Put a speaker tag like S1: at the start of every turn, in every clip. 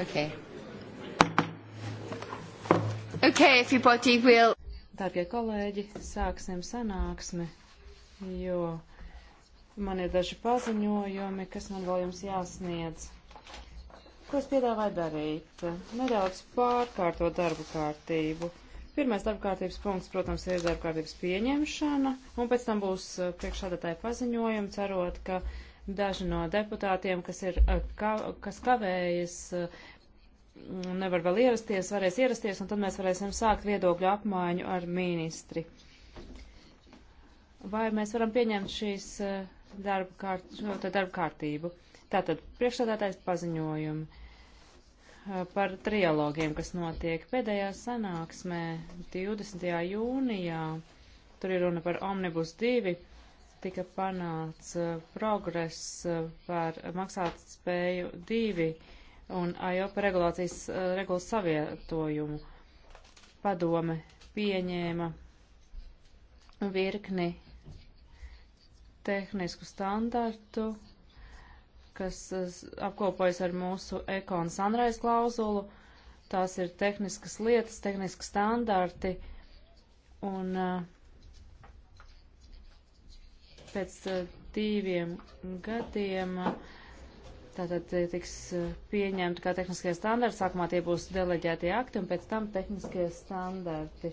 S1: Okay. Okay,
S2: everybody will. Dārgie kolēģi, sāksim sanāksmi, jo man ir daži paziņojumi, kas man vēl jums jāsniedz. Ko es piedāvāju darīt? Nedaudz pārkārtot darbu kārtību. Pirmais darba kārtības punkts, protams, ir darba kārtības pieņemšana, un pēc tam būs priekšādātāja paziņojumi, cerot, ka Daži no deputātiem, kas, ir, eh, ka, kas kavējas, eh, nevar vēl ierasties, varēs ierasties, un tad mēs varēsim sākt viedokļu apmaiņu ar ministri. Vai mēs varam pieņemt šīs eh, darba, kārt, nu, darba kārtību? Tātad priekšstādātais paziņojumi par trialogiem, kas notiek pēdējā sanāksmē 20. jūnijā. Tur ir runa par Omnibus 2 tika panāts eh, progress eh, par maksāt spēju divi un AIOPA regulācijas eh, regulas savietojumu. Padome pieņēma virkni tehnisku standartu, kas apkopojas ar mūsu ekonu sanrais klauzulu. Tās ir tehniskas lietas, tehniski standarti, un uh, pēc eh, diviem gadiem eh, tātad eh, tiks pieņemti kā tehniskie standarti. Sākumā tie būs deleģētie akti un pēc tam tehniskie standarti.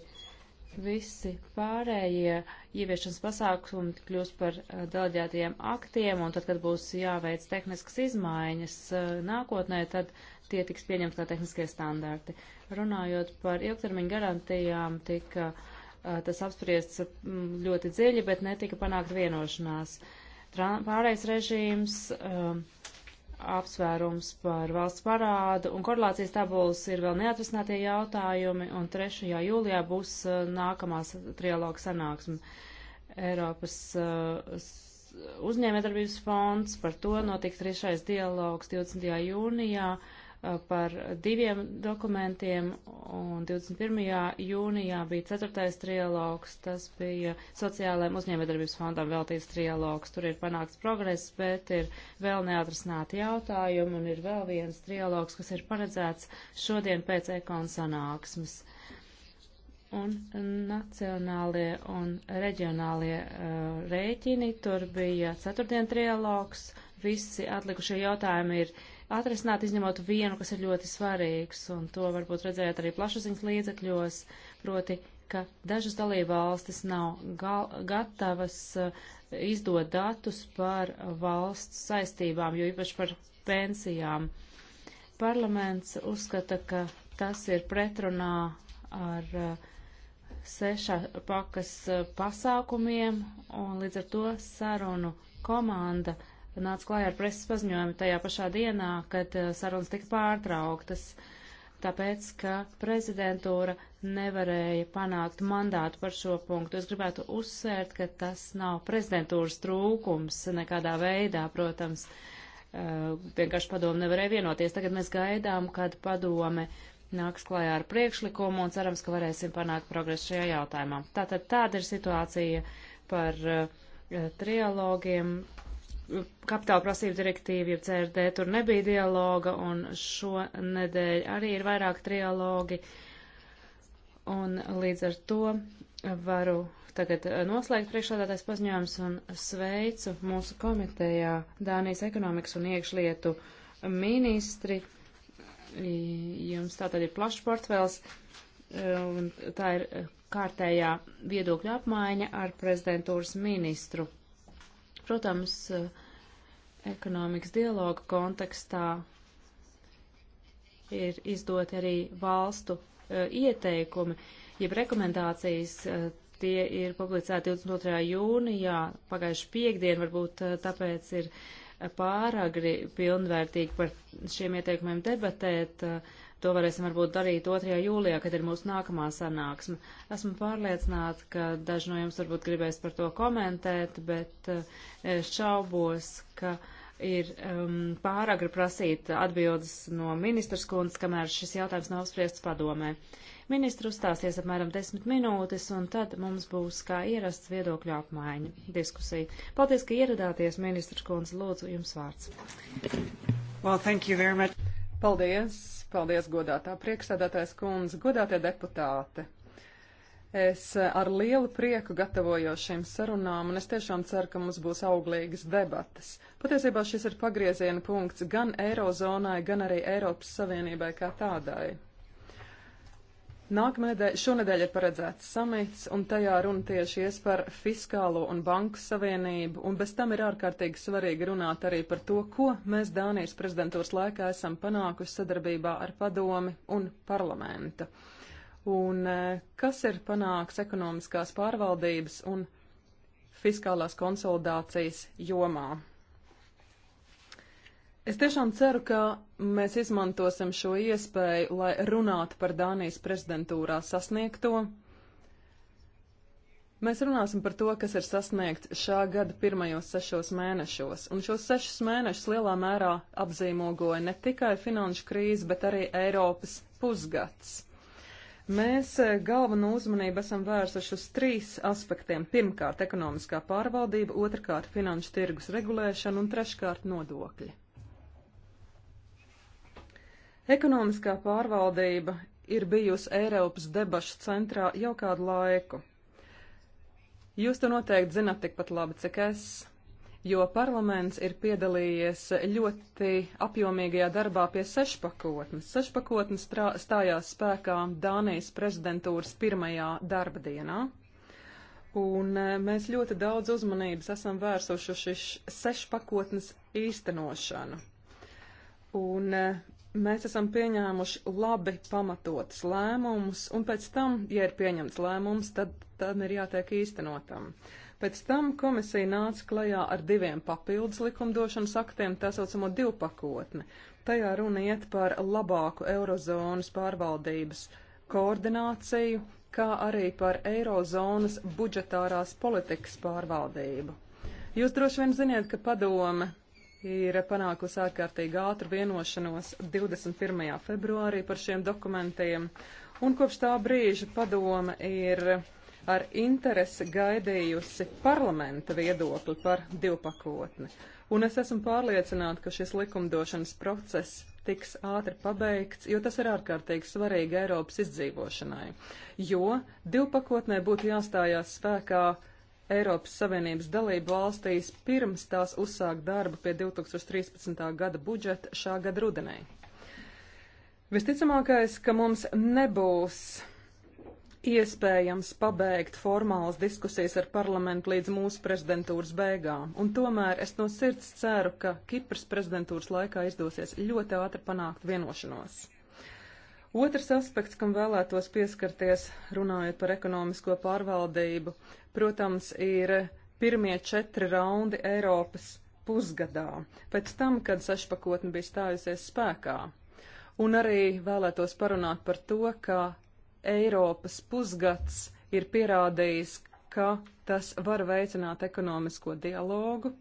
S2: Visi pārējie ieviešanas pasākumi kļūs par deleģētajiem aktiem, un tad, kad būs jāveic tehniskas izmaiņas nākotnē, tad tie tiks pieņemti kā tehniskie standarti. Runājot par ilgtermiņu garantijām, tika uh, Eh, tas apspriests eh, ļoti dziļi, bet netika panākt vienošanās. Pārējais režīms, eh, apsvērums par valsts parādu un korelācijas tabulas ir vēl neatrisinātie jautājumi, un 3. jūlijā būs nākamās trialoga sanāksme. Eiropas uzņēmētarbības fonds, par to notiks trešais dialogs 20. jūnijā Eh, par diviem dokumentiem, un 21. jūnijā bija ceturtais trialogs, tas bija sociālajiem uzņēmējdarbības fondam veltīts trialogs. Tur ir panākts progress, bet ir vēl neatrasināti jautājumi, un ir vēl viens trialogs, kas ir paredzēts šodien pēc ekonu sanāksmes. Un nacionālie un reģionālie uh, rēķini, tur bija ceturtdien trialogs, visi atlikušie jautājumi ir uh, atrisināt, izņemot vienu, kas ir ļoti svarīgs, un to varbūt redzējāt arī plašsaziņas līdzekļos, proti, ka dažas dalībvalstis nav gal, gatavas eh, izdot datus par valsts saistībām, jo īpaši par pensijām. Parlaments uzskata, ka tas ir pretrunā ar uh, seša pakas eh, pasākumiem, un līdz ar to sarunu komanda nāca klājā ar preses paziņojumu tajā pašā dienā, kad eh, sarunas tika pārtrauktas, tāpēc, ka prezidentūra nevarēja panākt mandātu par šo punktu. Es gribētu uzsvērt, ka tas nav prezidentūras trūkums nekādā veidā, protams, eh, vienkārši padomu nevarēja vienoties. Tagad mēs gaidām, kad padome nāks klājā ar priekšlikumu un cerams, ka varēsim panākt progresu šajā jautājumā. Tātad tāda ir situācija par uh, trialogiem kapitāla prasību direktīva, jeb CRD, tur nebija dialoga, un šonedēļ arī ir vairāk trialogi, un līdz ar to varu tagad eh, noslēgt priekšādātais paziņojums un sveicu mūsu komitejā Dānijas ekonomikas un iekšlietu ministri. Jums tātad ir plašs portfels, eh, un tā ir eh, kārtējā viedokļa apmaiņa ar prezidentūras ministru. Protams, eh, ekonomikas dialoga kontekstā ir izdoti arī valstu uh, ieteikumi, jeb rekomendācijas. Uh, tie ir publicēti 22. jūnijā, pagājuši piekdien, varbūt uh, tāpēc ir pāragri pilnvērtīgi par šiem ieteikumiem debatēt. Uh, To varēsim varbūt darīt 2. jūlijā, kad ir mūsu nākamā sanāksme. Esmu pārliecināta, ka daži no jums varbūt gribēs par to komentēt, bet eh, šaubos, ka ir um, pāragri prasīt atbildes no ministras kundzes, kamēr šis jautājums nav spriests padomē. Ministra uzstāsies apmēram 10 minūtes, un tad mums būs kā ierasts viedokļu apmaiņa diskusija. Paldies, ka ieradāties, ministra kundze, lūdzu, jums vārds.
S3: Well, thank you very much. Paldies, paldies godātā priekšsēdētājs kundze, godātie deputāti. Es ar lielu prieku gatavojos šīm sarunām, un es tiešām ceru, ka mums būs auglīgas debatas. Patiesībā šis ir pagrieziena punkts gan Eirozonai, gan arī Eiropas Savienībai kā tādai. Nākamnedēļ, šonedēļ ir paredzēts samits, un tajā runa tieši ies par fiskālo un banku savienību, un bez tam ir ārkārtīgi svarīgi runāt arī par to, ko mēs Dānijas prezidentūras laikā esam panākuši sadarbībā ar padomi un parlamentu. Un e, kas ir panāks ekonomiskās pārvaldības un fiskālās konsolidācijas jomā? Es tiešām ceru, ka mēs izmantosim šo iespēju, lai runātu par Dānijas prezidentūrā sasniegto. Mēs runāsim par to, kas ir sasniegts šā gada pirmajos sešos mēnešos, un šos sešus mēnešus lielā mērā apzīmogoja ne tikai finanšu krīze, bet arī Eiropas pusgads. Mēs eh, galveno uzmanību esam vērsuši uz trīs aspektiem. Pirmkārt, ekonomiskā pārvaldība, otrkārt, finanšu tirgus regulēšana un treškārt, nodokļi. Ekonomiskā pārvaldība ir bijusi Eiropas debašu centrā jau kādu laiku. Jūs to noteikti zinat tikpat labi, cik es, jo parlaments ir piedalījies ļoti apjomīgajā darbā pie sešpakotnes. Sešpakotnes stājās spēkā Dānijas prezidentūras pirmajā darba dienā. Un e, mēs ļoti daudz uzmanības esam vērsuši uz šīs sešpakotnes īstenošanu. Un e, mēs esam pieņēmuši labi pamatotas lēmumus, un pēc tam, ja ir pieņemts lēmums, tad tam ir jātiek īstenotam. Pēc tam komisija nāca klajā ar diviem papildus likumdošanas aktiem, tā saucamo divpakotni. Tajā runa iet par labāku eirozonas pārvaldības koordināciju, kā arī par eirozonas budžetārās politikas pārvaldību. Jūs droši vien ziniet, ka padome ir panākusi ārkārtīgi ātru vienošanos 21. februārī par šiem dokumentiem, un kopš tā brīža padome ir ar interesi gaidījusi parlamenta viedokli par divpakotni. Un es esmu pārliecināta, ka šis likumdošanas process tiks ātri pabeigts, jo tas ir ārkārtīgi svarīgi Eiropas izdzīvošanai, jo divpakotnē būtu jāstājās spēkā Eiropas Savienības dalību valstīs pirms tās uzsāk darbu pie 2013. gada budžeta šā gada rudenī. Visticamākais, ka mums nebūs iespējams pabeigt formālas diskusijas ar parlamentu līdz mūsu prezidentūras beigām, un tomēr es no sirds ceru, ka Kipras prezidentūras laikā izdosies ļoti ātri panākt vienošanos. Otrs aspekts, kam vēlētos pieskarties, runājot par ekonomisko pārvaldību, protams, ir pirmie četri raundi Eiropas pusgadā, pēc tam, kad sešpakotne bija stājusies spēkā. Un arī vēlētos parunāt par to, ka Eiropas pusgads ir pierādījis, ka tas var veicināt ekonomisko dialogu,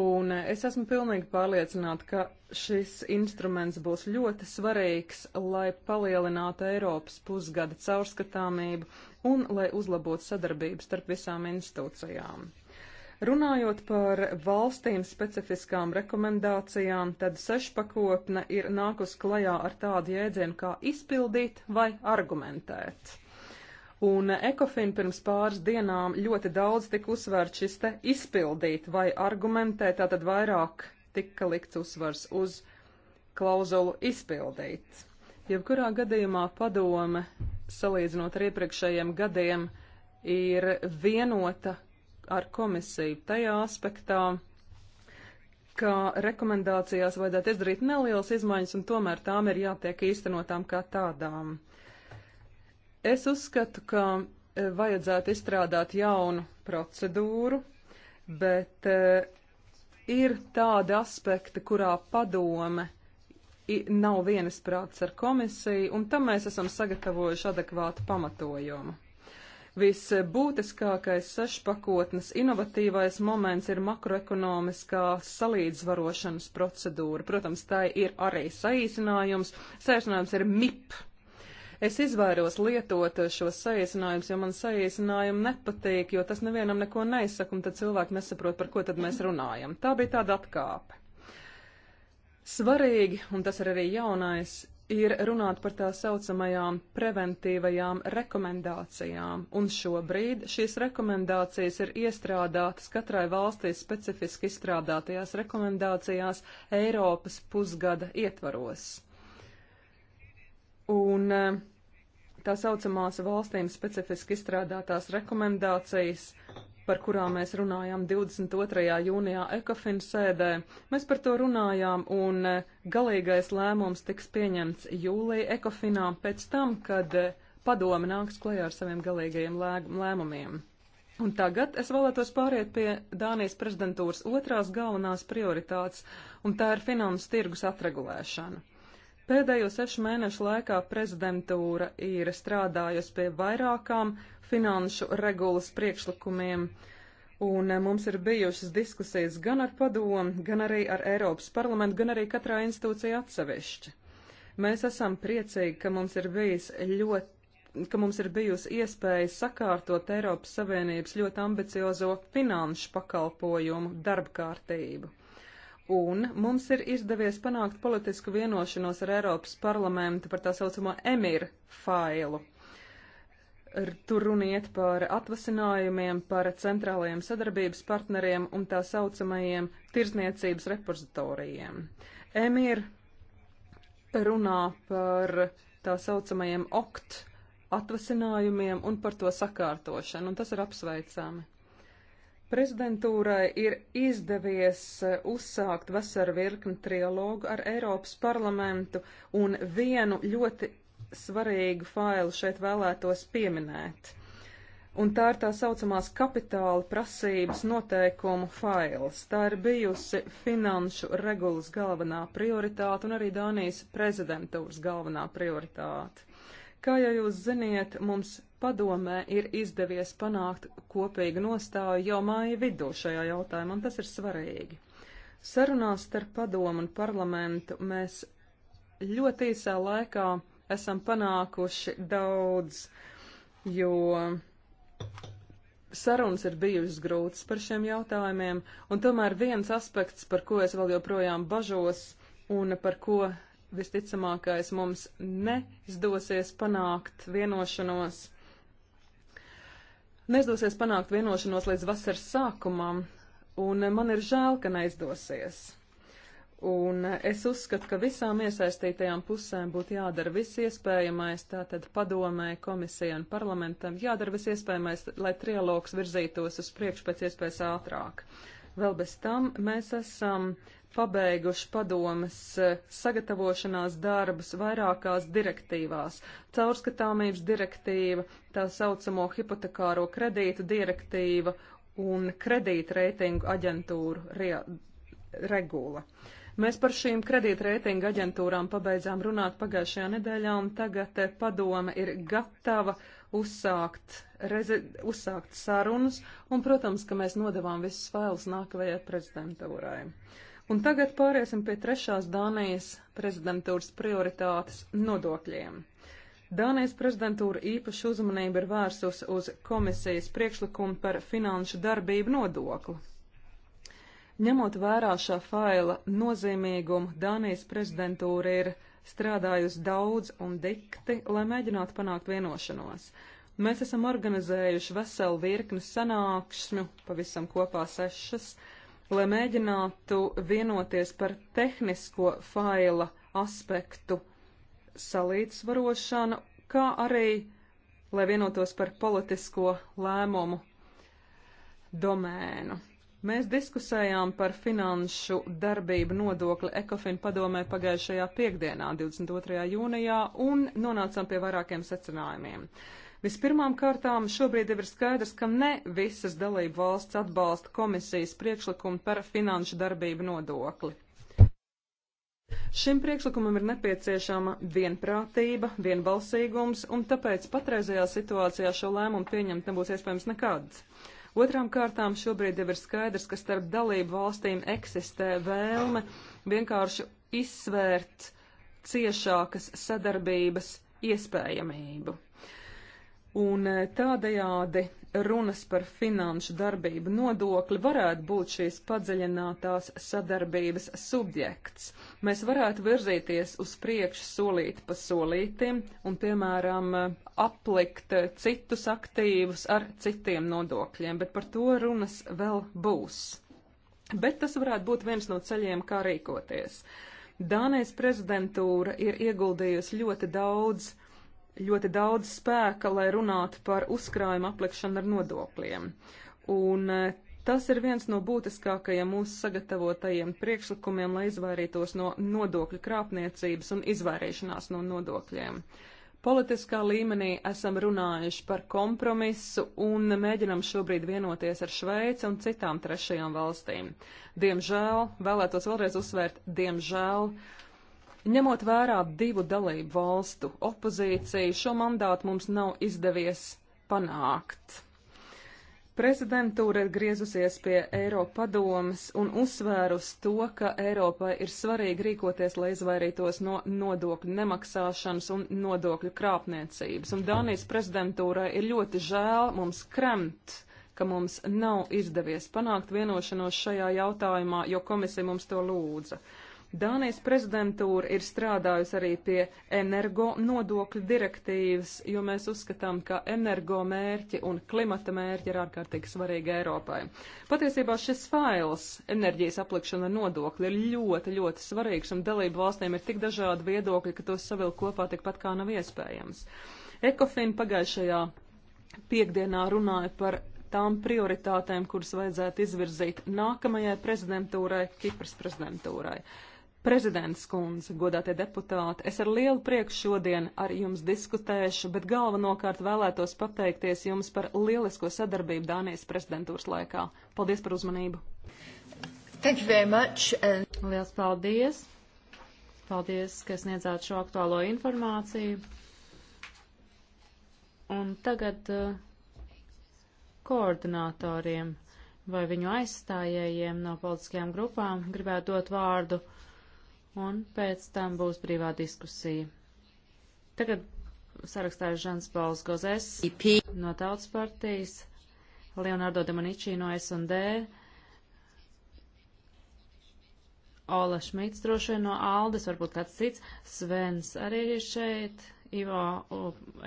S3: Un eh, es esmu pilnīgi pārliecināta, ka šis instruments būs ļoti svarīgs, lai palielinātu Eiropas pusgada caurskatāmību un lai uzlabotu sadarbību starp visām institūcijām. Runājot par valstīm specifiskām rekomendācijām, tad sešpakotne ir nākus klajā ar tādu jēdzienu kā izpildīt vai argumentēt. Un Ekofin pirms pāris dienām ļoti daudz tika uzsvērts šis te izpildīt vai argumentēt, tātad vairāk tika likts uzsvars uz klauzulu izpildīt. Jebkurā gadījumā padome, salīdzinot ar iepriekšējiem gadiem, ir vienota ar komisiju tajā aspektā, ka rekomendācijās vajadzētu izdarīt nelielas izmaiņas, un tomēr tām ir jātiek īstenotām kā tādām. Es uzskatu, ka e, vajadzētu izstrādāt jaunu procedūru, bet e, ir tādi aspekti, kurā padome nav vienisprāts ar komisiju, un tam mēs esam sagatavojuši adekvātu pamatojumu. Visbūtiskākais sešpakotnes inovatīvais moments ir makroekonomiskā salīdzvarošanas procedūra. Protams, tā ir arī saīsinājums. Saīsinājums ir MIP Es izvairos lietot šos saīsinājumus, jo man saīsinājumi nepatīk, jo tas nevienam neko neizsaka, un tad cilvēki nesaprot, par ko tad mēs runājam. Tā bija tāda atkāpe. Svarīgi, un tas ir arī jaunais, ir runāt par tā saucamajām preventīvajām rekomendācijām, un šobrīd šīs rekomendācijas ir iestrādātas katrai valstī specifiski izstrādātajās rekomendācijās Eiropas pusgada ietvaros. Un eh, tā saucamās valstīm specifiski izstrādātās rekomendācijas, par kurām mēs runājām 22. jūnijā ECOFIN sēdē. Mēs par to runājām un e, galīgais lēmums tiks pieņemts jūlija ECOFINā pēc tam, kad e, padome nāks klajā ar saviem galīgajiem lēmumiem. Un tagad es vēlētos pāriet pie Dānijas prezidentūras otrās galvenās prioritātes, un tā ir finanses tirgus atregulēšana. Pēdējo sešu mēnešu laikā prezidentūra ir strādājusi pie vairākām finanšu regulas priekšlikumiem, un mums ir bijušas diskusijas gan ar padomu, gan arī ar Eiropas parlamentu, gan arī katrā institūcija atsevišķi. Mēs esam priecīgi, ka mums ir bijis ļoti ka mums ir bijusi iespēja sakārtot Eiropas Savienības ļoti ambiciozo finanšu pakalpojumu darbkārtību un mums ir izdevies panākt politisku vienošanos ar Eiropas parlamentu par tā saucamo emir failu. Tur runiet par atvasinājumiem, par centrālajiem sadarbības partneriem un tā saucamajiem tirzniecības repozitorijiem. Emir runā par tā saucamajiem okt atvasinājumiem un par to sakārtošanu, un tas ir apsveicami. Prezidentūrai ir izdevies eh, uzsākt vasaru virkni trialogu ar Eiropas parlamentu, un vienu ļoti svarīgu failu šeit vēlētos pieminēt. Un tā ir tā saucamās kapitāla prasības noteikumu fails. Tā ir bijusi finanšu regulas galvenā prioritāte un arī Dānijas prezidentūras galvenā prioritāte. Kā jau jūs ziniet, mums padomē ir izdevies panākt kopīgu nostāju jau māja vidū šajā jautājumā, un tas ir svarīgi. Sarunās starp padomu un parlamentu mēs ļoti īsā laikā esam panākuši daudz, jo sarunas ir bijušas grūtas par šiem jautājumiem, un tomēr viens aspekts, par ko es vēl joprojām bažos un par ko visticamākais mums neizdosies panākt vienošanos, neizdosies panākt vienošanos līdz vasaras sākumam, un man ir žēl, ka neizdosies. Un es uzskatu, ka visām iesaistītajām pusēm būtu jādara viss iespējamais, tātad padomē, komisija un parlamentam jādara viss iespējamais, lai trialogs virzītos uz priekšu pēc iespējas ātrāk. Vēl bez tam mēs esam pabeiguši padomas e, sagatavošanās darbus vairākās direktīvās - caurskatāmības direktīva, tā saucamo hipotekāro kredītu direktīva un kredītreitingu aģentūru regula. Mēs par šīm kredītreitingu aģentūrām pabeidzām runāt pagājušajā nedēļā, un tagad e, padome ir gatava uzsākt, rezi, uzsākt sarunas, un, protams, ka mēs nodevām visus failus nākamajai prezidentūrai. Uh, Un tagad pāriesim pie trešās Dānijas prezidentūras prioritātes nodokļiem. Dānijas prezidentūra īpašu uzmanību ir vērsus uz komisijas priekšlikumu par finanšu darbību nodokli. Ņemot vērā šā faila nozīmīgumu, Dānijas prezidentūra ir strādājusi daudz un dikti, lai mēģinātu panākt vienošanos. Mēs esam organizējuši veselu virkni sanākšņu, pavisam kopā sešas, lai mēģinātu vienoties par tehnisko faila aspektu salīdzvarošanu, kā arī, lai vienotos par politisko lēmumu domēnu. Mēs diskusējām par finanšu darbību nodokli Ekofin padomē pagājušajā piekdienā, 22. jūnijā, un nonācām pie vairākiem secinājumiem. Vispirmām kārtām šobrīd jau ir skaidrs, ka ne visas dalību valsts atbalsta komisijas priekšlikumu par finanšu darbību nodokli. Šim priekšlikumam ir nepieciešama vienprātība, vienbalsīgums, un tāpēc patreizajā situācijā šo lēmumu pieņemt nebūs iespējams nekāds. Otrām kārtām šobrīd jau ir skaidrs, ka starp dalību valstīm eksistē vēlme vienkārši izsvērt ciešākas sadarbības iespējamību. Un eh, tādējādi runas par finanšu darbību nodokli varētu būt šīs padziļinātās sadarbības subjekts. Mēs varētu virzīties uz priekšu solīti pa solītim un, piemēram, aplikt eh, citus aktīvus ar citiem nodokļiem, bet par to runas vēl būs. Bet tas varētu būt viens no ceļiem, kā rīkoties. Dānijas prezidentūra ir ieguldījusi ļoti daudz ļoti daudz spēka, lai runātu par uzkrājumu aplikšanu ar nodokļiem. Un e, tas ir viens no būtiskākajiem mūsu sagatavotajiem priekšlikumiem, lai izvairītos no nodokļu krāpniecības un izvairīšanās no nodokļiem. Politiskā līmenī esam runājuši par kompromisu un mēģinam šobrīd vienoties ar Šveici un citām trešajām valstīm. Diemžēl, vēlētos vēlreiz uzsvērt, diemžēl uh, Ņemot vērā divu dalību valstu opozīciju, šo mandātu mums nav izdevies panākt. Prezidentūra ir griezusies pie Eiropa padomas un uzsvērus to, ka Eiropai ir svarīgi rīkoties, lai izvairītos no nodokļu nemaksāšanas un nodokļu krāpniecības. Un Dānijas prezidentūrai ir ļoti žēl mums kremt ka mums nav izdevies panākt vienošanos šajā jautājumā, jo komisija mums to lūdza. Dānijas prezidentūra ir strādājusi arī pie energo nodokļu direktīvas, jo mēs uzskatām, ka energo mērķi un klimata mērķi ir ārkārtīgi svarīgi Eiropai. Patiesībā šis fails enerģijas aplikšana nodokļi ir ļoti, ļoti svarīgs, un dalību valstīm ir tik dažādi viedokļi, ka tos savilkt kopā tikpat kā nav iespējams. Ekofin pagājušajā piekdienā runāja par tām prioritātēm, kuras vajadzētu izvirzīt nākamajai prezidentūrai, Kipras prezidentūrai. Prezidents kundze, godātie deputāti, es ar lielu prieku šodien ar jums diskutēšu, bet galvenokārt vēlētos pateikties jums par lielisko sadarbību Dānijas prezidentūras laikā. Paldies par uzmanību!
S1: Thank you very much. And... Liels paldies! Paldies,
S2: ka sniedzāt šo aktuālo informāciju. Un tagad uh, koordinatoriem vai viņu aizstājējiem no politiskajām grupām gribētu dot vārdu un pēc tam būs brīvā diskusija. Tagad sarakstā ir Žans Pauls Gozes no Tautas partijas, Leonardo Damaničī no S&D, Ola Šmits droši vien no Aldes, varbūt kāds cits, Svens arī ir šeit, Ivo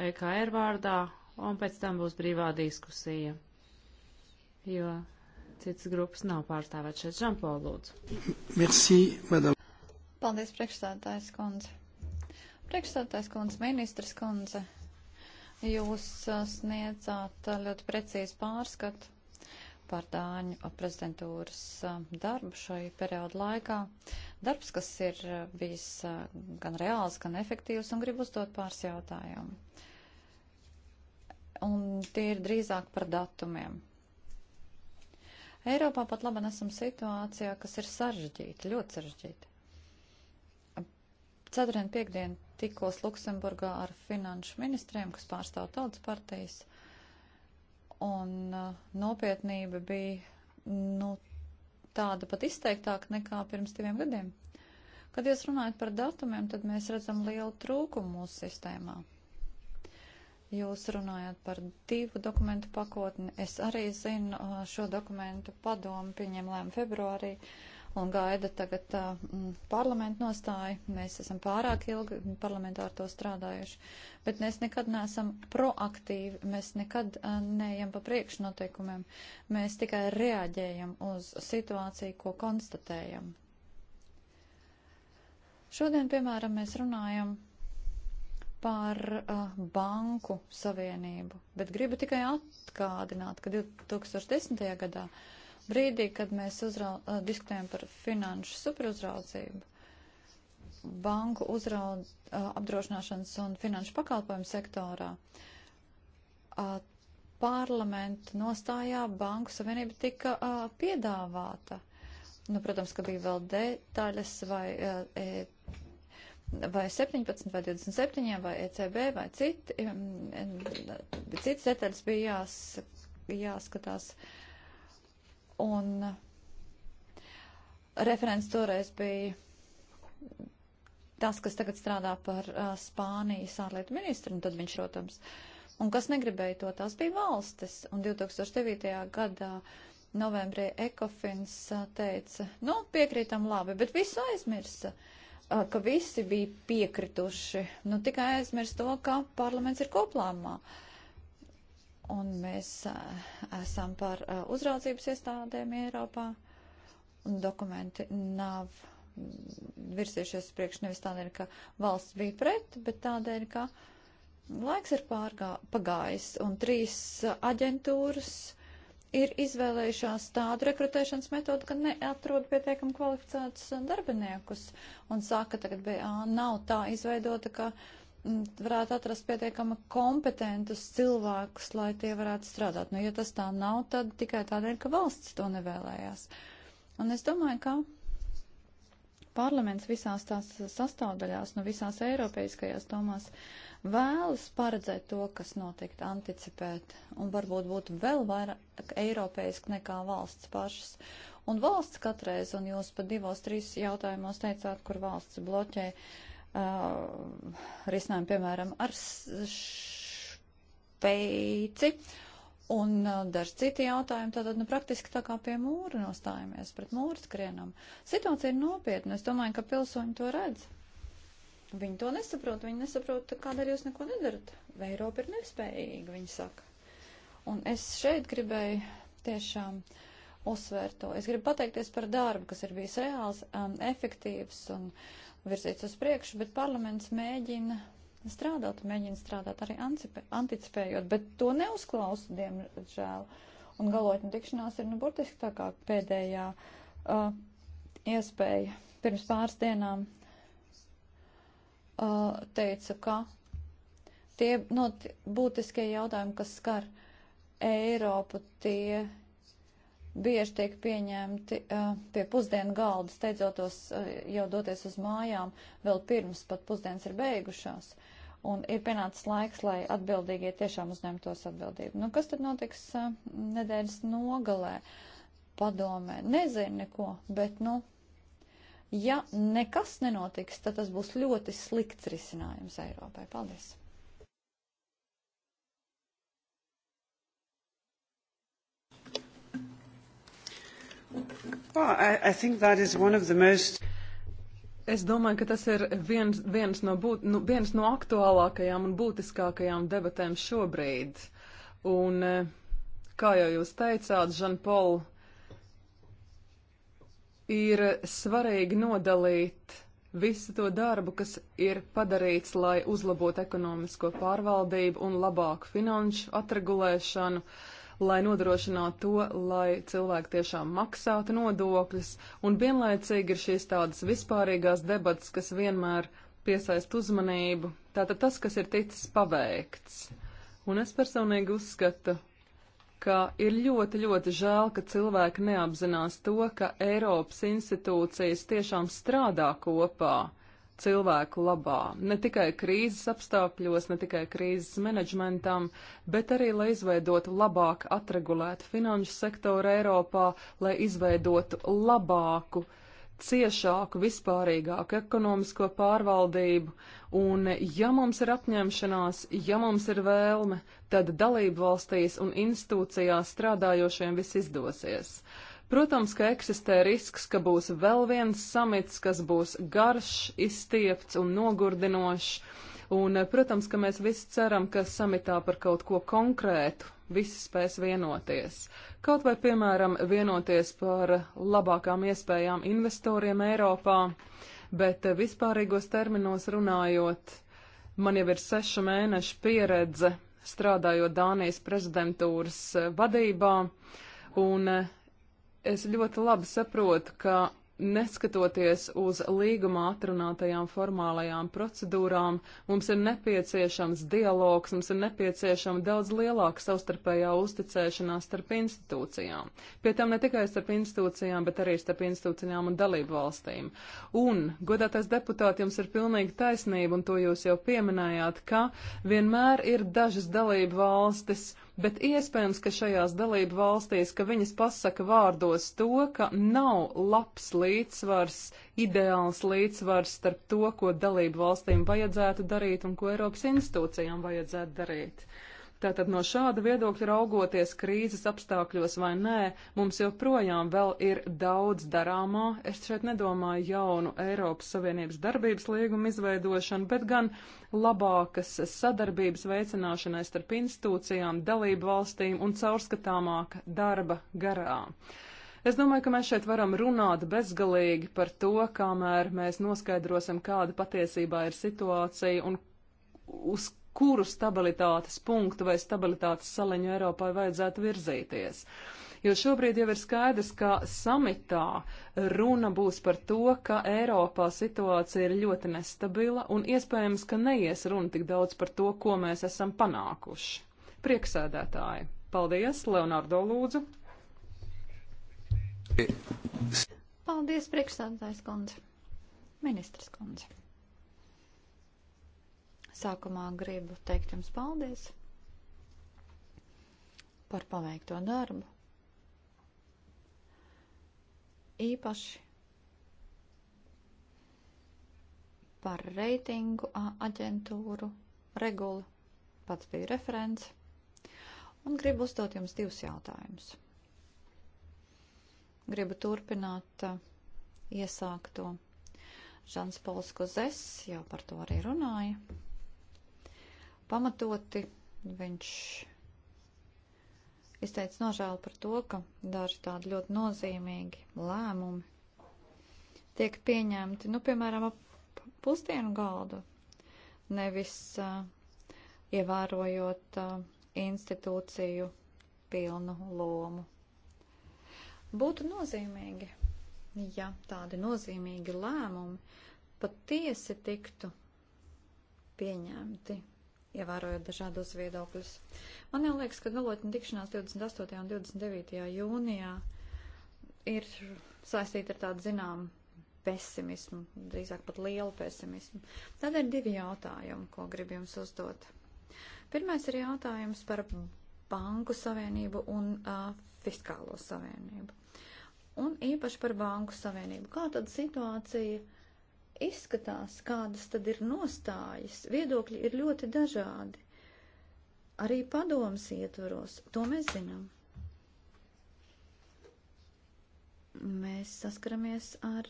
S2: EKR vārdā, un pēc tam būs brīvā diskusija, jo citas grupas nav pārstāvēt šeit. Žanpol, lūdzu.
S3: Merci, madame.
S1: Paldies, priekšstādātājs kundze. Priekšstādātājs kundze, ministrs kundze, jūs uh, sniedzāt uh, ļoti precīzi pārskatu par Dāņu prezidentūras uh, darbu šai periodu laikā. Darbs, kas ir bijis gan reāls, gan efektīvs, un gribu uzdot pāris jautājumu. Un tie ir drīzāk par datumiem. Eiropā pat labi esam situācijā, kas ir sarežģīta, ļoti sarežģīta. Ceturtdien, piekdien tikos Luksemburgā ar finanšu ministriem, kas pārstāv tautas partijas, un uh, nopietnība bija, nu, tāda pat izteiktāka nekā pirms diviem gadiem. Kad jūs runājat par datumiem, tad mēs redzam lielu trūkumu mūsu sistēmā. Jūs runājat par divu dokumentu pakotni. Es arī zinu, uh, šo dokumentu padomu pieņem lēmu februārī. Uh, un gaida tagad uh, parlamentu nostāju. Mēs esam pārāk ilgi parlamentā ar to strādājuši, bet mēs nekad neesam proaktīvi, mēs nekad uh, neejam pa priekšnoteikumiem, mēs tikai reaģējam uz situāciju, ko konstatējam. Šodien, piemēram, mēs runājam par uh, banku savienību, bet gribu tikai atgādināt, ka 2010. gadā uh, Brīdī, kad mēs uzrau, diskutējam par finanšu superuzraudzību, banku uzraud, apdrošināšanas un finanšu pakalpojumu sektorā, parlamenta nostājā Banku Savienība tika piedāvāta. Nu, protams, ka bija vēl detaļas vai, e, vai 17 vai 27 vai ECB vai citi, citas detaļas bija jās, jāskatās. Uh, Un referents toreiz bija tas, kas tagad strādā par uh, Spānijas ārlietu ministru, un tad viņš, protams, un kas negribēja to, tās bija valstis. Un 2009. gadā novembrī Ekofins uh, teica, nu, piekrītam labi, bet visu aizmirsa, uh, ka visi bija piekrituši. Nu, tikai aizmirst to, ka parlaments ir koplāmā. Uh, un mēs eh, esam par eh, uzraudzības iestādēm Eiropā, un dokumenti nav virzījušies priekš nevis tādēļ, ka valsts bija pret, bet tādēļ, ka laiks ir pārgā, pagājis, un trīs aģentūras ir izvēlējušās tādu rekrutēšanas metodu, ka neatrod pietiekam kvalificētus darbiniekus, un saka, tagad BA nav tā izveidota, ka. Uh, varētu atrast pietiekama kompetentus cilvēkus, lai tie varētu strādāt. Nu, ja tas tā nav, tad tikai tādēļ, ka valsts to nevēlējās. Un es domāju, ka parlaments visās tās sastāvdaļās, nu visās eiropeiskajās domās, vēlas paredzēt to, kas notiek, anticipēt, un varbūt būtu vēl vairāk eiropeiski nekā valsts pašas. Un valsts katreiz, un jūs pat divos, trīs jautājumos teicāt, kur valsts bloķē, uh, uh, risinājumu, piemēram, ar speici. Un uh, daži citi jautājumi, tātad, nu, praktiski tā kā pie mūra nostājamies, pret mūru skrienam. Situācija ir nopietna, es domāju, ka pilsoņi to redz. Viņi to nesaprot, viņi nesaprot, kādēļ jūs neko nedarat. Vai Eiropa ir nespējīga, viņi saka. Un es šeit gribēju tiešām uzsvērt to. Es gribu pateikties par darbu, kas ir bijis reāls, um, efektīvs un virzīts uz priekšu, bet parlaments mēģina strādāt, mēģina strādāt arī anticipējot, bet to neuzklausa, diemžēl. Un galotņu tikšanās ir, nu, burtiski tā kā pēdējā uh, iespēja. Pirms pāris dienām uh, teica, ka tie no, būtiskie jautājumi, kas skar Eiropu, tie bieži tiek pieņemti uh, pie pusdienu galda, steidzotos uh, jau doties uz mājām, vēl pirms pat pusdienas ir beigušās. Un ir pienācis laiks, lai atbildīgie tiešām uzņemtos atbildību. Nu, kas tad notiks uh, nedēļas nogalē? Padomē, nezinu neko, bet, nu, ja nekas nenotiks, tad tas būs ļoti slikts risinājums Eiropai. Paldies!
S3: Es domāju, ka tas ir viens, viens, no būt, nu, viens no aktuālākajām un būtiskākajām debatēm šobrīd. Un, eh, kā jau jūs teicāt, Žanpol, ir svarīgi nodalīt visu to darbu, kas ir padarīts, lai uzlabotu ekonomisko pārvaldību un labāku finanšu atregulēšanu. Uh, lai nodrošinātu to, lai cilvēki tiešām maksātu nodokļus, un vienlaicīgi ir šīs tādas vispārīgās debatas, kas vienmēr piesaist uzmanību. Tātad tas, kas ir ticis paveikts. Un es personīgi uzskatu, ka ir ļoti, ļoti žēl, ka cilvēki neapzinās to, ka Eiropas institūcijas tiešām strādā kopā cilvēku labā. Ne tikai krīzes apstākļos, ne tikai krīzes menedžmentam, bet arī, lai izveidotu labāk atregulētu finanšu sektoru Eiropā, lai izveidotu labāku, ciešāku, vispārīgāku ekonomisko pārvaldību. Un ja mums ir apņemšanās, ja mums ir vēlme, tad dalību valstīs un institūcijās strādājošiem viss izdosies. Uh, Protams, ka eksistē risks, ka būs vēl viens samits, kas būs garš, izstiepts un nogurdinošs. Un, protams, ka mēs visi ceram, ka samitā par kaut ko konkrētu visi spēs vienoties. Kaut vai, piemēram, vienoties par labākām iespējām investoriem Eiropā, bet vispārīgos terminos runājot, man jau ir sešu mēnešu pieredze strādājot Dānijas prezidentūras vadībā, un Es ļoti labi saprotu, ka neskatoties uz līgumā atrunātajām formālajām procedūrām, mums ir nepieciešams dialogs, mums ir nepieciešama daudz lielāka savstarpējā uzticēšanās starp institūcijām. Pie tam ne tikai starp institūcijām, bet arī starp institūcijām un dalību valstīm. Un, godātais deputāti, jums ir pilnīgi taisnība, un to jūs jau pieminējāt, ka vienmēr ir dažas dalību valstis, bet iespējams, ka šajās dalību valstīs, ka viņas pasaka vārdos to, ka nav labs līdzsvars, ideāls līdzsvars starp to, ko dalību valstīm vajadzētu darīt un ko Eiropas institūcijām vajadzētu darīt. Tātad no šāda viedokļa raugoties krīzes apstākļos vai nē, mums joprojām vēl ir daudz darāmā. Es šeit nedomāju jaunu Eiropas Savienības darbības līgumu izveidošanu, bet gan labākas sadarbības veicināšanai starp institūcijām, dalību valstīm un caurskatāmāka darba garā. Es domāju, ka mēs šeit varam runāt bezgalīgi par to, kamēr mēs noskaidrosim, kāda patiesībā ir situācija un uz kuru stabilitātes punktu vai stabilitātes saliņu Eiropai vajadzētu virzīties. Jo šobrīd jau ir skaidrs, ka samitā runa būs par to, ka Eiropā situācija ir ļoti nestabila un iespējams, ka neies runa tik daudz par to, ko mēs esam panākuši. Prieksēdētāji, paldies, Leonardo Lūdzu. Paldies, priekšstādātājs kundze. Ministrs kundze.
S1: Sākumā gribu teikt jums paldies par paveikto darbu. Īpaši par reitingu aģentūru regulu. Pats bija referents. Un gribu uzdot jums divus jautājumus. Gribu turpināt iesākto. Žans Pols Kozes jau par to arī runāja pamatoti. Viņš izteica nožēlu par to, ka daži tādi ļoti nozīmīgi lēmumi tiek pieņemti, nu, piemēram, ap pusdienu galdu, nevis uh, ievērojot uh, institūciju pilnu lomu. Būtu nozīmīgi, ja tādi nozīmīgi lēmumi patiesi tiktu pieņemti ievērojot dažādos viedokļus. Man jau liekas, ka galotņa tikšanās 28. un 29. jūnijā ir saistīta ar tādu zinām pesimismu, drīzāk pat lielu pesimismu. Tad ir divi jautājumi, ko gribu jums uzdot. Pirmais ir jautājums par banku savienību un uh, fiskālo savienību. Un īpaši par banku savienību. Kā tad situācija izskatās, kādas tad ir nostājas. Viedokļi ir ļoti dažādi. Arī padomas ietvaros, to mēs zinām. Mēs saskaramies ar,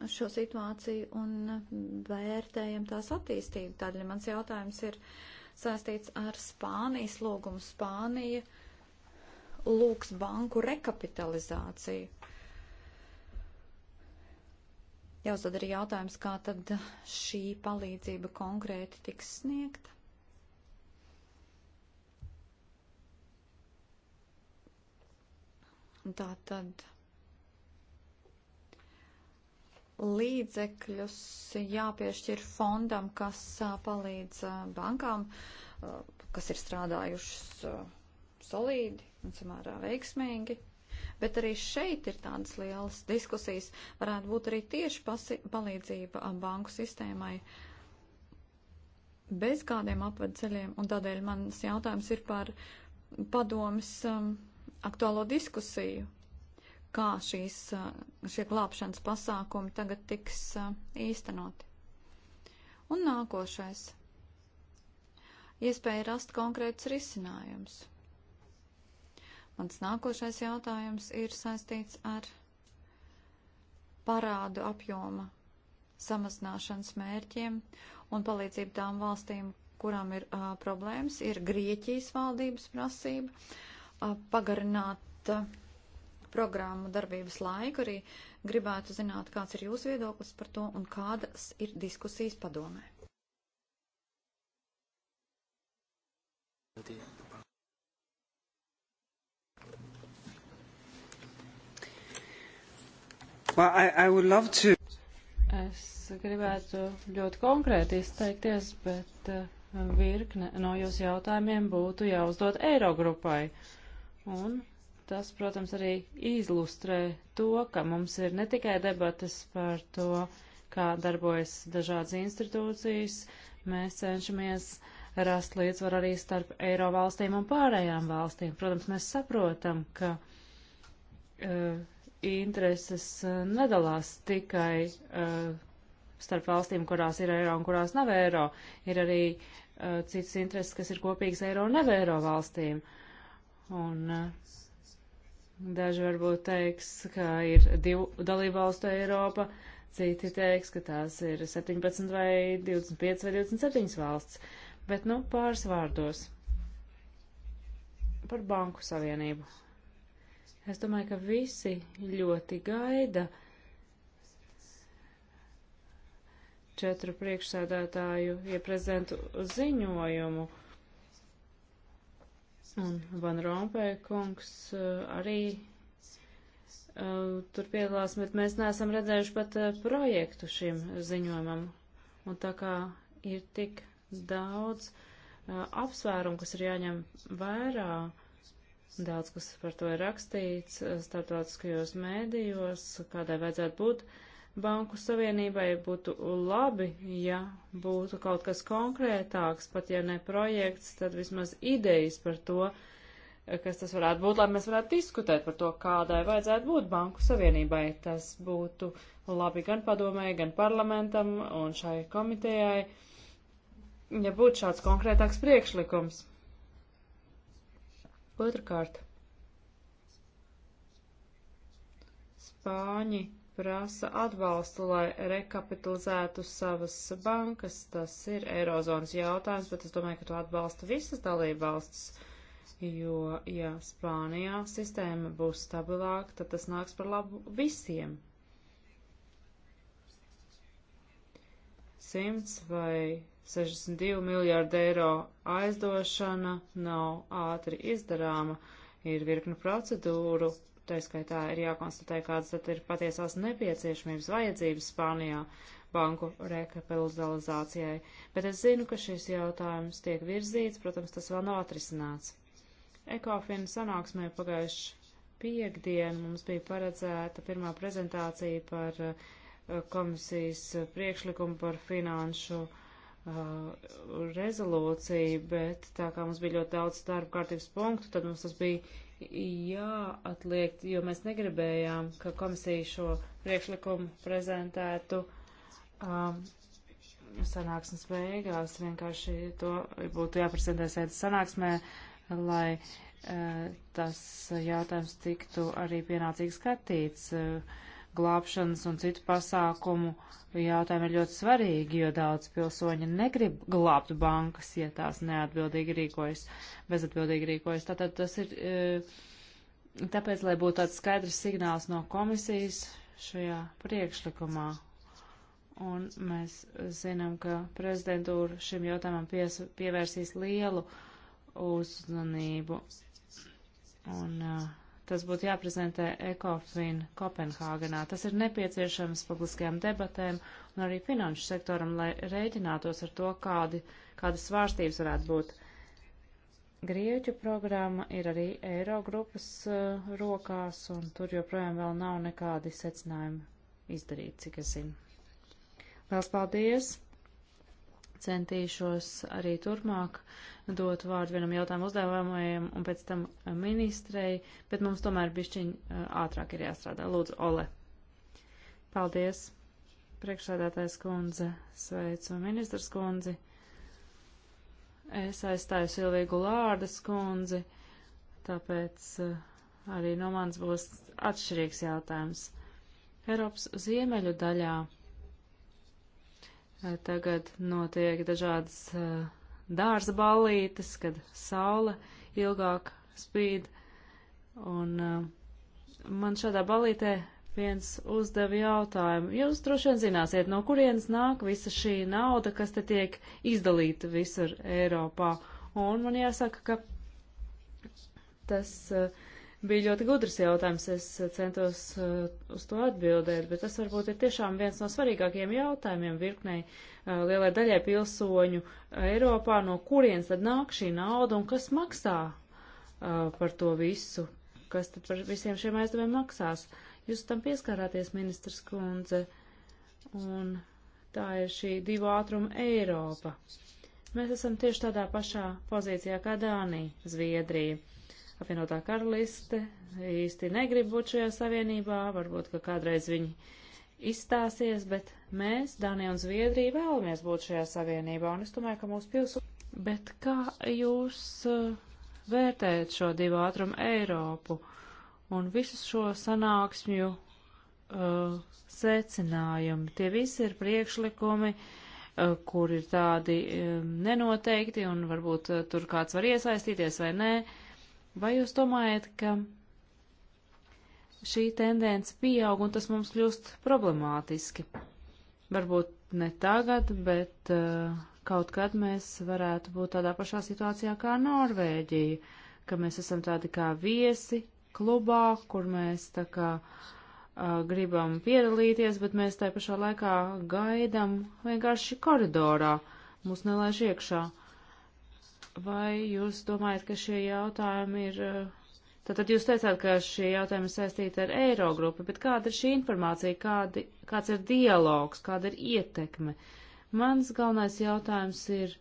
S1: ar šo situāciju un vērtējam tās attīstību. Tādēļ mans jautājums ir saistīts ar Spānijas lūgumu. Spānija lūgs banku rekapitalizāciju Jāuzdod arī jautājums, kā tad šī palīdzība konkrēti tiks sniegta. Tā tad līdzekļus jāpiešķir fondam, kas palīdz bankām, kas ir strādājušas solīdi un samērā veiksmīgi. Bet arī šeit ir tādas lielas diskusijas. Varētu būt arī tieši pasi, palīdzība banku sistēmai bez kādiem apvedceļiem. Un tādēļ mans jautājums ir par padomas um, aktuālo diskusiju, kā šīs, šie glābšanas pasākumi tagad tiks uh, īstenoti. Un nākošais. Iespēja rast konkrēts risinājums. Mans nākošais jautājums ir saistīts ar parādu apjoma samazināšanas mērķiem un palīdzību tām valstīm, kurām ir uh, problēmas, ir Grieķijas valdības prasība uh, pagarināt uh, programmu darbības laiku. Arī gribētu zināt, kāds ir jūsu viedoklis par to un kādas ir diskusijas padomē.
S2: Paldies.
S3: Well, I, I would love to... Es
S2: gribētu ļoti konkrēti izteikties, bet uh, virkne no jūsu jautājumiem būtu jāuzdod Eirogrupai. Un tas, protams, arī izlustrē to, ka mums ir ne tikai debatas par to, kā darbojas dažādas institūcijas, mēs cenšamies rast līdzvaru arī starp Eiro valstīm un pārējām valstīm. Protams, mēs saprotam, ka. Uh, intereses eh, nedalās tikai uh, starp valstīm, kurās ir eiro un kurās nav eiro. Ir arī uh, eh, citas intereses, kas ir kopīgas eiro un nav eiro valstīm. Un uh, daži varbūt teiks, ka ir divu dalību valstu Eiropa, citi teiks, ka tās ir 17 vai 25 vai 27 valsts. Bet, nu, pāris vārdos par banku savienību. Es domāju, ka visi ļoti gaida četru priekšsēdētāju ieprezentu ziņojumu. Un Van Rompē kungs uh, arī uh, tur piedalās, bet mēs neesam redzējuši pat uh, projektu šim ziņojumam. Un tā kā ir tik daudz uh, apsvērumu, kas ir jāņem vērā, Daudz, kas par to ir rakstīts eh, starptautiskajos mēdījos, kādai vajadzētu būt banku savienībai, būtu labi, ja būtu kaut kas konkrētāks, pat ja ne projekts, tad vismaz idejas par to, eh, kas tas varētu būt, lai mēs varētu diskutēt par to, kādai vajadzētu būt banku savienībai. Tas būtu labi gan padomēji, gan parlamentam un šai komitejai, ja būtu šāds konkrētāks priekšlikums. Otrakārt, Spāņi prasa atbalstu, lai rekapitalizētu savas bankas. Tas ir Eirozonas jautājums, bet es domāju, ka to atbalsta visas dalībvalstis, jo, ja Spānijā sistēma būs stabilāka, tad tas nāks par labu visiem. 100 vai 62 miljārdu eiro aizdošana nav ātri izdarāma, ir virkni procedūru, taiskaitā ir jākonstatē, kādas tad ir patiesās nepieciešamības vajadzības Spānijā banku rekapitalizācijai, bet es zinu, ka šis jautājums tiek virzīts, protams, tas vēl nav atrisināts. Ekofina sanāksmē pagājuši piekdien mums bija paredzēta pirmā prezentācija par eh, komisijas priekšlikumu par finanšu uh, Uh, rezolūciju, bet tā kā mums bija ļoti daudz darba kārtības punktu, tad mums tas bija jāatliek, jo mēs negribējām, ka komisija šo priekšlikumu prezentētu um, sanāksmes beigās. Vienkārši to būtu jāprezentē sēdes sanāksmē, lai uh, tas jautājums tiktu arī pienācīgi skatīts. Uh, glābšanas un citu pasākumu jautājumi ir ļoti svarīgi, jo daudz pilsoņi negrib glābt bankas, ja tās neatbildīgi rīkojas, bezatbildīgi rīkojas. Tātad tas ir, e, tāpēc, lai būtu tāds skaidrs signāls no komisijas šajā priekšlikumā. Un mēs zinām, ka prezidentūra šim jautājumam pies, pievērsīs lielu uzmanību. Un uh, Tas būtu jāprezentē ECOFIN Kopenhāgenā. Tas ir nepieciešams publiskajām debatēm un arī finanšu sektoram, lai rēķinātos ar to, kādi, kādas svārstības varētu būt. Grieķu programma ir arī Eirogrupas uh, rokās, un tur joprojām vēl nav nekādi secinājumi izdarīti, cik es zinu. Vēl paldies! centīšos arī turpmāk dot vārdu vienam jautājumu uzdevumajam un pēc tam ministrei, bet mums tomēr bišķiņ ātrāk ir jāstrādā. Lūdzu, Ole. Paldies, priekšsēdētājs kundze, sveicu ministrs kundzi. Es aizstāju Silvīgu Lārdas kundzi, tāpēc arī no mans būs atšķirīgs jautājums. Eiropas ziemeļu daļā Eh, tagad notiek dažādas eh, dārza ballītes, kad saule ilgāk spīd. Un eh, man šādā ballītē viens uzdeva jautājumu. Jūs droši vien zināsiet, no kurienes nāk visa šī nauda, kas te tiek izdalīta visur Eiropā. Un man jāsaka, ka tas uh, bija ļoti gudrs jautājums. Es eh, centos uh, uz to atbildēt, bet tas varbūt ir tiešām viens no svarīgākajiem jautājumiem virknei uh, lielai daļai pilsoņu Eiropā, no kurienes tad nāk šī nauda un kas maksā uh, par to visu, kas tad par visiem šiem aizdevumiem maksās. Jūs tam pieskārāties, ministrs kundze, un tā ir šī divu ātrumu Eiropa. Mēs esam tieši tādā pašā pozīcijā kā Dānija, Zviedrija apvienotā karaliste īsti negrib būt šajā savienībā, varbūt, ka kādreiz viņi izstāsies, bet mēs, Dānija un Zviedrija, vēlamies būt šajā savienībā, un es domāju, ka mūsu pilsu. Bet kā jūs eh, vērtējat šo divu ātrumu Eiropu un visus šo sanāksmju uh, eh, secinājumi? Tie visi ir priekšlikumi. Uh, kur ir tādi nenoteikti un varbūt tur kāds var iesaistīties vai nē. Vai jūs domājat, ka šī tendence pieaug un tas mums kļūst problemātiski? Varbūt ne tagad, bet uh, kaut kad mēs varētu būt tādā pašā situācijā kā Norvēģija, ka mēs esam tādi kā viesi klubā, kur mēs tā kā uh, gribam piedalīties, bet mēs tā pašā laikā gaidam vienkārši koridorā, mūs nelaiž iekšā. Vai jūs domājat, ka šie jautājumi ir. Eh, tātad jūs teicāt, ka šie jautājumi ir saistīti ar Eirogrupu, bet kāda ir šī informācija, kādi, kāds ir dialogs, kāda ir ietekme? Mans galvenais jautājums ir,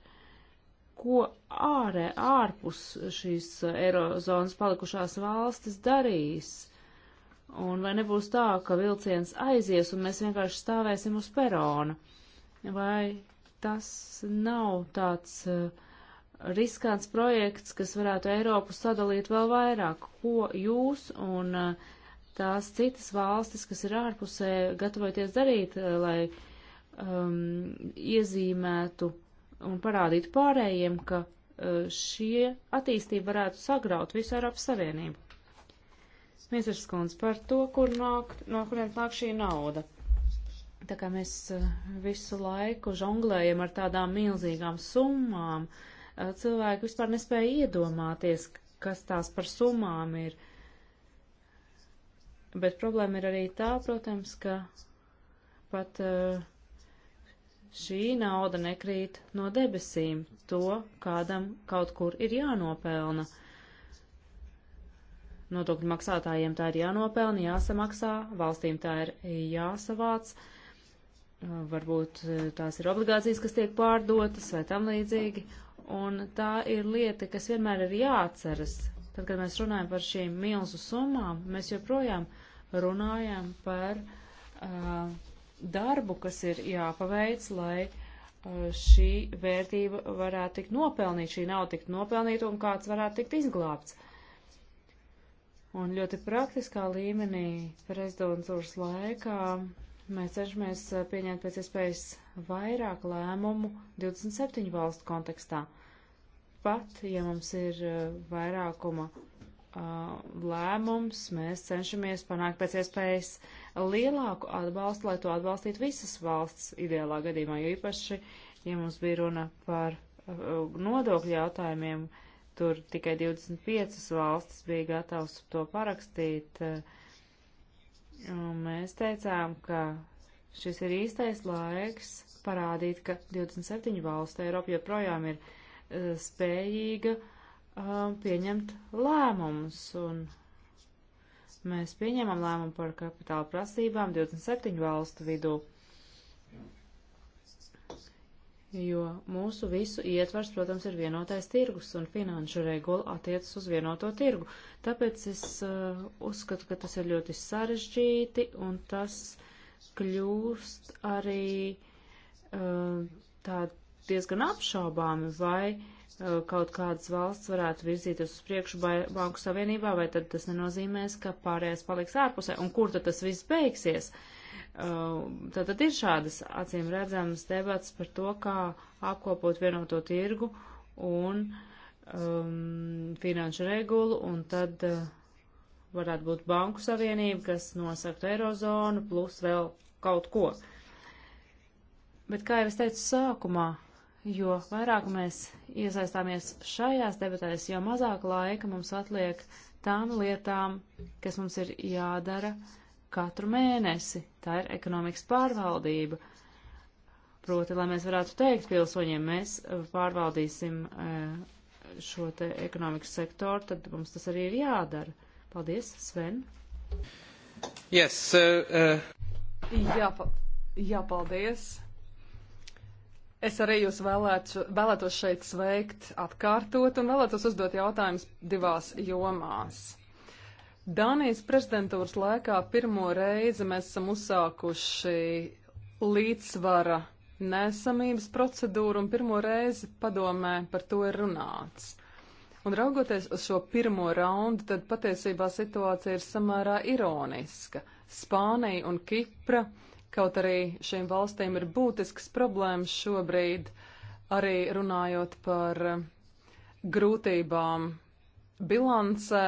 S2: ko ārē, ārpus šīs Eirozonas palikušās valstis darīs? Un vai nebūs tā, ka vilciens aizies un mēs vienkārši stāvēsim uz perona? Vai tas nav tāds uh, riskants projekts, kas varētu Eiropu sadalīt vēl vairāk, ko jūs un uh, tās citas valstis, kas ir ārpusē, gatavoties darīt, uh, lai um, iezīmētu un parādītu pārējiem, ka uh, šie attīstība varētu sagraut visu Eiropas Savienību. Miesars Skundz par to, kur nāk, no kurienes nāk šī nauda. Tā kā mēs uh, visu laiku žonglējam ar tādām milzīgām summām, uh, cilvēki vispār nespēja iedomāties, kas tās par summām ir. Bet problēma ir arī tā, protams, ka pat eh, šī nauda nekrīt no debesīm. To kādam kaut kur ir jānopelna. Nodokļu maksātājiem tā ir jānopelna, jāsamaksā, valstīm tā ir jāsavāc. Varbūt eh, tās ir obligācijas, kas tiek pārdotas vai tam līdzīgi. Un tā ir lieta, kas vienmēr ir jāatceras. Tad, kad mēs runājam par šīm milzu summām, mēs joprojām runājam par uh, darbu, kas ir jāpaveic, lai uh, šī vērtība varētu tikt nopelnīta, šī nav tikt nopelnīta un kāds varētu tikt izglābts. Un ļoti praktiskā līmenī prezidentūras laikā mēs cenšamies uh, pieņemt pēc iespējas vairāk lēmumu 27 valstu kontekstā. Pat, ja mums ir eh, vairākuma eh, lēmums, mēs cenšamies panākt pēc iespējas lielāku atbalstu, lai to atbalstītu visas valsts ideālā gadījumā, jo īpaši, ja mums bija runa par eh, nodokļu jautājumiem, tur tikai 25 valstis bija gatavs to parakstīt. Un mēs teicām, ka šis ir īstais laiks parādīt, ka 27 valsts Eiropa joprojām ir spējīga pieņemt lēmumus. Un mēs pieņemam lēmumu par kapitāla prasībām 27 valstu vidū, jo mūsu visu ietvars, protams, ir vienotais tirgus un finanšu regula attiecas uz vienoto tirgu. Tāpēc es uh, uzskatu, ka tas ir ļoti sarežģīti un tas kļūst arī uh, tāda diezgan apšaubāmi, vai uh, kaut kādas valsts varētu virzīties uz priekšu Banku Savienībā, vai tad tas nenozīmēs, ka pārējais paliks ārpusē, un kur tad tas viss beigsies. Uh, tad, tad ir šādas acīm redzamas debats par to, kā apkopot vienoto tirgu un um, finanšu regulu, un tad uh, varētu būt Banku Savienība, kas nosaktu Eirozonu, plus vēl kaut ko. Bet, kā jau es teicu sākumā, jo vairāk mēs iesaistāmies šajās debatēs, jo mazāk laika mums atliek tām lietām, kas mums ir jādara katru mēnesi. Tā ir ekonomikas pārvaldība. Proti, lai mēs varētu teikt pilsoņiem, mēs pārvaldīsim eh, šo te ekonomikas sektoru, tad mums tas arī ir jādara. Paldies, Sven!
S1: Yes, so, uh,
S2: uh...
S3: Jā, pa jā, paldies! Es arī jūs vēlētu, vēlētos šeit sveikt atkārtot un vēlētos uzdot jautājumus divās jomās. Dānijas prezidentūras laikā pirmo reizi mēs esam uzsākuši līdzsvara nesamības procedūru un pirmo reizi padomē par to ir runāts. Un raugoties uz šo pirmo raundu, tad patiesībā situācija ir samērā ironiska. Spānija un Kipra Kaut arī šīm valstīm ir būtisks problēmas šobrīd, arī runājot par eh, grūtībām bilancē.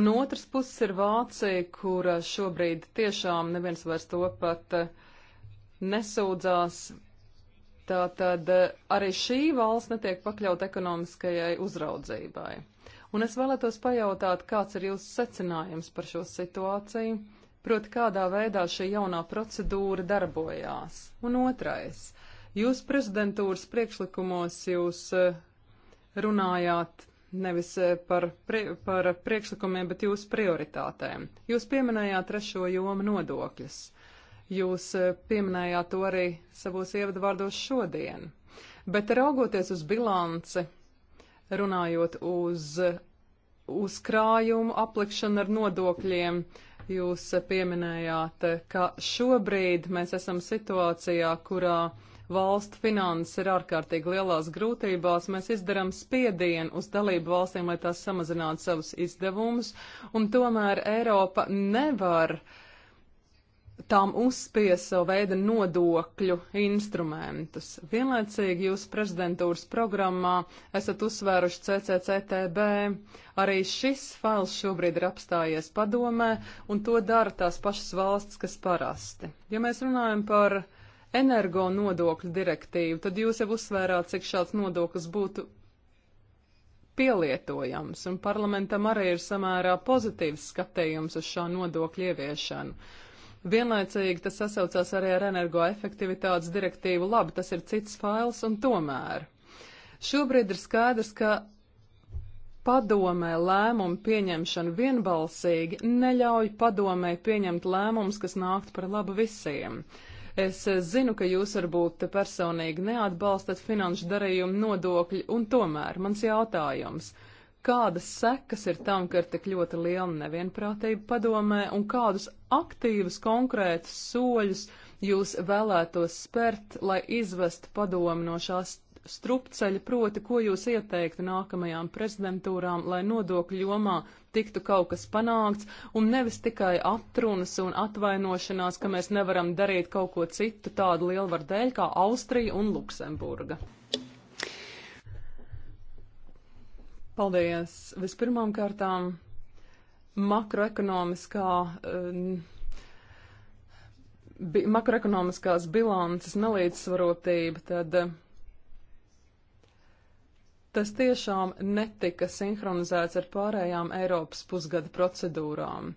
S3: Un otrs puses ir Vācija, kura eh, šobrīd tiešām neviens vairs to pat eh, nesūdzās. Tātad arī šī valsts netiek pakļaut ekonomiskajai uzraudzībai. Un es vēlētos pajautāt, kāds ir jūsu secinājums par šo situāciju, proti kādā veidā šī jaunā procedūra darbojās. Un otrais, jūs prezidentūras priekšlikumos jūs eh, runājāt nevis eh, par, prie, par priekšlikumiem, bet jūsu prioritātēm. Jūs pieminējāt trešo jomu nodokļus. Jūs eh, pieminējāt to arī savos ievadvārdos šodien. Bet raugoties uz bilanci, runājot uz uzkrājumu aplikšanu ar nodokļiem, uh, Jūs pieminējāt, ka šobrīd mēs esam situācijā, kurā valstu finanses ir ārkārtīgi lielās grūtībās, mēs izdarām spiedienu uz dalību valstīm, lai tās samazinātu savus izdevumus, un tomēr Eiropa nevar uh, tām uzspies savu veidu nodokļu instrumentus. Vienlaicīgi jūs prezidentūras programmā esat uzsvēruši CCCTB. Arī šis fails šobrīd ir apstājies padomē, un to dara tās pašas valsts, kas parasti. Ja mēs runājam par energo nodokļu direktīvu, tad jūs jau uzsvērāt, cik šāds nodoklis būtu pielietojams, un parlamentam arī ir samērā pozitīvs skatījums uz šā nodokļa ieviešanu. Vienlaicīgi tas sasaucās arī ar energoefektivitātes direktīvu. Labi, tas ir cits fails un tomēr. Šobrīd ir skaidrs, ka padomē lēmumu pieņemšana vienbalsīgi neļauj padomē pieņemt lēmumus, kas nākt par labu visiem. Es zinu, ka jūs varbūt personīgi neatbalstat finanšu darījumu nodokļu, un tomēr mans jautājums - kādas sekas ir tam, ka ir tik ļoti liela nevienprātība padomē, un kādus aktīvus konkrētus soļus jūs vēlētos spērt, lai izvestu padomu no šās strupceļa, proti, ko jūs ieteiktu nākamajām prezidentūrām, lai nodokļu jomā tiktu kaut kas panākts, un nevis tikai atrunas un atvainošanās, ka mēs nevaram darīt kaut ko citu tādu lielvaru dēļ kā Austrija un Luksemburga. Paldies! Vispirmām kārtām makroekonomiskā. Um, bi makroekonomiskās bilances nelīdzsvarotība, tad eh, tas tiešām netika sinhronizēts ar pārējām Eiropas pusgada procedūrām,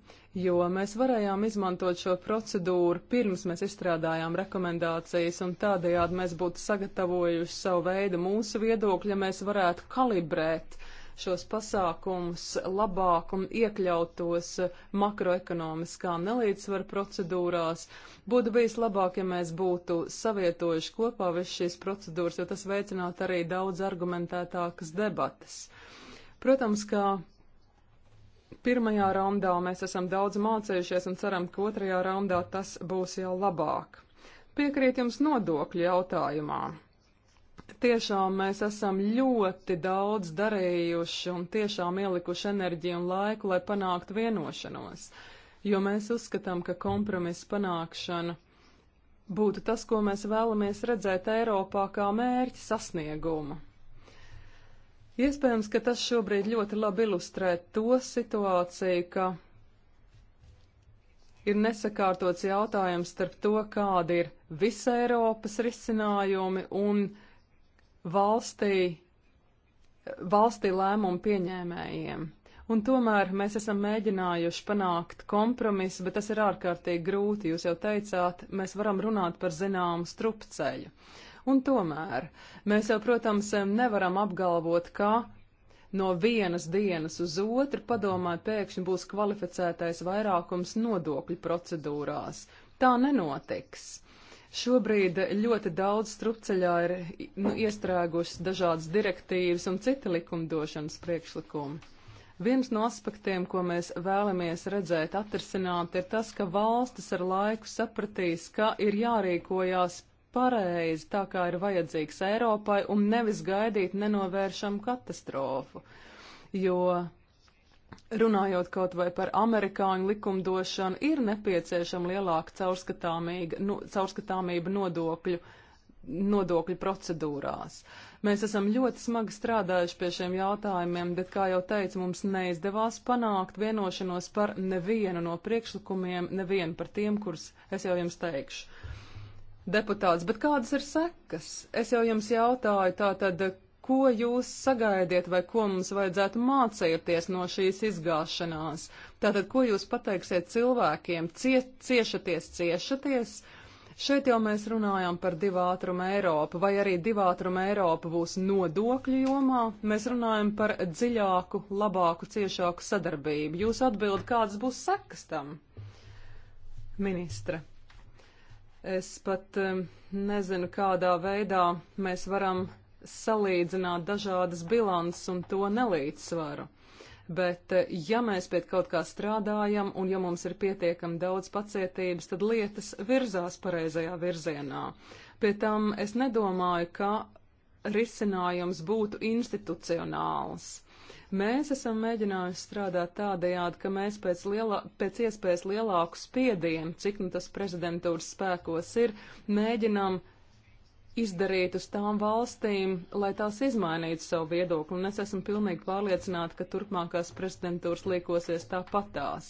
S3: jo mēs varējām izmantot šo procedūru pirms mēs izstrādājām rekomendācijas, un tādējādi mēs būtu sagatavojuši savu veidu mūsu viedokļu, ja mēs varētu kalibrēt uh, šos pasākumus labāk un iekļautos makroekonomiskā nelīdzsvara procedūrās. Būtu bijis labāk, ja mēs būtu savietojuši kopā visu šīs procedūras, jo tas veicinātu arī daudz argumentētākas debatas. Protams, ka pirmajā raundā mēs esam daudz mācījušies un ceram, ka otrajā raundā tas būs jau labāk. Piekrīt jums nodokļu jautājumā tik tiešām mēs esam ļoti daudz darījuši un tiešām ielikuši enerģiju un laiku, lai panāktu vienošanos, jo mēs uzskatām, ka kompromisa panākšana būtu tas, ko mēs vēlamies redzēt Eiropā kā mērķi sasniegumu. Iespējams, ka tas šobrīd ļoti labi ilustrē to situāciju, ka ir nesakārtots jautājums starp to, kādi ir visa Eiropas risinājumi un risinājumi valstī, valstī lēmumu pieņēmējiem. Un tomēr mēs esam mēģinājuši panākt kompromisu, bet tas ir ārkārtīgi grūti. Jūs jau teicāt, mēs varam runāt par zināmu strupceļu. Un tomēr mēs jau, protams, nevaram apgalvot, ka no vienas dienas uz otru padomē pēkšņi būs kvalificētais vairākums nodokļu procedūrās. Tā nenotiks. Šobrīd ļoti daudz strupceļā ir nu, iestrēgušas dažādas direktīvas un citi likumdošanas priekšlikumi. Viens no aspektiem, ko mēs vēlamies redzēt atrisināt, ir tas, ka valstis ar laiku sapratīs, ka ir jārīkojās pareizi tā, kā ir vajadzīgs Eiropai, un nevis gaidīt nenovēršam katastrofu. Jo Runājot kaut vai par amerikāņu likumdošanu, ir nepieciešama lielāka caurskatāmība, nu, caurskatāmība nodokļu, nodokļu procedūrās. Mēs esam ļoti smagi strādājuši pie šiem jautājumiem, bet, kā jau teicu, mums neizdevās panākt vienošanos par nevienu no priekšlikumiem, nevienu par tiem, kurus es jau jums teikšu. Deputāts, bet kādas ir sekas? Es jau jums jautāju, tātad, Ko jūs sagaidiet vai ko mums vajadzētu mācīties no šīs izgāšanās? Tātad, ko jūs pateiksiet cilvēkiem? Cie, ciešaties, ciešaties! Šeit jau mēs runājam par divu ātrumu Eiropu, vai arī divu ātrumu Eiropa būs nodokļu jomā. Mēs runājam par dziļāku, labāku, ciešāku sadarbību. Jūs atbildat, kādas būs sekas tam, ministre? Es pat eh, nezinu, kādā veidā mēs varam salīdzināt dažādas bilances un to nelīdzsvaru. Bet, eh, ja mēs pie kaut kā strādājam un ja mums ir pietiekami daudz pacietības, tad lietas virzās pareizajā virzienā. Pie tam es nedomāju, ka risinājums būtu institucionāls. Mēs esam mēģinājuši strādāt tādējādi, ka mēs pēc, lielā, pēc iespējas lielāku spiedienu, cik nu tas prezidentūras spēkos ir, mēģinam izdarīt uz tām valstīm, lai tās izmainītu savu viedokli, un es esmu pilnīgi pārliecināta, ka turpmākās prezidentūras liekosies tāpatās.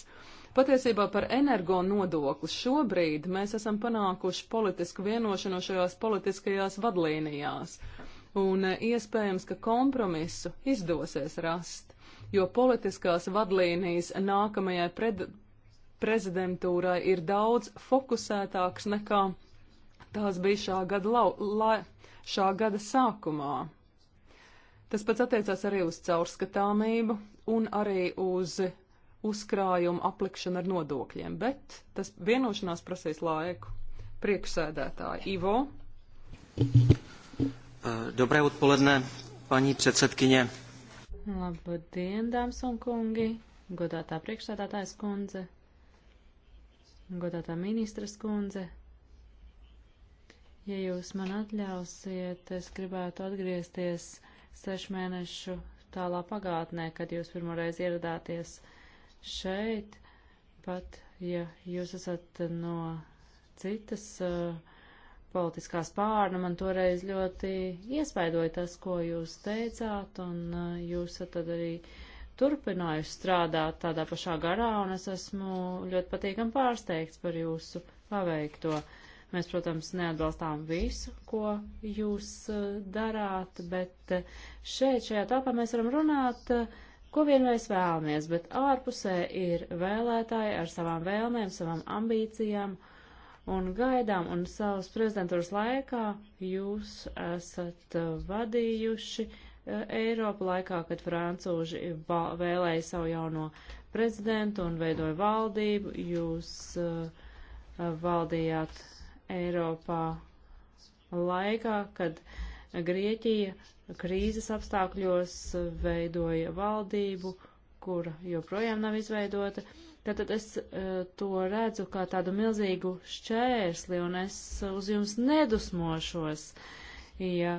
S3: Patiesībā par energo nodokli šobrīd mēs esam panākuši politisku vienošanos šajās politiskajās vadlīnijās, un e, iespējams, ka kompromisu izdosies rast, jo politiskās vadlīnijas nākamajai prezidentūrai ir daudz fokusētāks nekā Tās bija šā gada, lau, la, šā gada sākumā. Tas pats attiecās arī uz caurskatāmību un arī uz uzkrājumu aplikšanu ar nodokļiem, bet tas vienošanās prasīs laiku. Priekšsēdētāji Ivo. Eh, dobré odpoledne, paní předsedkyně.
S2: Labdien, dāmas un kungi, godātā priekšsēdētājas kundze, godātā ministras kundze, Ja jūs man atļausiet, es gribētu atgriezties sešu mēnešu tālā pagātnē, kad jūs pirmoreiz ieradāties šeit, pat ja jūs esat no citas uh, politiskās pārna, nu, man toreiz ļoti iespaidoja tas, ko jūs teicāt, un uh, jūs tad arī turpinājuši strādāt tādā pašā garā, un es esmu ļoti patīkam pārsteigts par jūsu paveikto. Mēs, protams, neatbalstām visu, ko jūs eh, darāt, bet eh, šeit, šajā tāpā mēs varam runāt, eh, ko vien mēs vēlamies, bet ārpusē ir vēlētāji ar savām vēlmēm, savām ambīcijām un gaidām, un savas prezidentūras laikā jūs esat vadījuši Eiropu laikā, kad francūži vēlēja savu jauno prezidentu un veidoja valdību, jūs uh, valdījāt Eiropā laikā, kad Grieķija krīzes apstākļos veidoja valdību, kura joprojām nav izveidota. Tātad es eh, to redzu kā tādu milzīgu šķērsli, un es uz jums nedusmošos, ja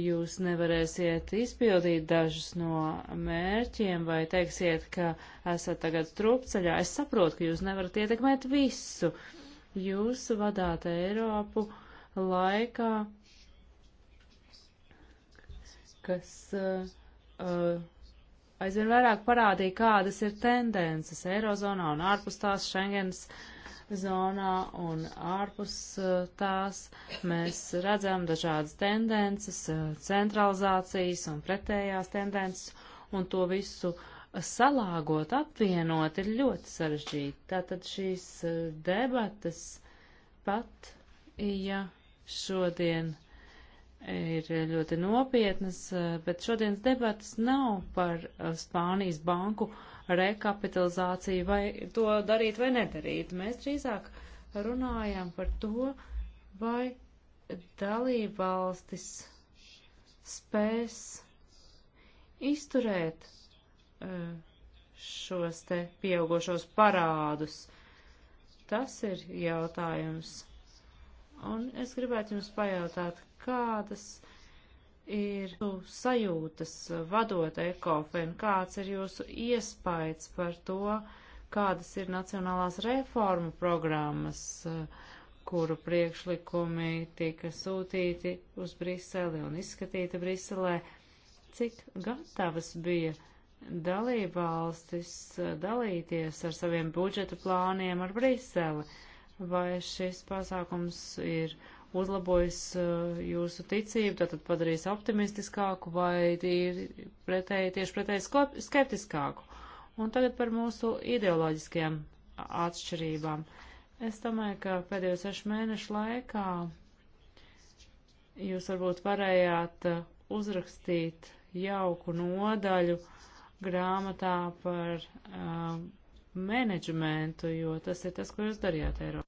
S2: jūs nevarēsiet izpildīt dažus no mērķiem vai teiksiet, ka esat tagad strupceļā. Es saprotu, ka jūs nevarat ietekmēt visu. Uh, Jūs vadāt Eiropu laikā, kas uh, uh, aizvien vairāk parādīja, kādas ir tendences Eirozonā un ārpus tās Schengens zonā un ārpus uh, tās. Mēs redzam dažādas tendences, uh, centralizācijas un pretējās tendences, un to visu uh, salāgot, apvienot ir ļoti sarežģīti. Tātad šīs eh, debatas pat, ja šodien ir ļoti nopietnas, eh, bet šodienas debatas nav par eh, Spānijas banku rekapitalizāciju vai to darīt vai nedarīt. Mēs drīzāk runājam par to, vai dalībvalstis spēs izturēt Eh, šos te pieaugušos parādus. Tas ir jautājums. Un es gribētu jums pajautāt, kādas ir sajūtas vadot ekofenu, kāds ir jūsu iespējas par to, kādas ir nacionālās reformu programmas, eh, kuru priekšlikumi tika sūtīti uz Briseli un izskatīti Briselē, cik gatavas bija dalībvalstis eh, dalīties ar saviem budžeta plāniem ar Briseli. Vai šis pasākums ir uzlabojis eh, jūsu ticību, tātad padarījis optimistiskāku vai tīri pretēji, tieši pretēji skeptiskāku? Un tagad par mūsu ideoloģiskajām atšķirībām. Es domāju, ka pēdējo sešu mēnešu laikā jūs varbūt varējāt eh, uzrakstīt jauku nodaļu uh, grāmatā par uh, menedžmentu, jo tas ir tas, ko jūs darījāt Eiropā.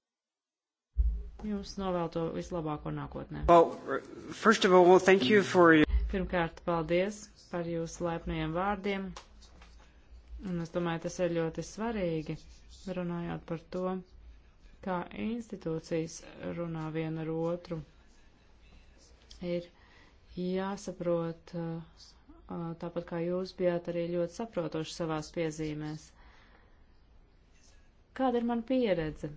S2: Jums novēl to vislabāko nākotnē.
S3: Well, first of all, well, thank you for your...
S2: Pirmkārt, paldies par jūsu laipniem vārdiem. Un es domāju, tas ir ļoti svarīgi, runājot par to, kā institūcijas runā viena ar otru. Ir jāsaprot, uh, Uh, tāpat kā jūs bijāt arī ļoti saprotoši savās piezīmēs. Kāda ir mana pieredze?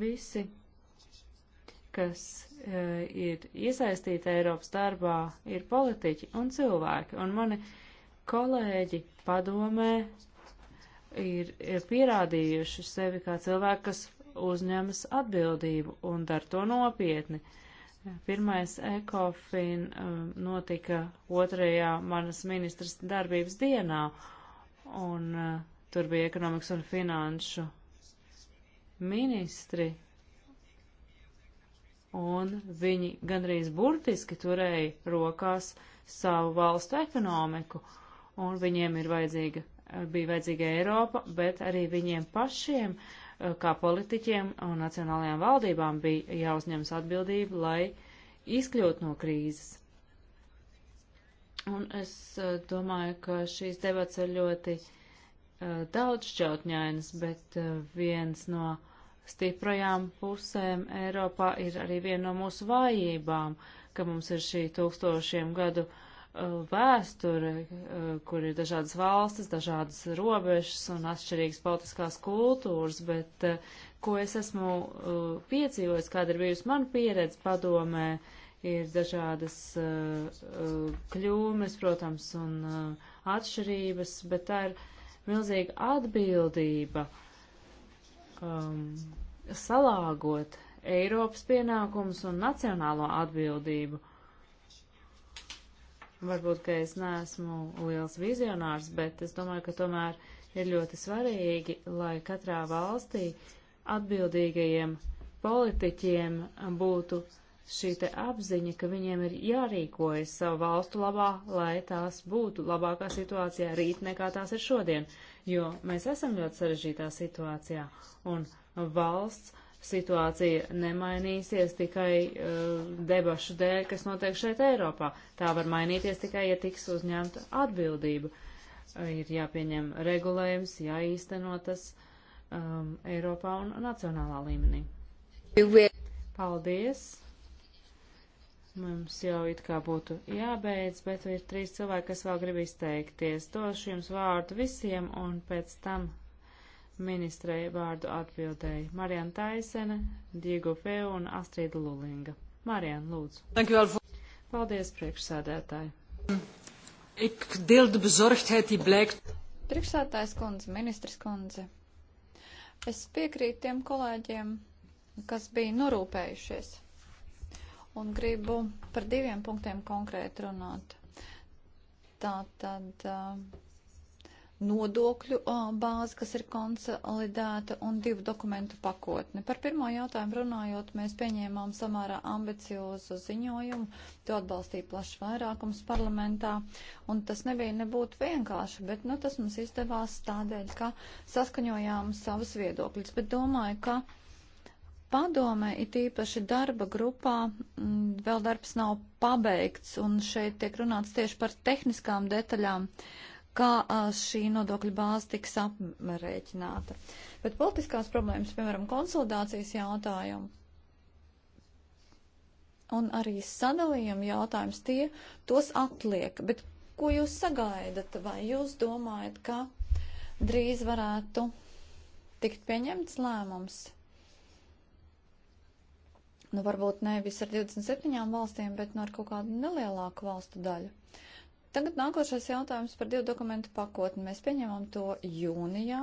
S2: Visi, kas uh, ir iesaistīti Eiropas darbā, ir politiķi un cilvēki, un mani kolēģi padomē ir, ir pierādījuši sevi kā cilvēki, kas uzņemas atbildību un dar to nopietni. Uh, Pirmais ekofin um, notika otrajā manas ministras darbības dienā, un uh, tur bija ekonomikas un finanšu ministri, un viņi gandrīz burtiski turēja rokās savu valstu ekonomiku, un viņiem ir vajadzīga, bija vajadzīga Eiropa, bet arī viņiem pašiem uh, kā politiķiem un nacionālajām valdībām bija jāuzņemas atbildība, lai izkļūt no krīzes. Un es eh, domāju, ka šīs debats ir ļoti eh, daudz šķautņainas, bet eh, viens no stiprajām pusēm Eiropā ir arī viena no mūsu vājībām, ka mums ir šī tūkstošiem gadu uh, vēsture, eh, kur ir dažādas valstis, dažādas robežas un atšķirīgas politiskās kultūras, bet eh, ko es esmu eh, piedzīvojis, kāda ir bijusi mana pieredze padomē, ir dažādas kļūmes, protams, un atšķirības, bet tā ir milzīga atbildība um, salāgot Eiropas pienākumus un nacionālo atbildību. Varbūt, ka es neesmu liels vizionārs, bet es domāju, ka tomēr ir ļoti svarīgi, lai katrā valstī atbildīgajiem politiķiem būtu šī te apziņa, ka viņiem ir jārīkojas savu valstu labā, lai tās būtu labākā situācijā rīt nekā tās ir šodien, jo mēs esam ļoti sarežģītā situācijā un valsts situācija nemainīsies tikai uh, debašu dēļ, kas notiek šeit Eiropā. Tā var mainīties tikai, ja tiks uzņemta atbildība. Uh, ir jāpieņem regulējums, jāīsteno tas um, Eiropā un nacionālā līmenī. Paldies! Mums jau it kā būtu jābeidz, bet ir trīs cilvēki, kas vēl grib izteikties. Došu jums vārdu visiem un pēc tam ministrei vārdu atbildēja Marijana Taisene, Diego Feu un Astrīda Lulinga. Marijana,
S3: lūdzu.
S2: Paldies, priekšsēdētāji.
S3: Ik deel de bezorgdheid die blijkt.
S1: Priekšsēdētājs kundze, ministrs kundze. Es piekrītu tiem kolēģiem, kas bija norūpējušies. Un gribu par diviem punktiem konkrēti runāt. Tā tad. Uh, nodokļu bāzi, kas ir konsolidēta, un divu dokumentu pakotni. Par pirmo jautājumu runājot, mēs pieņēmām samērā ambiciozu ziņojumu, to atbalstīja plašs vairākums parlamentā, un tas nebija nebūtu vienkārši, bet nu, tas mums izdevās tādēļ, ka saskaņojām savas viedokļas, bet domāju, ka padomē, it īpaši darba grupā, m, mm, vēl darbs nav pabeigts, un šeit tiek runāts tieši par tehniskām detaļām. Uh, kā šī nodokļa bāze tiks aprēķināta. Bet politiskās problēmas, piemēram, konsolidācijas jautājumu un arī sadalījuma jautājums, tie tos atliek. Bet ko jūs sagaidat? Vai jūs domājat, ka drīz varētu tikt pieņemts lēmums? Nu, varbūt nevis ar 27 valstīm, bet nu, ar kaut kādu nelielāku valstu daļu. Uh, Tagad nākošais jautājums par divu dokumentu pakotni. Mēs pieņemam to jūnijā.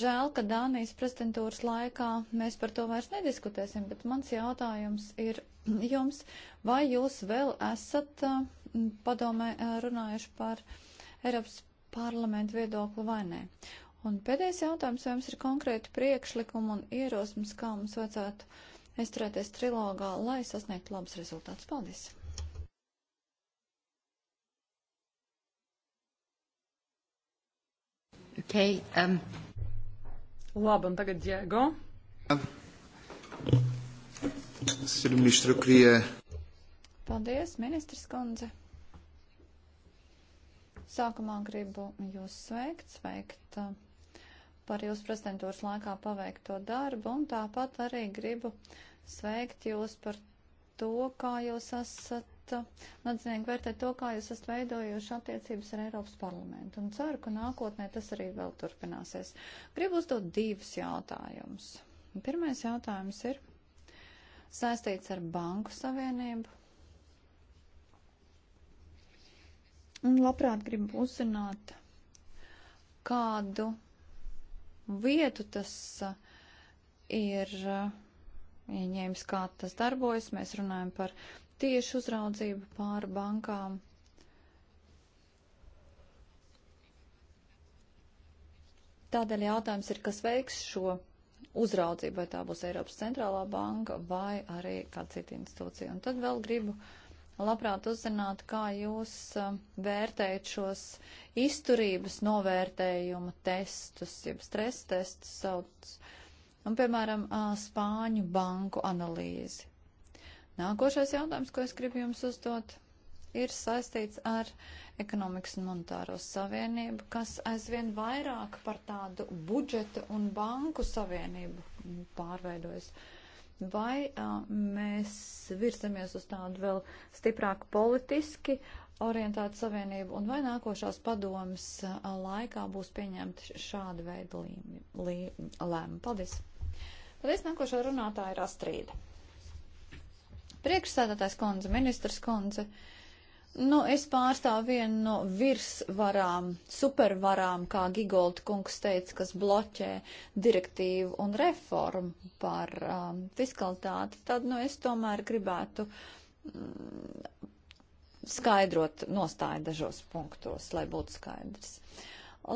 S1: Žēl, ka Dānijas prezidentūras laikā mēs par to vairs nediskutēsim, bet mans jautājums ir jums, vai jūs vēl esat uh, padomē uh, runājuši par Eiropas parlamentu viedokli vai nē? Un pēdējais jautājums, vai jums ir konkrēti priekšlikumi un ierosmes, kā mums vajadzētu aizturēties trilogā, lai sasniegtu labus rezultātus? Paldies!
S3: Okay, um. Labi, un tagad Diego.
S1: Sr. Ministru, queria. Euh,
S3: Paldies, ministrs Kundze.
S1: Sākumā gribu jūs sveikt, sveikt uh, par jūsu prezidentūras laikā paveikto darbu, un tāpat arī gribu sveikt jūs par to, kā jūs esat atzinīgi vērtēt to, kā jūs esat veidojuši attiecības ar Eiropas parlamentu. Un ceru, ka nākotnē tas arī vēl turpināsies. Gribu uzdot divus jautājumus. Pirmais jautājums ir saistīts ar Banku Savienību. Un labprāt gribu uzzināt, kādu vietu tas uh, ir uh, ieņēmis, kā tas darbojas. Mēs runājam par tieši uzraudzība pār bankām. Tādēļ jautājums ir, kas veiks šo uzraudzību, vai tā būs Eiropas centrālā banka vai arī kāda cita institūcija. Un tad vēl gribu labprāt uzzināt, kā jūs eh, vērtējat šos izturības novērtējuma testus, jeb stresa testus sauc, un, piemēram, eh, Spāņu banku analīzi. Nākošais jautājums, ko es gribu jums uzdot, ir saistīts ar ekonomikas un monetāro savienību, kas aizvien vairāk par tādu budžeta un banku savienību pārveidojas. Vai a, mēs virsamies uz tādu vēl stiprāku politiski orientētu savienību, un vai nākošās padomas a, laikā būs pieņemti šāda veida lēmumi? Paldies! Paldies! Nākošā runātāja ir Astrīda. Priekšsēdētājs kundze, ministrs kundze, nu, es pārstāvu vienu no virsvarām, supervarām, kā Gigolda kungs teica, kas bloķē direktīvu un reformu par um, fiskalitāti, tad, nu, es tomēr gribētu mm, skaidrot nostāju dažos punktos, lai būtu skaidrs.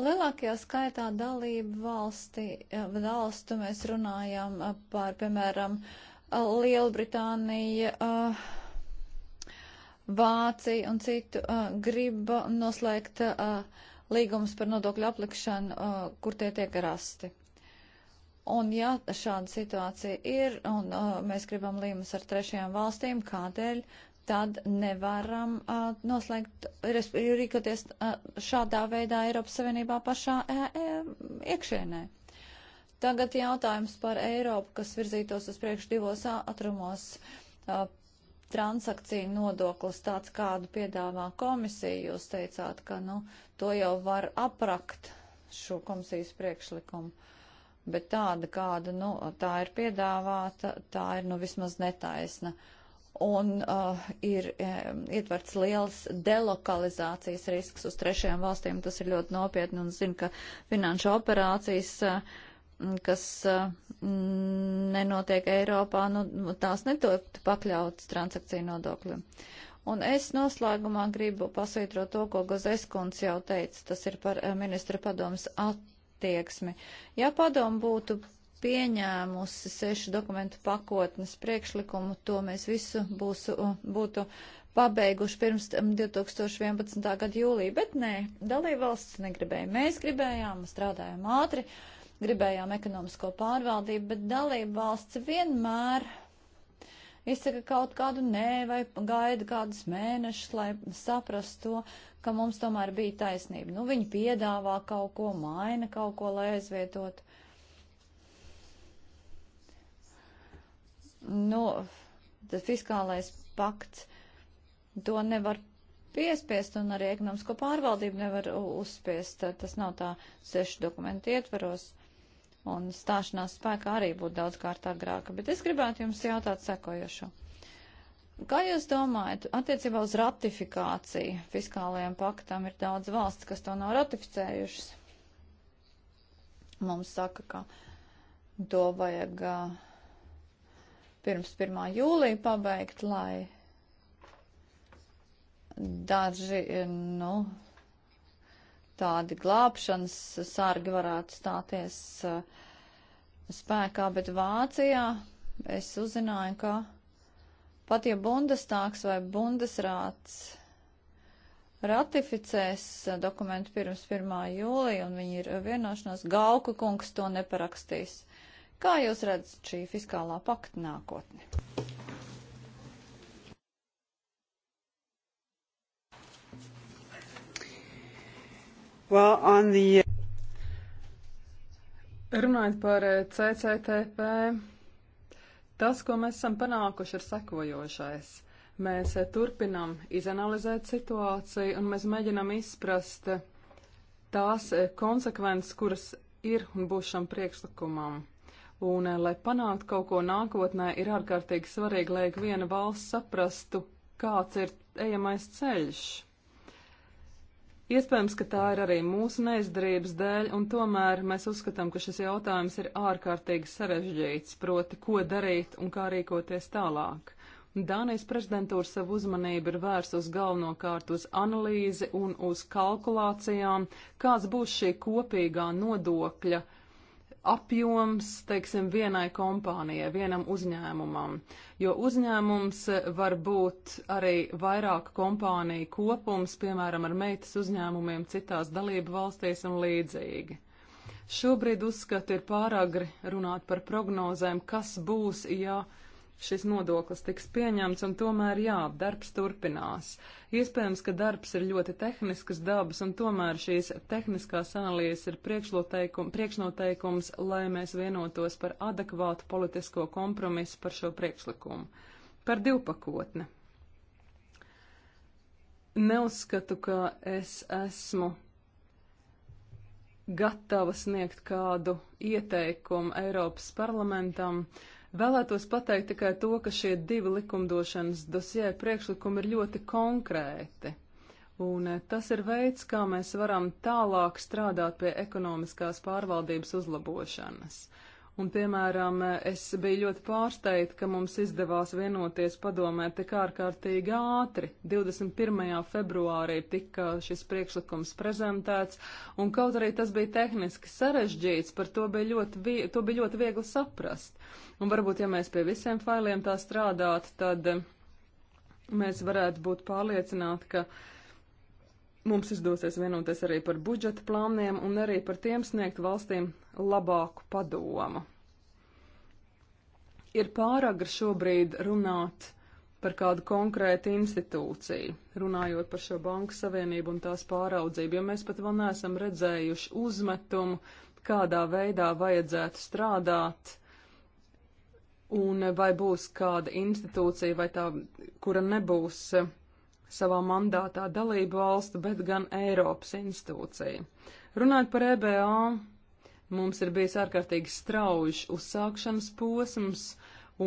S1: Lielākajā skaitā dalību valsti, eh, valstu mēs runājam eh, par, piemēram, uh, Lielbritānija. Uh, Vācija un citu uh, grib noslēgt uh, līgumus par nodokļu aplikšanu, uh, kur tie tiek rasti. Un ja šāda situācija ir, un uh, mēs gribam līgumus ar trešajām valstīm, kādēļ, tad nevaram uh, noslēgt, rīkoties uh, šādā veidā Eiropas Savienībā pašā uh, iekšēnē. Uh, Tagad jautājums par Eiropu, kas virzītos uz priekšu divos ātrumos. Uh, Transakcija nodoklis tāds, kādu piedāvā komisija, jūs teicāt, ka nu, to jau var aprakt šo komisijas priekšlikumu. Bet tāda, kāda nu, tā ir piedāvāta, tā ir nu, vismaz netaisna. Un uh, ir um, ietverts liels delokalizācijas risks uz trešajām valstīm. Tas ir ļoti nopietni un zinu, ka finanšu operācijas. Uh, kas eh, nenotiek Eiropā, nu, tās netiek pakļautas transakciju nodokļiem. Un es noslēgumā gribu pasvītrot to, ko Gozeskunds jau teica, tas ir par eh, ministra padomas attieksmi. Ja padoma būtu pieņēmusi sešu dokumentu pakotnes priekšlikumu, to mēs visu būsu, eh, būtu pabeiguši pirms 2011. Mm, gada jūlī, bet nē, dalībvalsts negribēja. Mēs gribējām, strādājām ātri gribējām ekonomisko pārvaldību, bet dalība valsts vienmēr izsaka kaut kādu nē vai gaida kādus mēnešus, lai saprastu to, ka mums tomēr bija taisnība. Nu, viņi piedāvā kaut ko, maina kaut ko, lai aizvietotu. Nu, tas fiskālais pakts to nevar piespiest un arī ekonomisko pārvaldību nevar uzspiest. Tas nav tā sešu dokumentu ietvaros un stāšanās spēkā arī būtu daudz kārt agrāka. Bet es gribētu jums jautāt sekojošo. Kā jūs domājat, attiecībā uz ratifikāciju fiskālajiem paktam ir daudz valsts, kas to nav ratificējušas? Mums saka, ka to vajag pirms 1. jūlija pabeigt, lai daži, nu, tādi glābšanas sargi varētu stāties uh, spēkā, bet Vācijā es uzzināju, ka pat ja Bundestāks vai Bundesrāts ratificēs uh, dokumentu pirms 1. jūlija un viņi ir vienošanos, Gauka kungs to neparakstīs. Kā jūs redzat šī fiskālā pakta nākotni?
S3: Well, on the... Uh, Runājot par uh, CCTP, tas, ko mēs esam panākuši, ir sekojošais. Mēs uh, turpinam izanalizēt situāciju un mēs mēģinam izprast tās konsekvences, kuras ir un būs šam priekšlikumam. Un, lai panāktu kaut ko nākotnē, ir ārkārtīgi svarīgi, lai ik viena valsts saprastu, kāds ir ejamais ceļš. Iespējams, ka tā ir arī mūsu neizdarības dēļ, un tomēr mēs uzskatām, ka šis jautājums ir ārkārtīgi sarežģīts, proti, ko darīt un kā rīkoties tālāk. Dānijas prezidentūra savu uzmanību ir vērsus galvenokārt uz analīzi un uz kalkulācijām, kāds būs šī kopīgā nodokļa uh, apjoms, teiksim, vienai kompānijai, vienam uzņēmumam, jo uzņēmums var būt arī vairāku kompāniju kopums, piemēram, ar meitas uzņēmumiem citās dalību valstīs un līdzīgi. Šobrīd uzskatu ir pāragri runāt par prognozēm, kas būs, ja. Uh, šis nodoklis tiks pieņemts, un tomēr jā, darbs turpinās. Iespējams, ka darbs ir ļoti tehniskas dabas, un tomēr šīs tehniskās analīzes ir priekšnoteikums, lai mēs vienotos par adekvātu politisko kompromisu par šo priekšlikumu. Par divpakotni. Neuzskatu, ka es esmu gatava sniegt kādu ieteikumu Eiropas parlamentam. Uh, Vēlētos pateikt tikai to, ka šie divi likumdošanas dosie priekšlikumi ir ļoti konkrēti. Un eh, tas ir veids, kā mēs varam tālāk strādāt pie ekonomiskās pārvaldības uzlabošanas. Un, piemēram, es biju ļoti pārsteigta, ka mums izdevās vienoties padomē tik ārkārtīgi ātri. 21. februārī tika šis priekšlikums prezentēts, un kaut arī tas bija tehniski sarežģīts, par to bija ļoti, vie to bija ļoti viegli saprast. Un varbūt, ja mēs pie visiem failiem tā strādātu, tad mēs varētu būt pārliecināti, ka mums izdosies vienoties arī par budžeta plāniem un arī par tiem sniegt valstīm labāku padomu. Ir pāragri šobrīd runāt par kādu konkrētu institūciju, runājot par šo banku savienību un tās pāraudzību, jo mēs pat vēl neesam redzējuši uzmetumu, kādā veidā vajadzētu strādāt, un vai būs kāda institūcija vai tā, kura nebūs uh, savā mandātā dalību valstu, bet gan Eiropas institūciju. Runājot par EBA, mums ir bijis ārkārtīgi strauji uzsākšanas posms,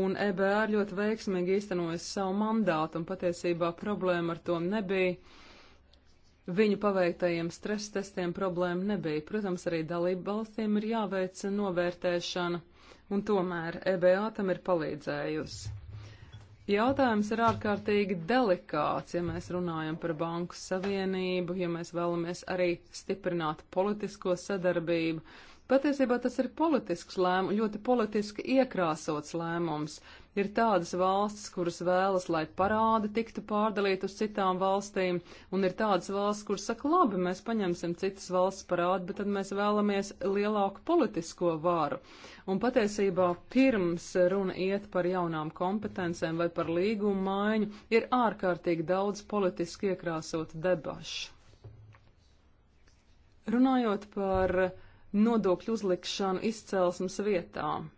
S3: un EBA ļoti veiksmīgi īstenojas savu mandātu, un patiesībā problēma ar to nebija. Viņu paveiktajiem stresa testiem problēma nebija. Protams, arī dalību valstīm ir jāveic novērtēšana, un tomēr EBA tam ir palīdzējusi. Jautājums ir ārkārtīgi delikāts, ja mēs runājam par banku savienību, ja mēs vēlamies arī stiprināt politisko sadarbību. Patiesībā tas ir politisks lēmums, ļoti politiski iekrāsots lēmums. Ir tādas valstis, kuras vēlas, lai parādi tiktu pārdalīti uz citām valstīm, un ir tādas valstis, kuras saka, labi, mēs paņemsim citas valsts parādu, bet tad mēs vēlamies lielāku politisko varu. Un patiesībā pirms runa iet par jaunām kompetencēm vai par līgumu maiņu, ir ārkārtīgi daudz politiski iekrāsot debašu. Runājot par nodokļu uzlikšanu izcelsmes vietām.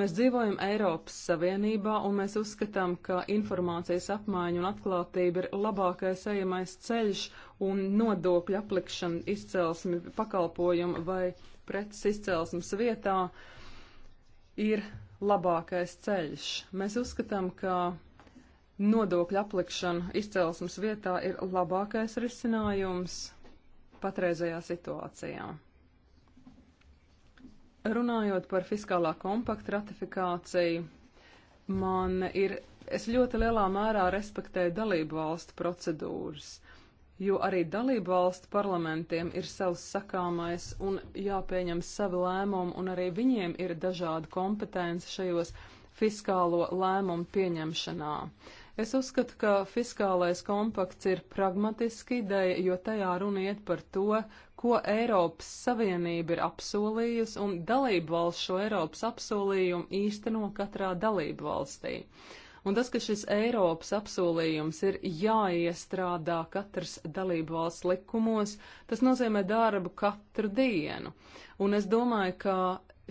S3: Mēs dzīvojam Eiropas Savienībā un mēs uzskatām, ka informācijas apmaiņa un atklātība ir labākais ejamais ceļš un nodokļu aplikšana izcelsmi pakalpojumu vai preces izcelsmes vietā ir labākais ceļš. Mēs uzskatām, ka nodokļu aplikšana izcelsmes vietā ir labākais risinājums patreizajā situācijā. Runājot par fiskālā kompakta ratifikāciju, man ir, es ļoti lielā mērā respektēju dalību valstu procedūras, jo arī dalību valstu parlamentiem ir savs sakāmais un jāpieņem savi lēmumi, un arī viņiem ir dažāda kompetence šajos fiskālo lēmumu pieņemšanā. Uh, Es uzskatu, ka fiskālais kompakts ir pragmatiska ideja, jo tajā runa iet par to, ko Eiropas Savienība ir apsolījusi, un dalību valsts šo Eiropas apsolījumu īsteno katrā dalību valstī. Un tas, ka šis Eiropas apsolījums ir jāiestrādā katras dalību valsts likumos, tas nozīmē darbu katru dienu. Un es domāju, ka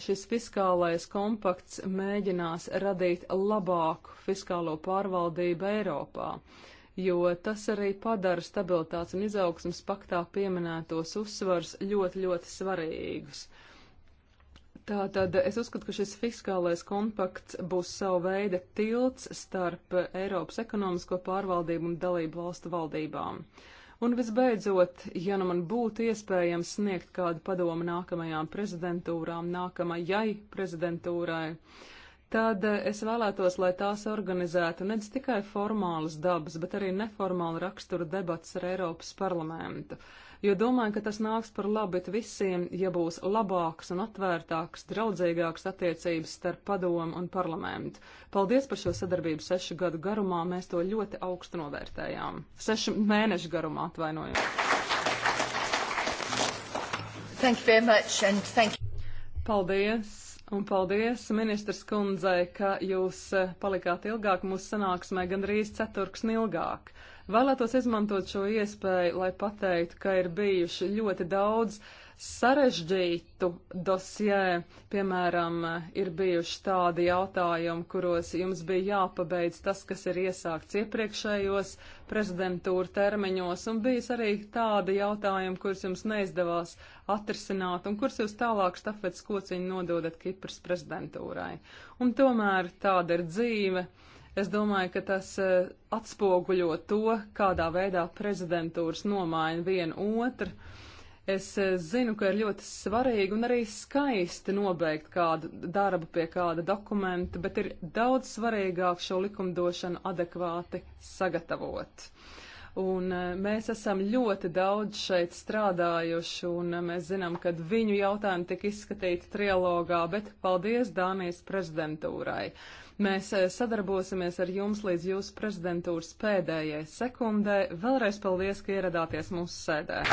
S3: šis fiskālais kompakts mēģinās radīt labāku fiskālo pārvaldību Eiropā, jo tas arī padara stabilitātes un izaugsmas paktā pieminētos uzsvars ļoti, ļoti svarīgus. Tātad es uzskatu, ka šis fiskālais kompakts būs savu veidu tilts starp Eiropas ekonomisko pārvaldību un dalību valstu valdībām. Uh, Un visbeidzot, ja nu man būtu iespējams sniegt kādu padomu nākamajām prezidentūrām, nākamajai prezidentūrai, tad eh, es vēlētos, lai tās organizētu ne tikai formālas dabas, bet arī neformāla rakstura debats ar Eiropas parlamentu. Uh, jo domāju, ka tas nāks par labu visiem, ja būs labāks un atvērtāks, draudzīgāks attiecības starp padomu un parlamentu. Paldies par šo sadarbību sešu gadu garumā, mēs to ļoti augstu novērtējām. Sešu mēnešu garumā atvainojos. Paldies! Un paldies, ministrs kundzei, ka jūs eh, palikāt ilgāk mūsu sanāksmē, gandrīz ceturksni ilgāk. Vēlētos izmantot šo iespēju, lai pateiktu, ka ir bijuši ļoti daudz sarežģītu dosjē. Piemēram, ir bijuši tādi jautājumi, kuros jums bija jāpabeidz tas, kas ir iesākts iepriekšējos prezidentūra termiņos, un bijis arī tādi jautājumi, kurus jums neizdevās atrisināt, un kurus jūs tālāk štafets kociņu nododat Kipras prezidentūrai. Un tomēr tāda ir dzīve. Es domāju, ka tas e, atspoguļo to, kādā veidā prezidentūras nomaina vienu otru. Es e, zinu, ka ir ļoti svarīgi un arī skaisti nobeigt kādu darbu pie kāda dokumenta, bet ir daudz svarīgāk šo likumdošanu adekvāti sagatavot. Un e, mēs esam ļoti daudz šeit strādājuši, un mēs zinām, ka viņu jautājumi tika izskatīti trialogā, bet paldies Dānijas prezidentūrai. Uh, Mēs e, sadarbosimies ar jums līdz jūsu prezidentūras pēdējai sekundē. Vēlreiz paldies, ka ieradāties mūsu sēdē.